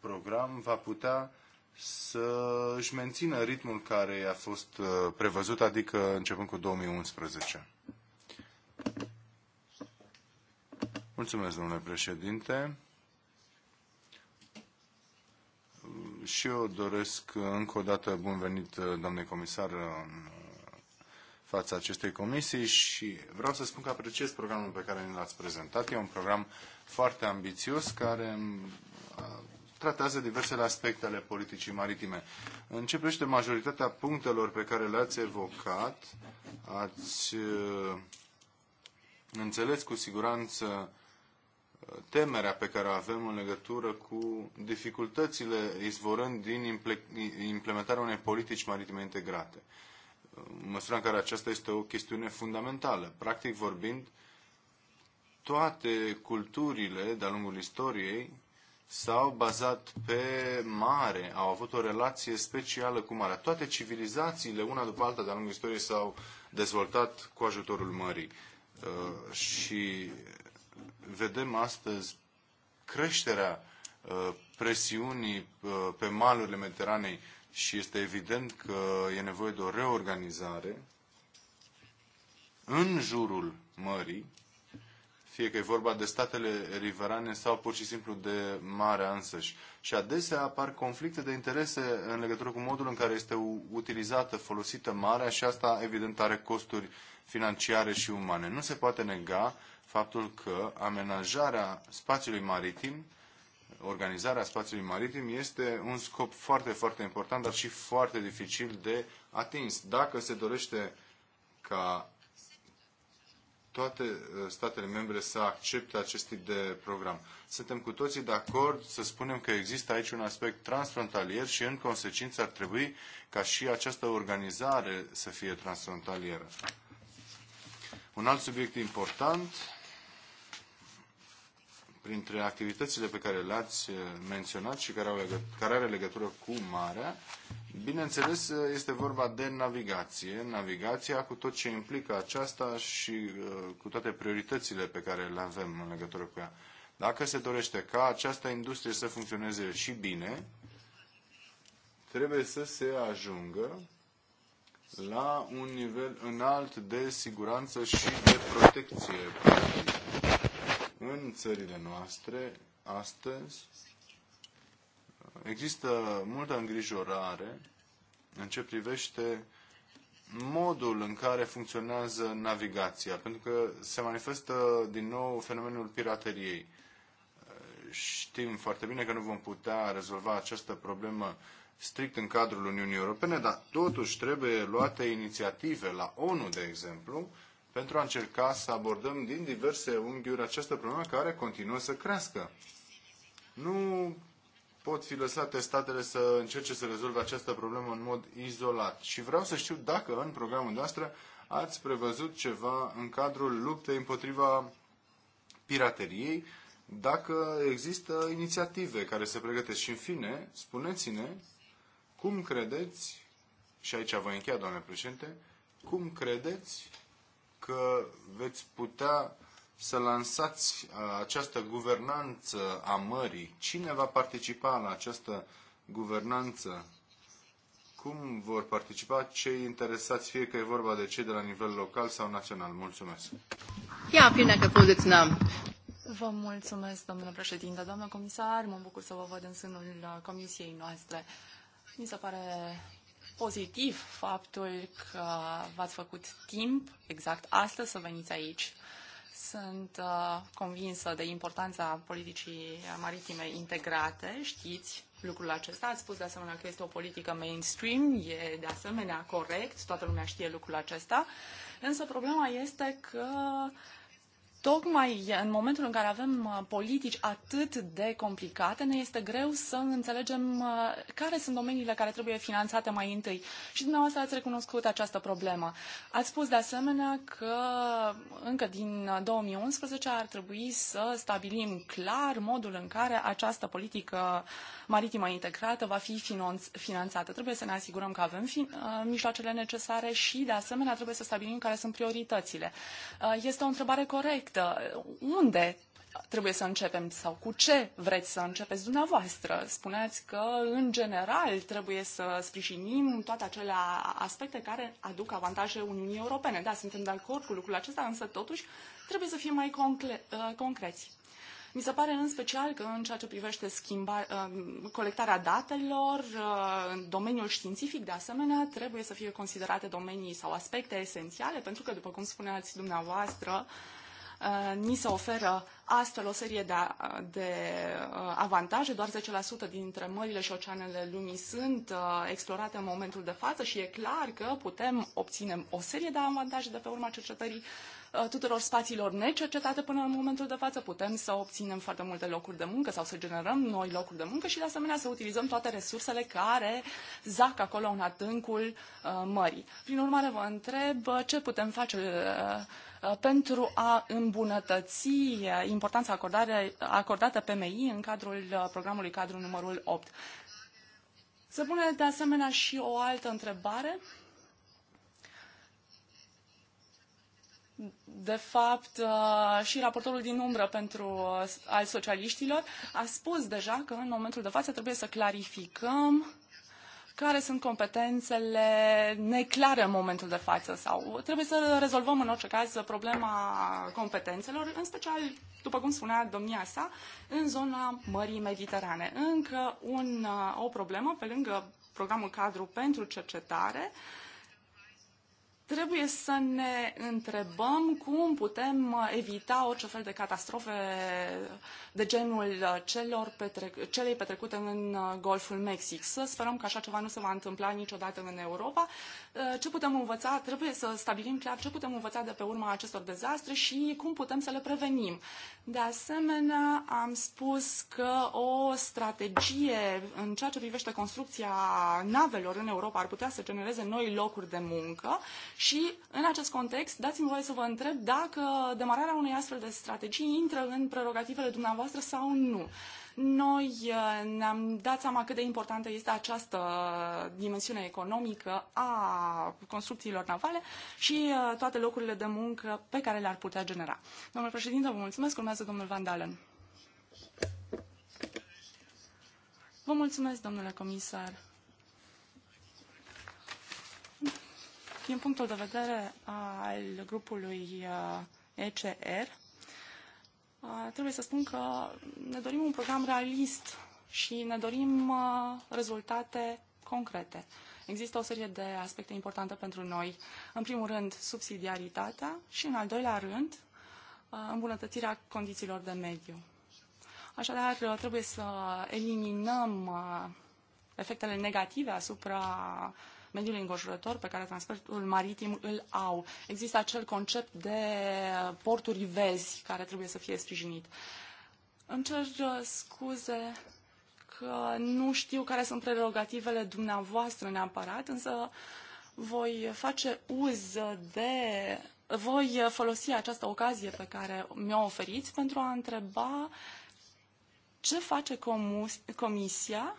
program va putea să își mențină ritmul care a fost uh, prevăzut, adică începând cu 2011. Mulțumesc, domnule președinte. Și eu doresc încă o dată bun venit, doamne comisar, în fața acestei comisii și vreau să spun că apreciez programul pe care ni l-ați prezentat. E un program foarte ambițios care uh, tratează diversele aspecte ale politicii maritime. În ce privește majoritatea punctelor pe care le-ați evocat, ați uh, înțeles cu siguranță temerea pe care o avem în legătură cu dificultățile izvorând din implementarea unei politici maritime integrate. În măsura în care aceasta este o chestiune fundamentală. Practic vorbind, toate culturile de-a lungul istoriei s-au bazat pe mare, au avut o relație specială cu marea. Toate civilizațiile, una după alta, de-a lungul istoriei, s-au dezvoltat cu ajutorul mării. Uh, și vedem astăzi creșterea uh, presiunii uh, pe malurile Mediteranei și este evident că e nevoie de o reorganizare în jurul mării, fie că e vorba de statele riverane sau pur și simplu de marea însăși. Și adesea apar conflicte de interese în legătură cu modul în care este utilizată, folosită marea și asta evident are costuri financiare și umane. Nu se poate nega faptul că amenajarea spațiului maritim, organizarea spațiului maritim este un scop foarte, foarte important, dar și foarte dificil de atins. Dacă se dorește ca toate uh, statele membre să accepte acest tip de program. Suntem cu toții de acord să spunem că există aici un aspect transfrontalier și în consecință ar trebui ca și această organizare să fie transfrontalieră. Un alt subiect important printre activitățile pe care le-ați eh, menționat și care, au legăt- care are legătură cu marea, bineînțeles eh, este vorba de navigație. Navigația cu tot ce implică aceasta și eh, cu toate prioritățile pe care le avem în legătură cu ea. Dacă se dorește ca această industrie să funcționeze și bine, trebuie să se ajungă la un nivel înalt de siguranță și de protecție. Practic în țările noastre, astăzi, există multă îngrijorare în ce privește modul în care funcționează navigația, pentru că se manifestă din nou fenomenul pirateriei. Știm foarte bine că nu vom putea rezolva această problemă strict în cadrul Uniunii Europene, dar totuși trebuie luate inițiative la ONU, de exemplu, pentru a încerca să abordăm din diverse unghiuri această problemă care continuă să crească. Nu pot fi lăsate statele să încerce să rezolve această problemă în mod izolat. Și vreau să știu dacă în programul noastră ați prevăzut ceva în cadrul luptei împotriva pirateriei, dacă există inițiative care se pregătesc. Și în fine, spuneți-ne cum credeți, și aici voi încheia, doamne președinte, cum credeți că veți putea să lansați uh, această guvernanță a mării? Cine va participa la această guvernanță? Cum vor participa cei interesați, fie că e vorba de cei de la nivel local sau național? Mulțumesc! Ja, vielen Dank, Herr Vă mulțumesc, domnule președinte. Doamnă comisar, mă bucur să vă văd în sânul uh, comisiei noastre. Mi se pare pozitiv faptul că v-ați făcut timp exact astăzi să veniți aici. Sunt uh, convinsă de importanța politicii maritime integrate. Știți lucrul acesta. Ați spus de asemenea că este o politică mainstream. E de asemenea corect. Toată lumea știe lucrul acesta. Însă problema este că uh, tocmai în momentul în care avem uh, politici atât de complicate, ne este greu să înțelegem uh, care sunt domeniile care trebuie finanțate mai întâi. Și dumneavoastră ați recunoscut această problemă. Ați spus de asemenea că încă din 2011 uh, ar trebui să stabilim clar modul în care această politică maritimă integrată va fi finanțată. Trebuie să ne asigurăm că avem mijloacele necesare și, de asemenea, trebuie să stabilim care sunt prioritățile. Este o întrebare corectă strictă, Unde trebuie să începem sau cu ce vreți să începeți dumneavoastră? Spuneați că, în general, trebuie să sprijinim toate acele aspecte care aduc avantaje Uniunii Europene. Da, suntem de acord cu lucrul acesta, însă, totuși, trebuie să fim mai concre- uh, concreți. Mi se pare în special că în ceea ce privește schimba, uh, colectarea datelor, uh, în domeniul științific, de asemenea, trebuie să fie considerate domenii sau aspecte esențiale, pentru că, după cum spuneați dumneavoastră, uh, Uh, ni se oferă astfel o serie de, uh, de uh, avantaje. Doar 10% dintre mările și oceanele lumii sunt explorate în momentul de față și e clar că putem obține o serie de avantaje de pe urma cercetării tuturor spațiilor necercetate până în momentul de față, putem să obținem foarte multe locuri de muncă sau să generăm noi locuri de muncă și, de asemenea, să utilizăm toate resursele care zac acolo în adâncul uh, mării. Prin urmare, vă întreb ce putem face uh, Uh, pentru a îmbunătăți uh, importanța acordată PMI în cadrul uh, programului cadru numărul 8. Se pune de asemenea și o altă întrebare. De fapt, și raportorul din umbră pentru al socialiștilor a spus deja că în momentul de față trebuie să clarificăm care sunt competențele neclare în momentul de față sau trebuie să rezolvăm în orice caz problema competențelor, în special, după cum spunea domnia sa, în zona Mării Mediterane. Încă un, o problemă pe lângă programul cadru pentru cercetare uh, Trebuie să ne întrebăm cum putem uh, evita orice fel de catastrofe de genul uh, celor petrec- celei petrecute în uh, Golful Mexic. Să sperăm că așa ceva nu se va întâmpla niciodată în Europa, Uh, ce putem învăța, trebuie să stabilim clar ce putem învăța de pe urma acestor dezastre și cum putem să le prevenim. De asemenea, am spus că o strategie în ceea ce privește construcția navelor în Europa ar putea să genereze noi locuri de muncă și, în acest context, dați-mi voie să vă întreb dacă demararea unei astfel de strategii intră în prerogativele dumneavoastră sau nu. Noi uh, ne-am dat seama cât de importantă este această dimensiune economică a construcțiilor navale și uh, toate locurile de muncă pe care le-ar putea genera. Domnul președinte, vă mulțumesc. Urmează domnul Van Dalen. Vă mulțumesc, domnule comisar. Din punctul de vedere al grupului uh, ECR, trebuie să spun că ne dorim un program realist și ne dorim rezultate concrete. Există o serie de aspecte importante pentru noi. În primul rând, subsidiaritatea și, în al doilea rând, îmbunătățirea condițiilor de mediu. Așadar, trebuie să eliminăm efectele negative asupra uh, mediului înconjurător pe care transportul maritim îl au. Există acel concept de porturi vezi care trebuie să fie sprijinit. Îmi cer uh, scuze că nu știu care sunt prerogativele dumneavoastră neapărat, însă voi face uz de voi folosi această ocazie pe care mi-o oferiți pentru a întreba ce face comus, Comisia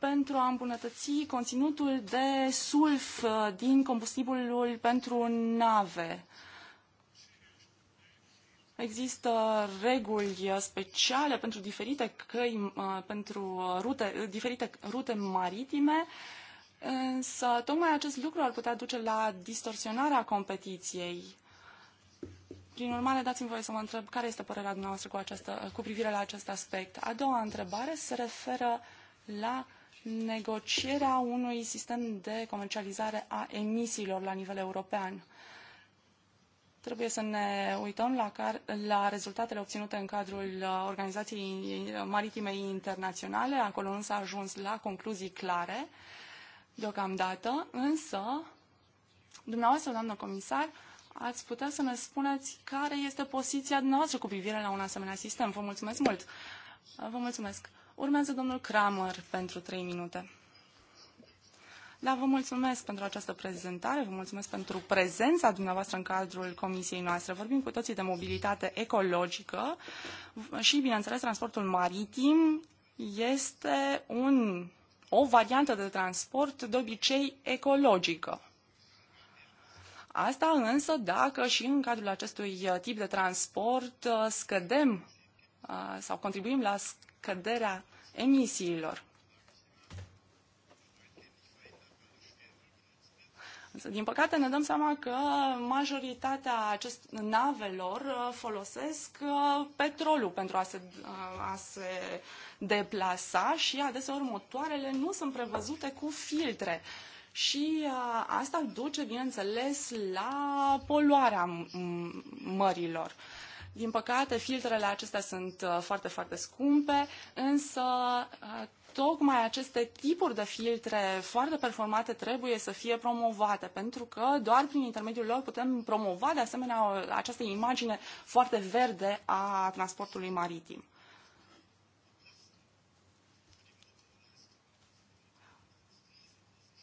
pentru a îmbunătăți conținutul de sulf uh, din combustibilul pentru nave. Există reguli uh, speciale pentru diferite căi, uh, pentru rute, diferite rute maritime, însă tocmai acest lucru ar putea duce la distorsionarea competiției. Prin urmare, dați-mi voie să mă întreb care este părerea dumneavoastră cu, această, cu privire la acest aspect. A doua întrebare se referă la uh, negocierea unui sistem de comercializare a emisiilor la nivel european. Trebuie să ne uităm la, car- la rezultatele obținute în cadrul uh, Organizației Maritime Internaționale. Acolo nu s-a ajuns la concluzii clare deocamdată, însă dumneavoastră, doamnă comisar, ați putea să ne spuneți care este poziția noastră cu privire la un asemenea sistem. Vă mulțumesc mult! Uh, vă mulțumesc! Urmează domnul Kramer pentru 3 minute. Da, vă mulțumesc pentru această prezentare, vă mulțumesc pentru prezența dumneavoastră în cadrul comisiei noastre. Vorbim cu toții de mobilitate ecologică și, bineînțeles, transportul maritim este un, o variantă de transport de obicei ecologică. Asta însă dacă și în cadrul acestui tip de transport uh, scădem sau contribuim la scăderea emisiilor. Însă, din păcate, ne dăm seama că majoritatea acest navelor uh, folosesc uh, petrolul pentru a se, uh, a se deplasa și adeseori motoarele nu sunt prevăzute cu filtre. Și asta duce, bineînțeles, la poluarea mărilor. Din păcate, filtrele acestea sunt uh, foarte, foarte scumpe, însă uh, tocmai aceste tipuri de filtre foarte performate trebuie să fie promovate, pentru că doar prin intermediul lor putem promova de asemenea această imagine foarte verde a transportului maritim.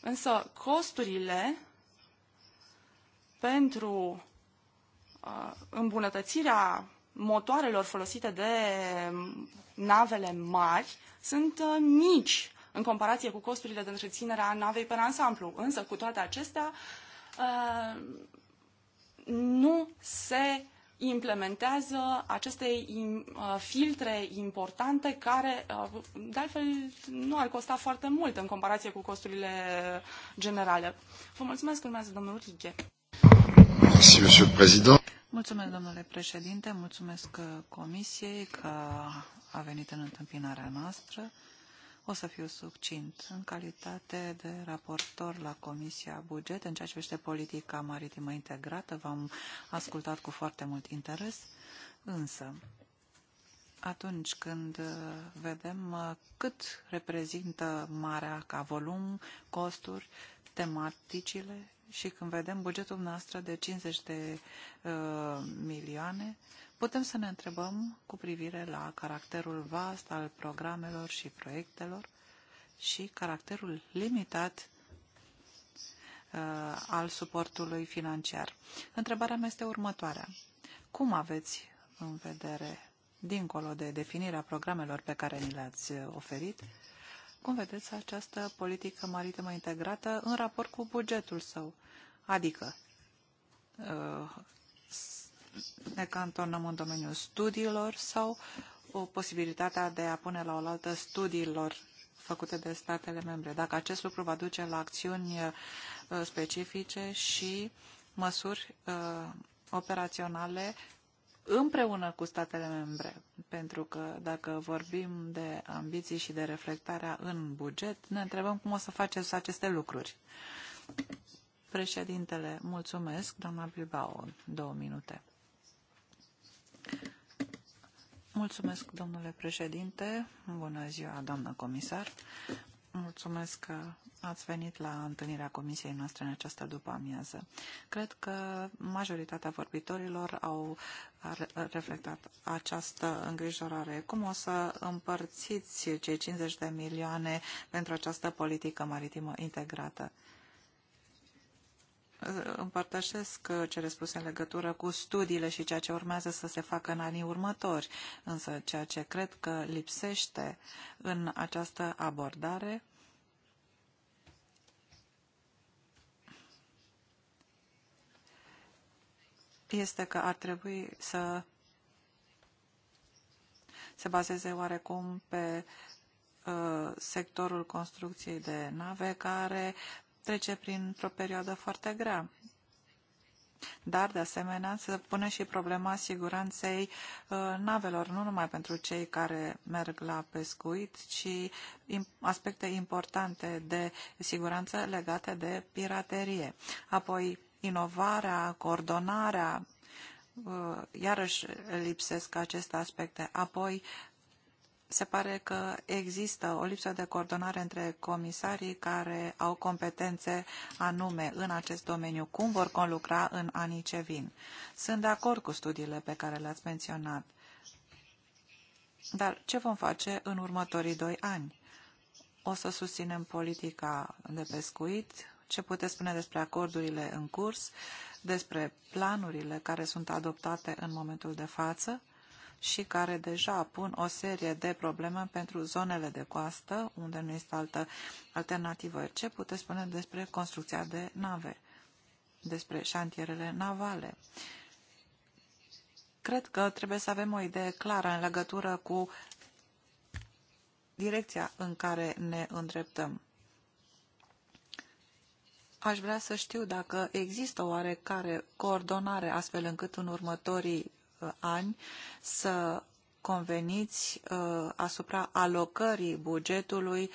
Însă costurile pentru Uh, îmbunătățirea motoarelor folosite de navele mari sunt uh, mici în comparație cu costurile de întreținere a navei pe ansamblu. Însă, cu toate acestea, uh, nu se implementează aceste filtre importante care, de altfel, nu ar costa foarte mult în comparație cu costurile generale. Vă mulțumesc, urmează domnul Righe. Mulțumesc, domnule Președinte. Mulțumesc, domnule președinte, mulțumesc uh, comisiei că a venit în întâmpinarea noastră. O să fiu succint. În calitate de raportor la Comisia Buget, în ceea ce privește politica maritimă integrată, v-am ascultat cu foarte mult interes, însă atunci când uh, vedem uh, cât reprezintă marea ca volum, costuri, tematicile și când vedem bugetul noastră de 50 de uh, milioane, putem să ne întrebăm cu privire la caracterul vast al programelor și proiectelor și caracterul limitat uh, al suportului financiar. Întrebarea mea este următoarea. Cum aveți în vedere, dincolo de definirea programelor pe care ni le-ați uh, oferit, uh, cum vedeți această politică maritimă integrată în raport cu bugetul său? Adică uh, ne cantonăm în domeniul studiilor sau o uh, posibilitatea de a pune la oaltă studiilor făcute de statele membre. Dacă acest lucru va duce la acțiuni uh, specifice și măsuri operaționale împreună cu statele membre, pentru că dacă vorbim de ambiții și de reflectarea în buget, ne întrebăm cum o să faceți aceste lucruri. Președintele, mulțumesc, doamna Bilbao, două minute. Mulțumesc, domnule președinte. Bună ziua, doamnă comisar. Mulțumesc că ați venit la întâlnirea comisiei noastre în această după-amiază. Cred că majoritatea vorbitorilor au reflectat această îngrijorare. Cum o să împărțiți cei 50 de milioane pentru această politică maritimă integrată? Împărtășesc cele spuse în legătură cu studiile și ceea ce urmează să se facă în anii următori, însă ceea ce cred că lipsește în această abordare este că ar trebui să se bazeze oarecum pe uh, sectorul construcției de nave care trece printr-o perioadă foarte grea. Dar, de asemenea, se pune și problema siguranței uh, navelor, nu numai pentru cei care merg la pescuit, ci aspecte importante de siguranță legate de piraterie. Apoi, inovarea, coordonarea, uh, iarăși lipsesc aceste aspecte. Apoi, se pare că există o lipsă de coordonare între comisarii care au competențe anume în acest domeniu. Cum vor conlucra în anii ce vin? Sunt de acord cu studiile pe care le-ați menționat. Dar ce vom face în următorii doi ani? O să susținem politica de pescuit, ce puteți spune despre acordurile în curs, despre planurile care sunt adoptate în momentul de față și care deja pun o serie de probleme pentru zonele de coastă, unde nu este altă alternativă. Ce puteți spune despre construcția de nave, despre șantierele navale? Cred că trebuie să avem o idee clară în legătură cu direcția în care ne îndreptăm. Aș vrea să știu dacă există oarecare coordonare astfel încât în următorii uh, ani să conveniți uh, asupra alocării bugetului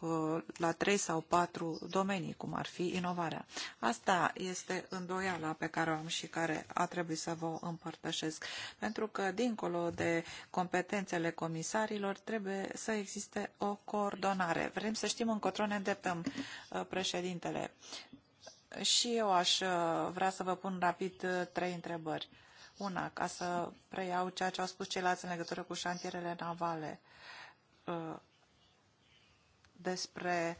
Uh, la trei sau patru domenii, cum ar fi inovarea. Asta este îndoiala pe care o am și care a trebuit să vă împărtășesc, pentru că, dincolo de competențele comisarilor, trebuie să existe o coordonare. Vrem să știm încotro ne îndreptăm uh, președintele. Și eu aș uh, vrea să vă pun rapid trei întrebări. Una, ca să preiau ceea ce au spus ceilalți în legătură cu șantierele navale despre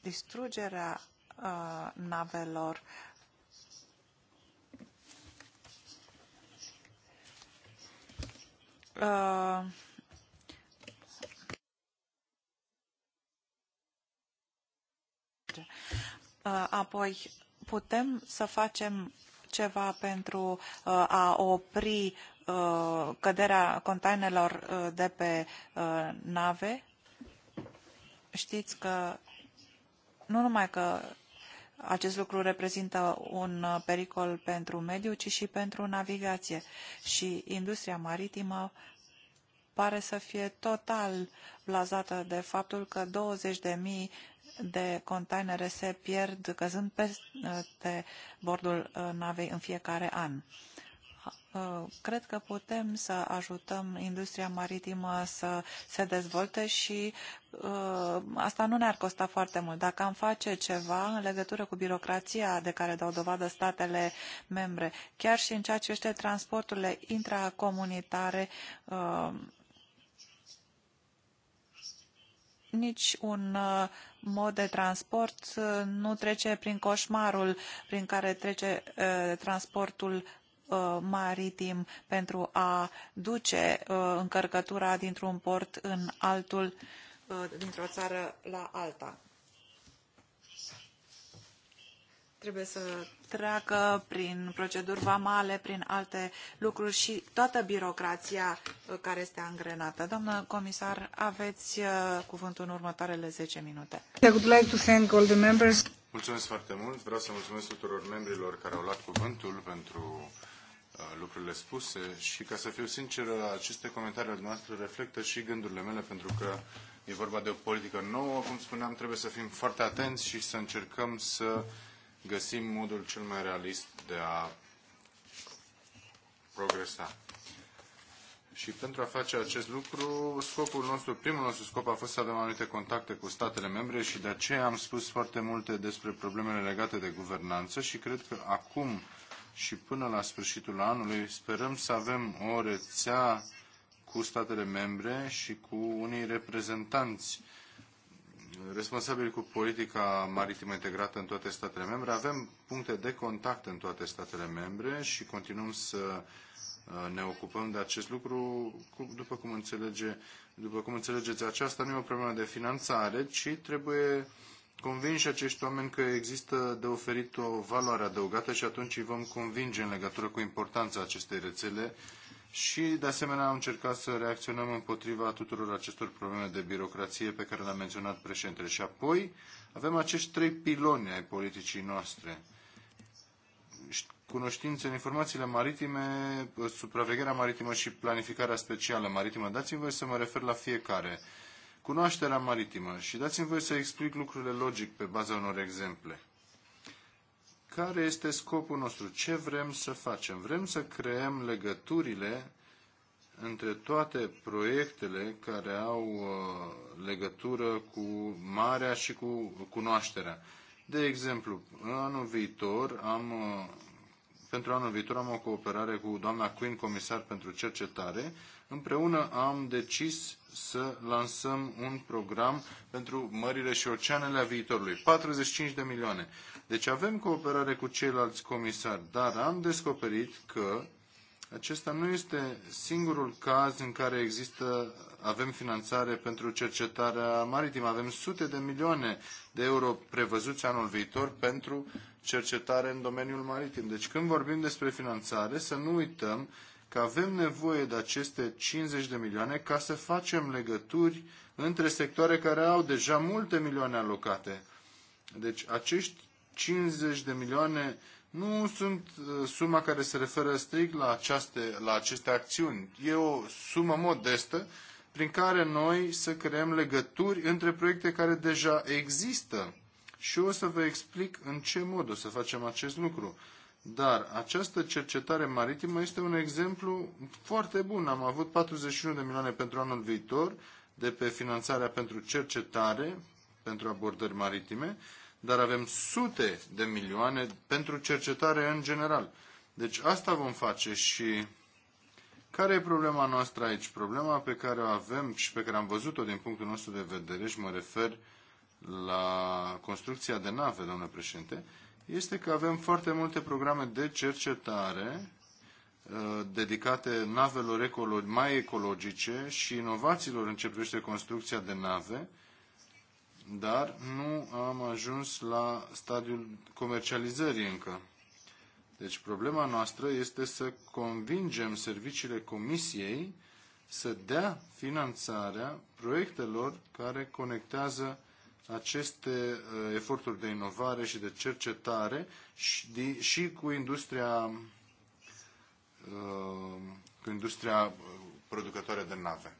distrugerea uh, navelor uh, uh, Apoi, putem să facem ceva pentru uh, a opri uh, căderea containerelor de pe nave? știți că nu numai că acest lucru reprezintă un uh, pericol pentru mediu, ci și pentru navigație. Și industria maritimă pare să fie total blazată de faptul că 20.000 de containere se pierd căzând peste uh, bordul uh, navei în fiecare an. Uh, cred că putem să ajutăm industria maritimă să se dezvolte și uh, asta nu ne-ar costa foarte mult. Dacă am face ceva în legătură cu birocrația de care dau dovadă statele membre, chiar și în ceea ce este transporturile intracomunitare, uh, nici un mod de transport nu trece prin coșmarul prin care trece transportul Uh, maritim pentru a duce uh, încărcătura dintr-un port în altul, uh, dintr-o țară la alta. Trebuie să treacă prin proceduri vamale, prin alte lucruri și toată birocrația care este angrenată. Doamnă comisar, aveți cuvântul în următoarele 10 minute. I would like to thank all the members. Mulțumesc foarte mult. Vreau să mulțumesc tuturor membrilor care au luat cuvântul pentru Uh, lucrurile spuse și, ca să fiu sincer, aceste comentarii noastre reflectă și gândurile mele, pentru că e vorba de o politică nouă, cum spuneam, trebuie să fim foarte atenți și să încercăm să găsim modul cel mai realist de a progresa. Și pentru a face acest lucru, scopul nostru, primul nostru scop a fost să avem anumite contacte cu statele membre și de aceea am spus foarte multe despre problemele legate de guvernanță și cred că acum și până la sfârșitul anului sperăm să avem o rețea cu statele membre și cu unii reprezentanți responsabili cu politica maritimă integrată în toate statele membre. Avem puncte de contact în toate statele membre și continuăm să uh, ne ocupăm de acest lucru, după cum, înțelege, după cum înțelegeți, aceasta nu e o problemă de finanțare, ci trebuie convinși acești oameni că există de oferit o valoare adăugată și atunci îi vom convinge în legătură cu importanța acestei rețele și, de asemenea, am încercat să reacționăm împotriva tuturor acestor probleme de birocrație pe care le-a menționat președintele. Și apoi avem acești trei piloni ai politicii noastre. Cunoștințe informațiile maritime, supravegherea maritimă și planificarea specială maritimă. Dați-mi voi să mă refer la fiecare cunoașterea maritimă și dați-mi voi să explic lucrurile logic pe baza unor exemple. Care este scopul nostru? Ce vrem să facem? Vrem să creăm legăturile între toate proiectele care au uh, legătură cu marea și cu cunoașterea. De exemplu, în anul viitor am, uh, pentru anul viitor am o cooperare cu doamna Queen, comisar pentru cercetare, împreună am decis să lansăm un program pentru mările și oceanele a viitorului. 45 de milioane. Deci avem cooperare cu ceilalți comisari, dar am descoperit că acesta nu este singurul caz în care există, avem finanțare pentru cercetarea maritimă. Avem sute de milioane de euro prevăzuți anul viitor pentru cercetare în domeniul maritim. Deci când vorbim despre finanțare, să nu uităm că avem nevoie de aceste 50 de milioane ca să facem legături între sectoare care au deja multe milioane alocate. Deci acești 50 de milioane nu sunt uh, suma care se referă strict la aceste, la aceste acțiuni. E o sumă modestă prin care noi să creăm legături între proiecte care deja există. Și o să vă explic în ce mod o să facem acest lucru. Dar această cercetare maritimă este un exemplu foarte bun. Am avut 41 de milioane pentru anul viitor de pe finanțarea pentru cercetare, pentru abordări maritime, dar avem sute de milioane pentru cercetare în general. Deci asta vom face și care e problema noastră aici? Problema pe care o avem și pe care am văzut-o din punctul nostru de vedere și mă refer la construcția de nave, domnule președinte, este că avem foarte multe programe de cercetare uh, dedicate navelor ecolo- mai ecologice și inovațiilor în ce privește construcția de nave, dar nu am ajuns la stadiul comercializării încă. Deci problema noastră este să convingem serviciile comisiei să dea finanțarea proiectelor care conectează aceste uh, eforturi de inovare și de cercetare și cu industria, uh, cu industria uh, producătoare de nave.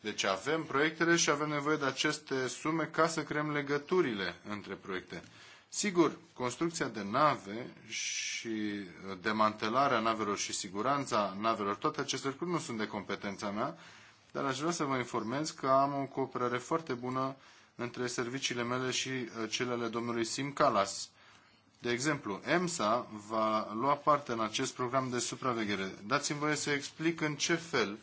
Deci avem proiectele și avem nevoie de aceste sume ca să creăm legăturile între proiecte. Sigur, construcția de nave și demantelarea navelor și siguranța navelor, toate aceste lucruri nu sunt de competența mea, dar aș vrea să vă informez că am o cooperare foarte bună între serviciile mele și uh, cele ale domnului Sim Calas. De exemplu, EMSA va lua parte în acest program de supraveghere. Dați-mi voie să explic în ce fel,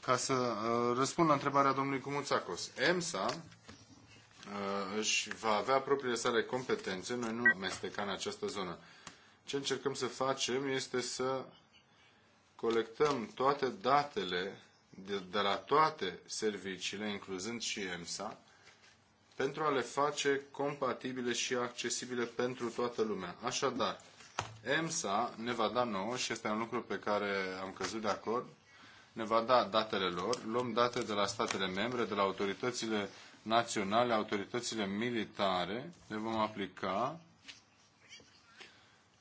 ca să uh, răspund la întrebarea domnului Cumuțacos. EMSA uh, își va avea propriile sale competențe, noi nu amestecăm în această zonă. Ce încercăm să facem este să colectăm toate datele de, de la toate serviciile, incluzând și EMSA, pentru a le face compatibile și accesibile pentru toată lumea. Așadar, EMSA ne va da nouă, și este un lucru pe care am căzut de acord, ne va da datele lor, luăm date de la statele membre, de la autoritățile naționale, autoritățile militare, le vom aplica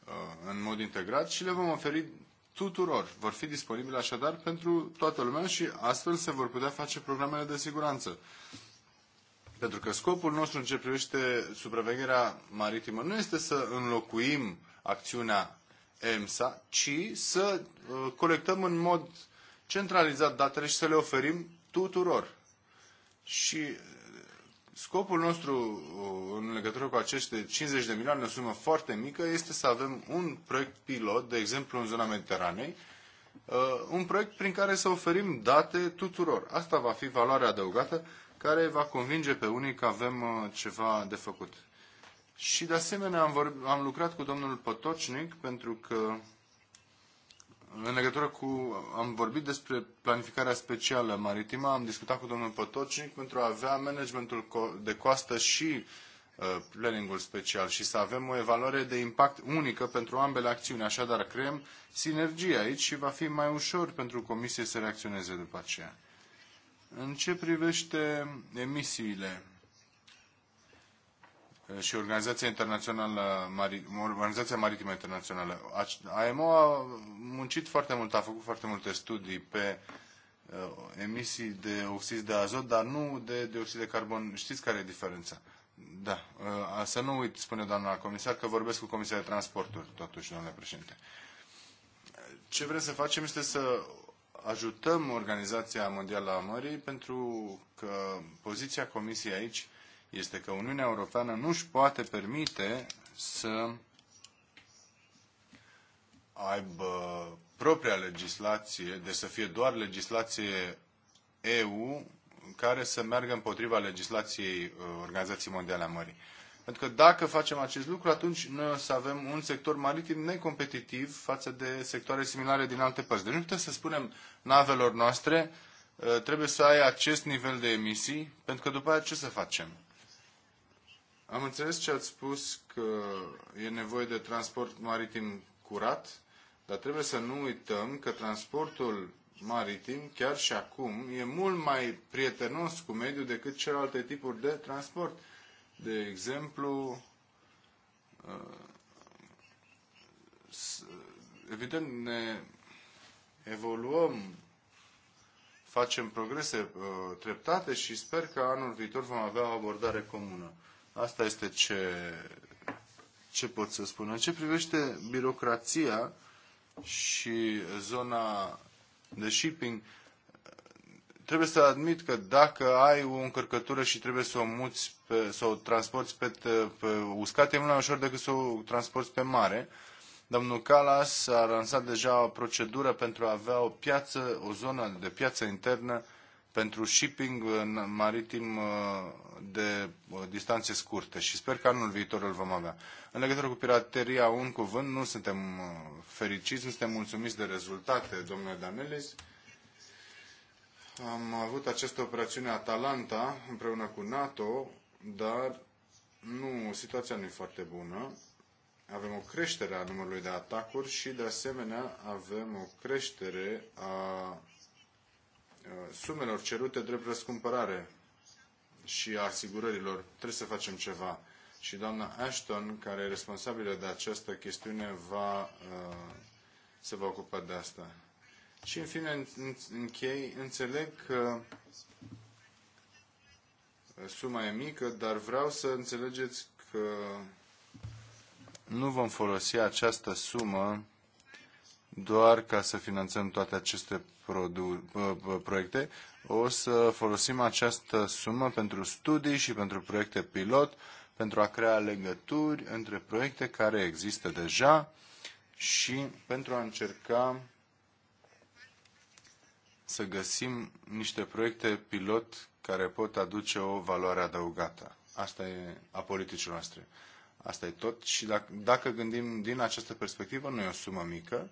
uh, în mod integrat și le vom oferi tuturor. Vor fi disponibile așadar pentru toată lumea și astfel se vor putea face programele de siguranță. Pentru că scopul nostru în ce privește supravegherea maritimă nu este să înlocuim acțiunea EMSA, ci să uh, colectăm în mod centralizat datele și să le oferim tuturor. Și uh, scopul nostru uh, în legătură cu aceste 50 de milioane, o sumă foarte mică, este să avem un proiect pilot, de exemplu în zona Mediteranei, un proiect prin care să oferim date tuturor. Asta va fi valoarea adăugată care va convinge pe unii că avem uh, ceva de făcut. Și de asemenea am, vorb, am lucrat cu domnul Potocnic pentru că în legătură cu, am vorbit despre planificarea specială maritimă, am discutat cu domnul Potocnic pentru a avea managementul de coastă și uh, planningul special și să avem o evaluare de impact unică pentru ambele acțiuni. Așadar, creăm sinergie aici și va fi mai ușor pentru comisie să reacționeze după aceea. În ce privește emisiile eh, și Organizația Internațională, Organizația Maritimă Internațională, AMO a muncit foarte mult, a făcut foarte multe studii pe eh, emisii de oxid de azot, dar nu de dioxid de carbon. Știți care e diferența? Da. Eh, să nu uit, spune doamna comisar, că vorbesc cu Comisia de Transporturi, totuși, domnule președinte. Ce vrem să facem este să ajutăm Organizația Mondială a Mării pentru că poziția Comisiei aici este că Uniunea Europeană nu își poate permite să aibă propria legislație, de să fie doar legislație EU care să meargă împotriva legislației uh, Organizației Mondiale a Mării. Pentru că dacă facem acest lucru, atunci noi o să avem un sector maritim necompetitiv față de sectoare similare din alte părți. Deci nu putem să spunem navelor noastre uh, trebuie să ai acest nivel de emisii, pentru că după aceea ce să facem? Am înțeles ce ați spus că e nevoie de transport maritim curat, dar trebuie să nu uităm că transportul maritim, chiar și acum, e mult mai prietenos cu mediul decât celelalte tipuri de transport. De exemplu, uh, evident ne evoluăm, facem progrese uh, treptate și sper că anul viitor vom avea o abordare comună. Asta este ce, ce pot să spun. În ce privește birocrația și zona de shipping, trebuie să admit că dacă ai o încărcătură și trebuie să o muți, pe, să o transporti pe, pe uscat, e mult mai ușor decât să o transporti pe mare. Domnul Calas a lansat deja o procedură pentru a avea o piață, o zonă de piață internă pentru shipping maritim uh, de uh, distanțe scurte și sper că anul viitor îl vom avea. În legătură cu pirateria, un cuvânt, nu suntem uh, fericiți, nu suntem mulțumiți de rezultate, domnule Danelis am avut această operațiune Atalanta împreună cu NATO, dar nu, situația nu e foarte bună. Avem o creștere a numărului de atacuri și, de asemenea, avem o creștere a sumelor cerute drept răscumpărare și a asigurărilor. Trebuie să facem ceva. Și doamna Ashton, care e responsabilă de această chestiune, va, se va ocupa de asta. Și în fine închei, înțeleg că uh, suma e mică, dar vreau să înțelegeți că nu vom folosi această sumă doar ca să finanțăm toate aceste uh, uh, proiecte. O să folosim această sumă pentru studii și pentru proiecte pilot, pentru a crea legături între proiecte care există deja și pentru a încerca să găsim niște proiecte pilot care pot aduce o valoare adăugată. Asta e a politicii noastre. Asta e tot. Și dacă, dacă gândim din această perspectivă, nu e o sumă mică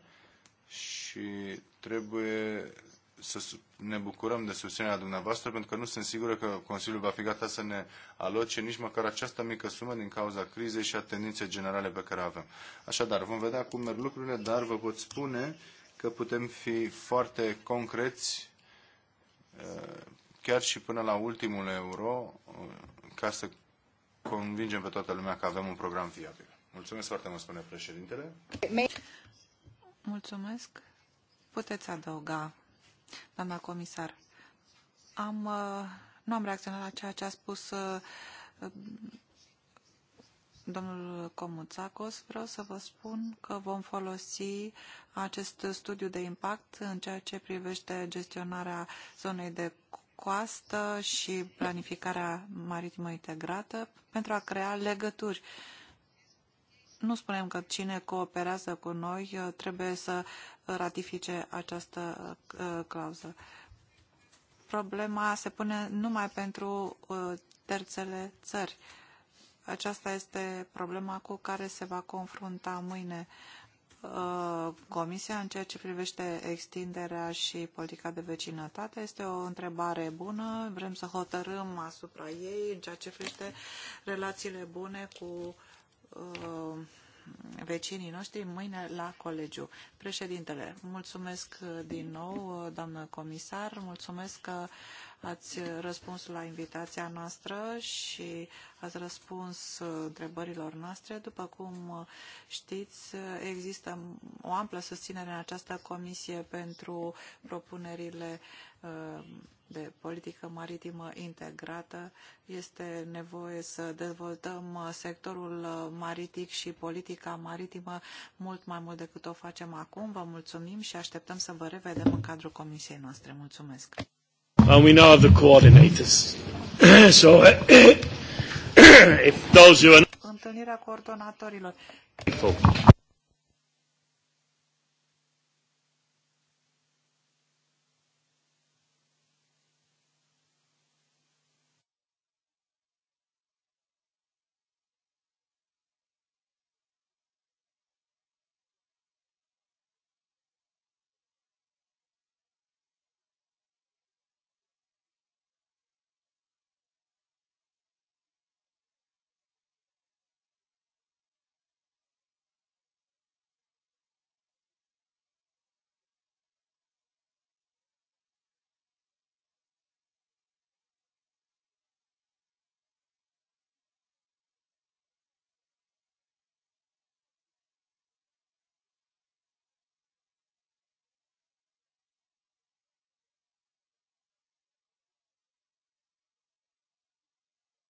și trebuie să ne bucurăm de susținerea dumneavoastră, pentru că nu sunt sigură că Consiliul va fi gata să ne aloce nici măcar această mică sumă din cauza crizei și a tendinței generale pe care o avem. Așadar, vom vedea cum merg lucrurile, dar vă pot spune că putem fi foarte concreți uh, chiar și până la ultimul euro uh, ca să convingem pe toată lumea că avem un program viabil. Mulțumesc foarte mult, spune președintele. Mulțumesc. Puteți adăuga, doamna comisar. Am, uh, nu am reacționat la ceea ce a spus domnul Comuțacos, vreau să vă spun că vom folosi acest studiu de impact în ceea ce privește gestionarea zonei de coastă și planificarea maritimă integrată pentru a crea legături. Nu spunem că cine cooperează cu noi uh, trebuie să ratifice această uh, clauză. Problema se pune numai pentru uh, terțele țări aceasta este problema cu care se va confrunta mâine uh, Comisia în ceea ce privește extinderea și politica de vecinătate. Este o întrebare bună. Vrem să hotărâm asupra ei în ceea ce privește relațiile bune cu uh, vecinii noștri mâine la colegiu. Președintele, mulțumesc din nou, doamnă comisar, mulțumesc că Ați răspuns la invitația noastră și ați răspuns întrebărilor noastre. După cum știți, există o amplă susținere în această comisie pentru propunerile uh, de politică maritimă integrată. Este nevoie să dezvoltăm sectorul maritic și politica maritimă mult mai mult decât o facem acum. Vă mulțumim și așteptăm să vă revedem în cadrul comisiei noastre. Mulțumesc! and we know of the coordinators. so, if those who are... Întâlnirea coordonatorilor.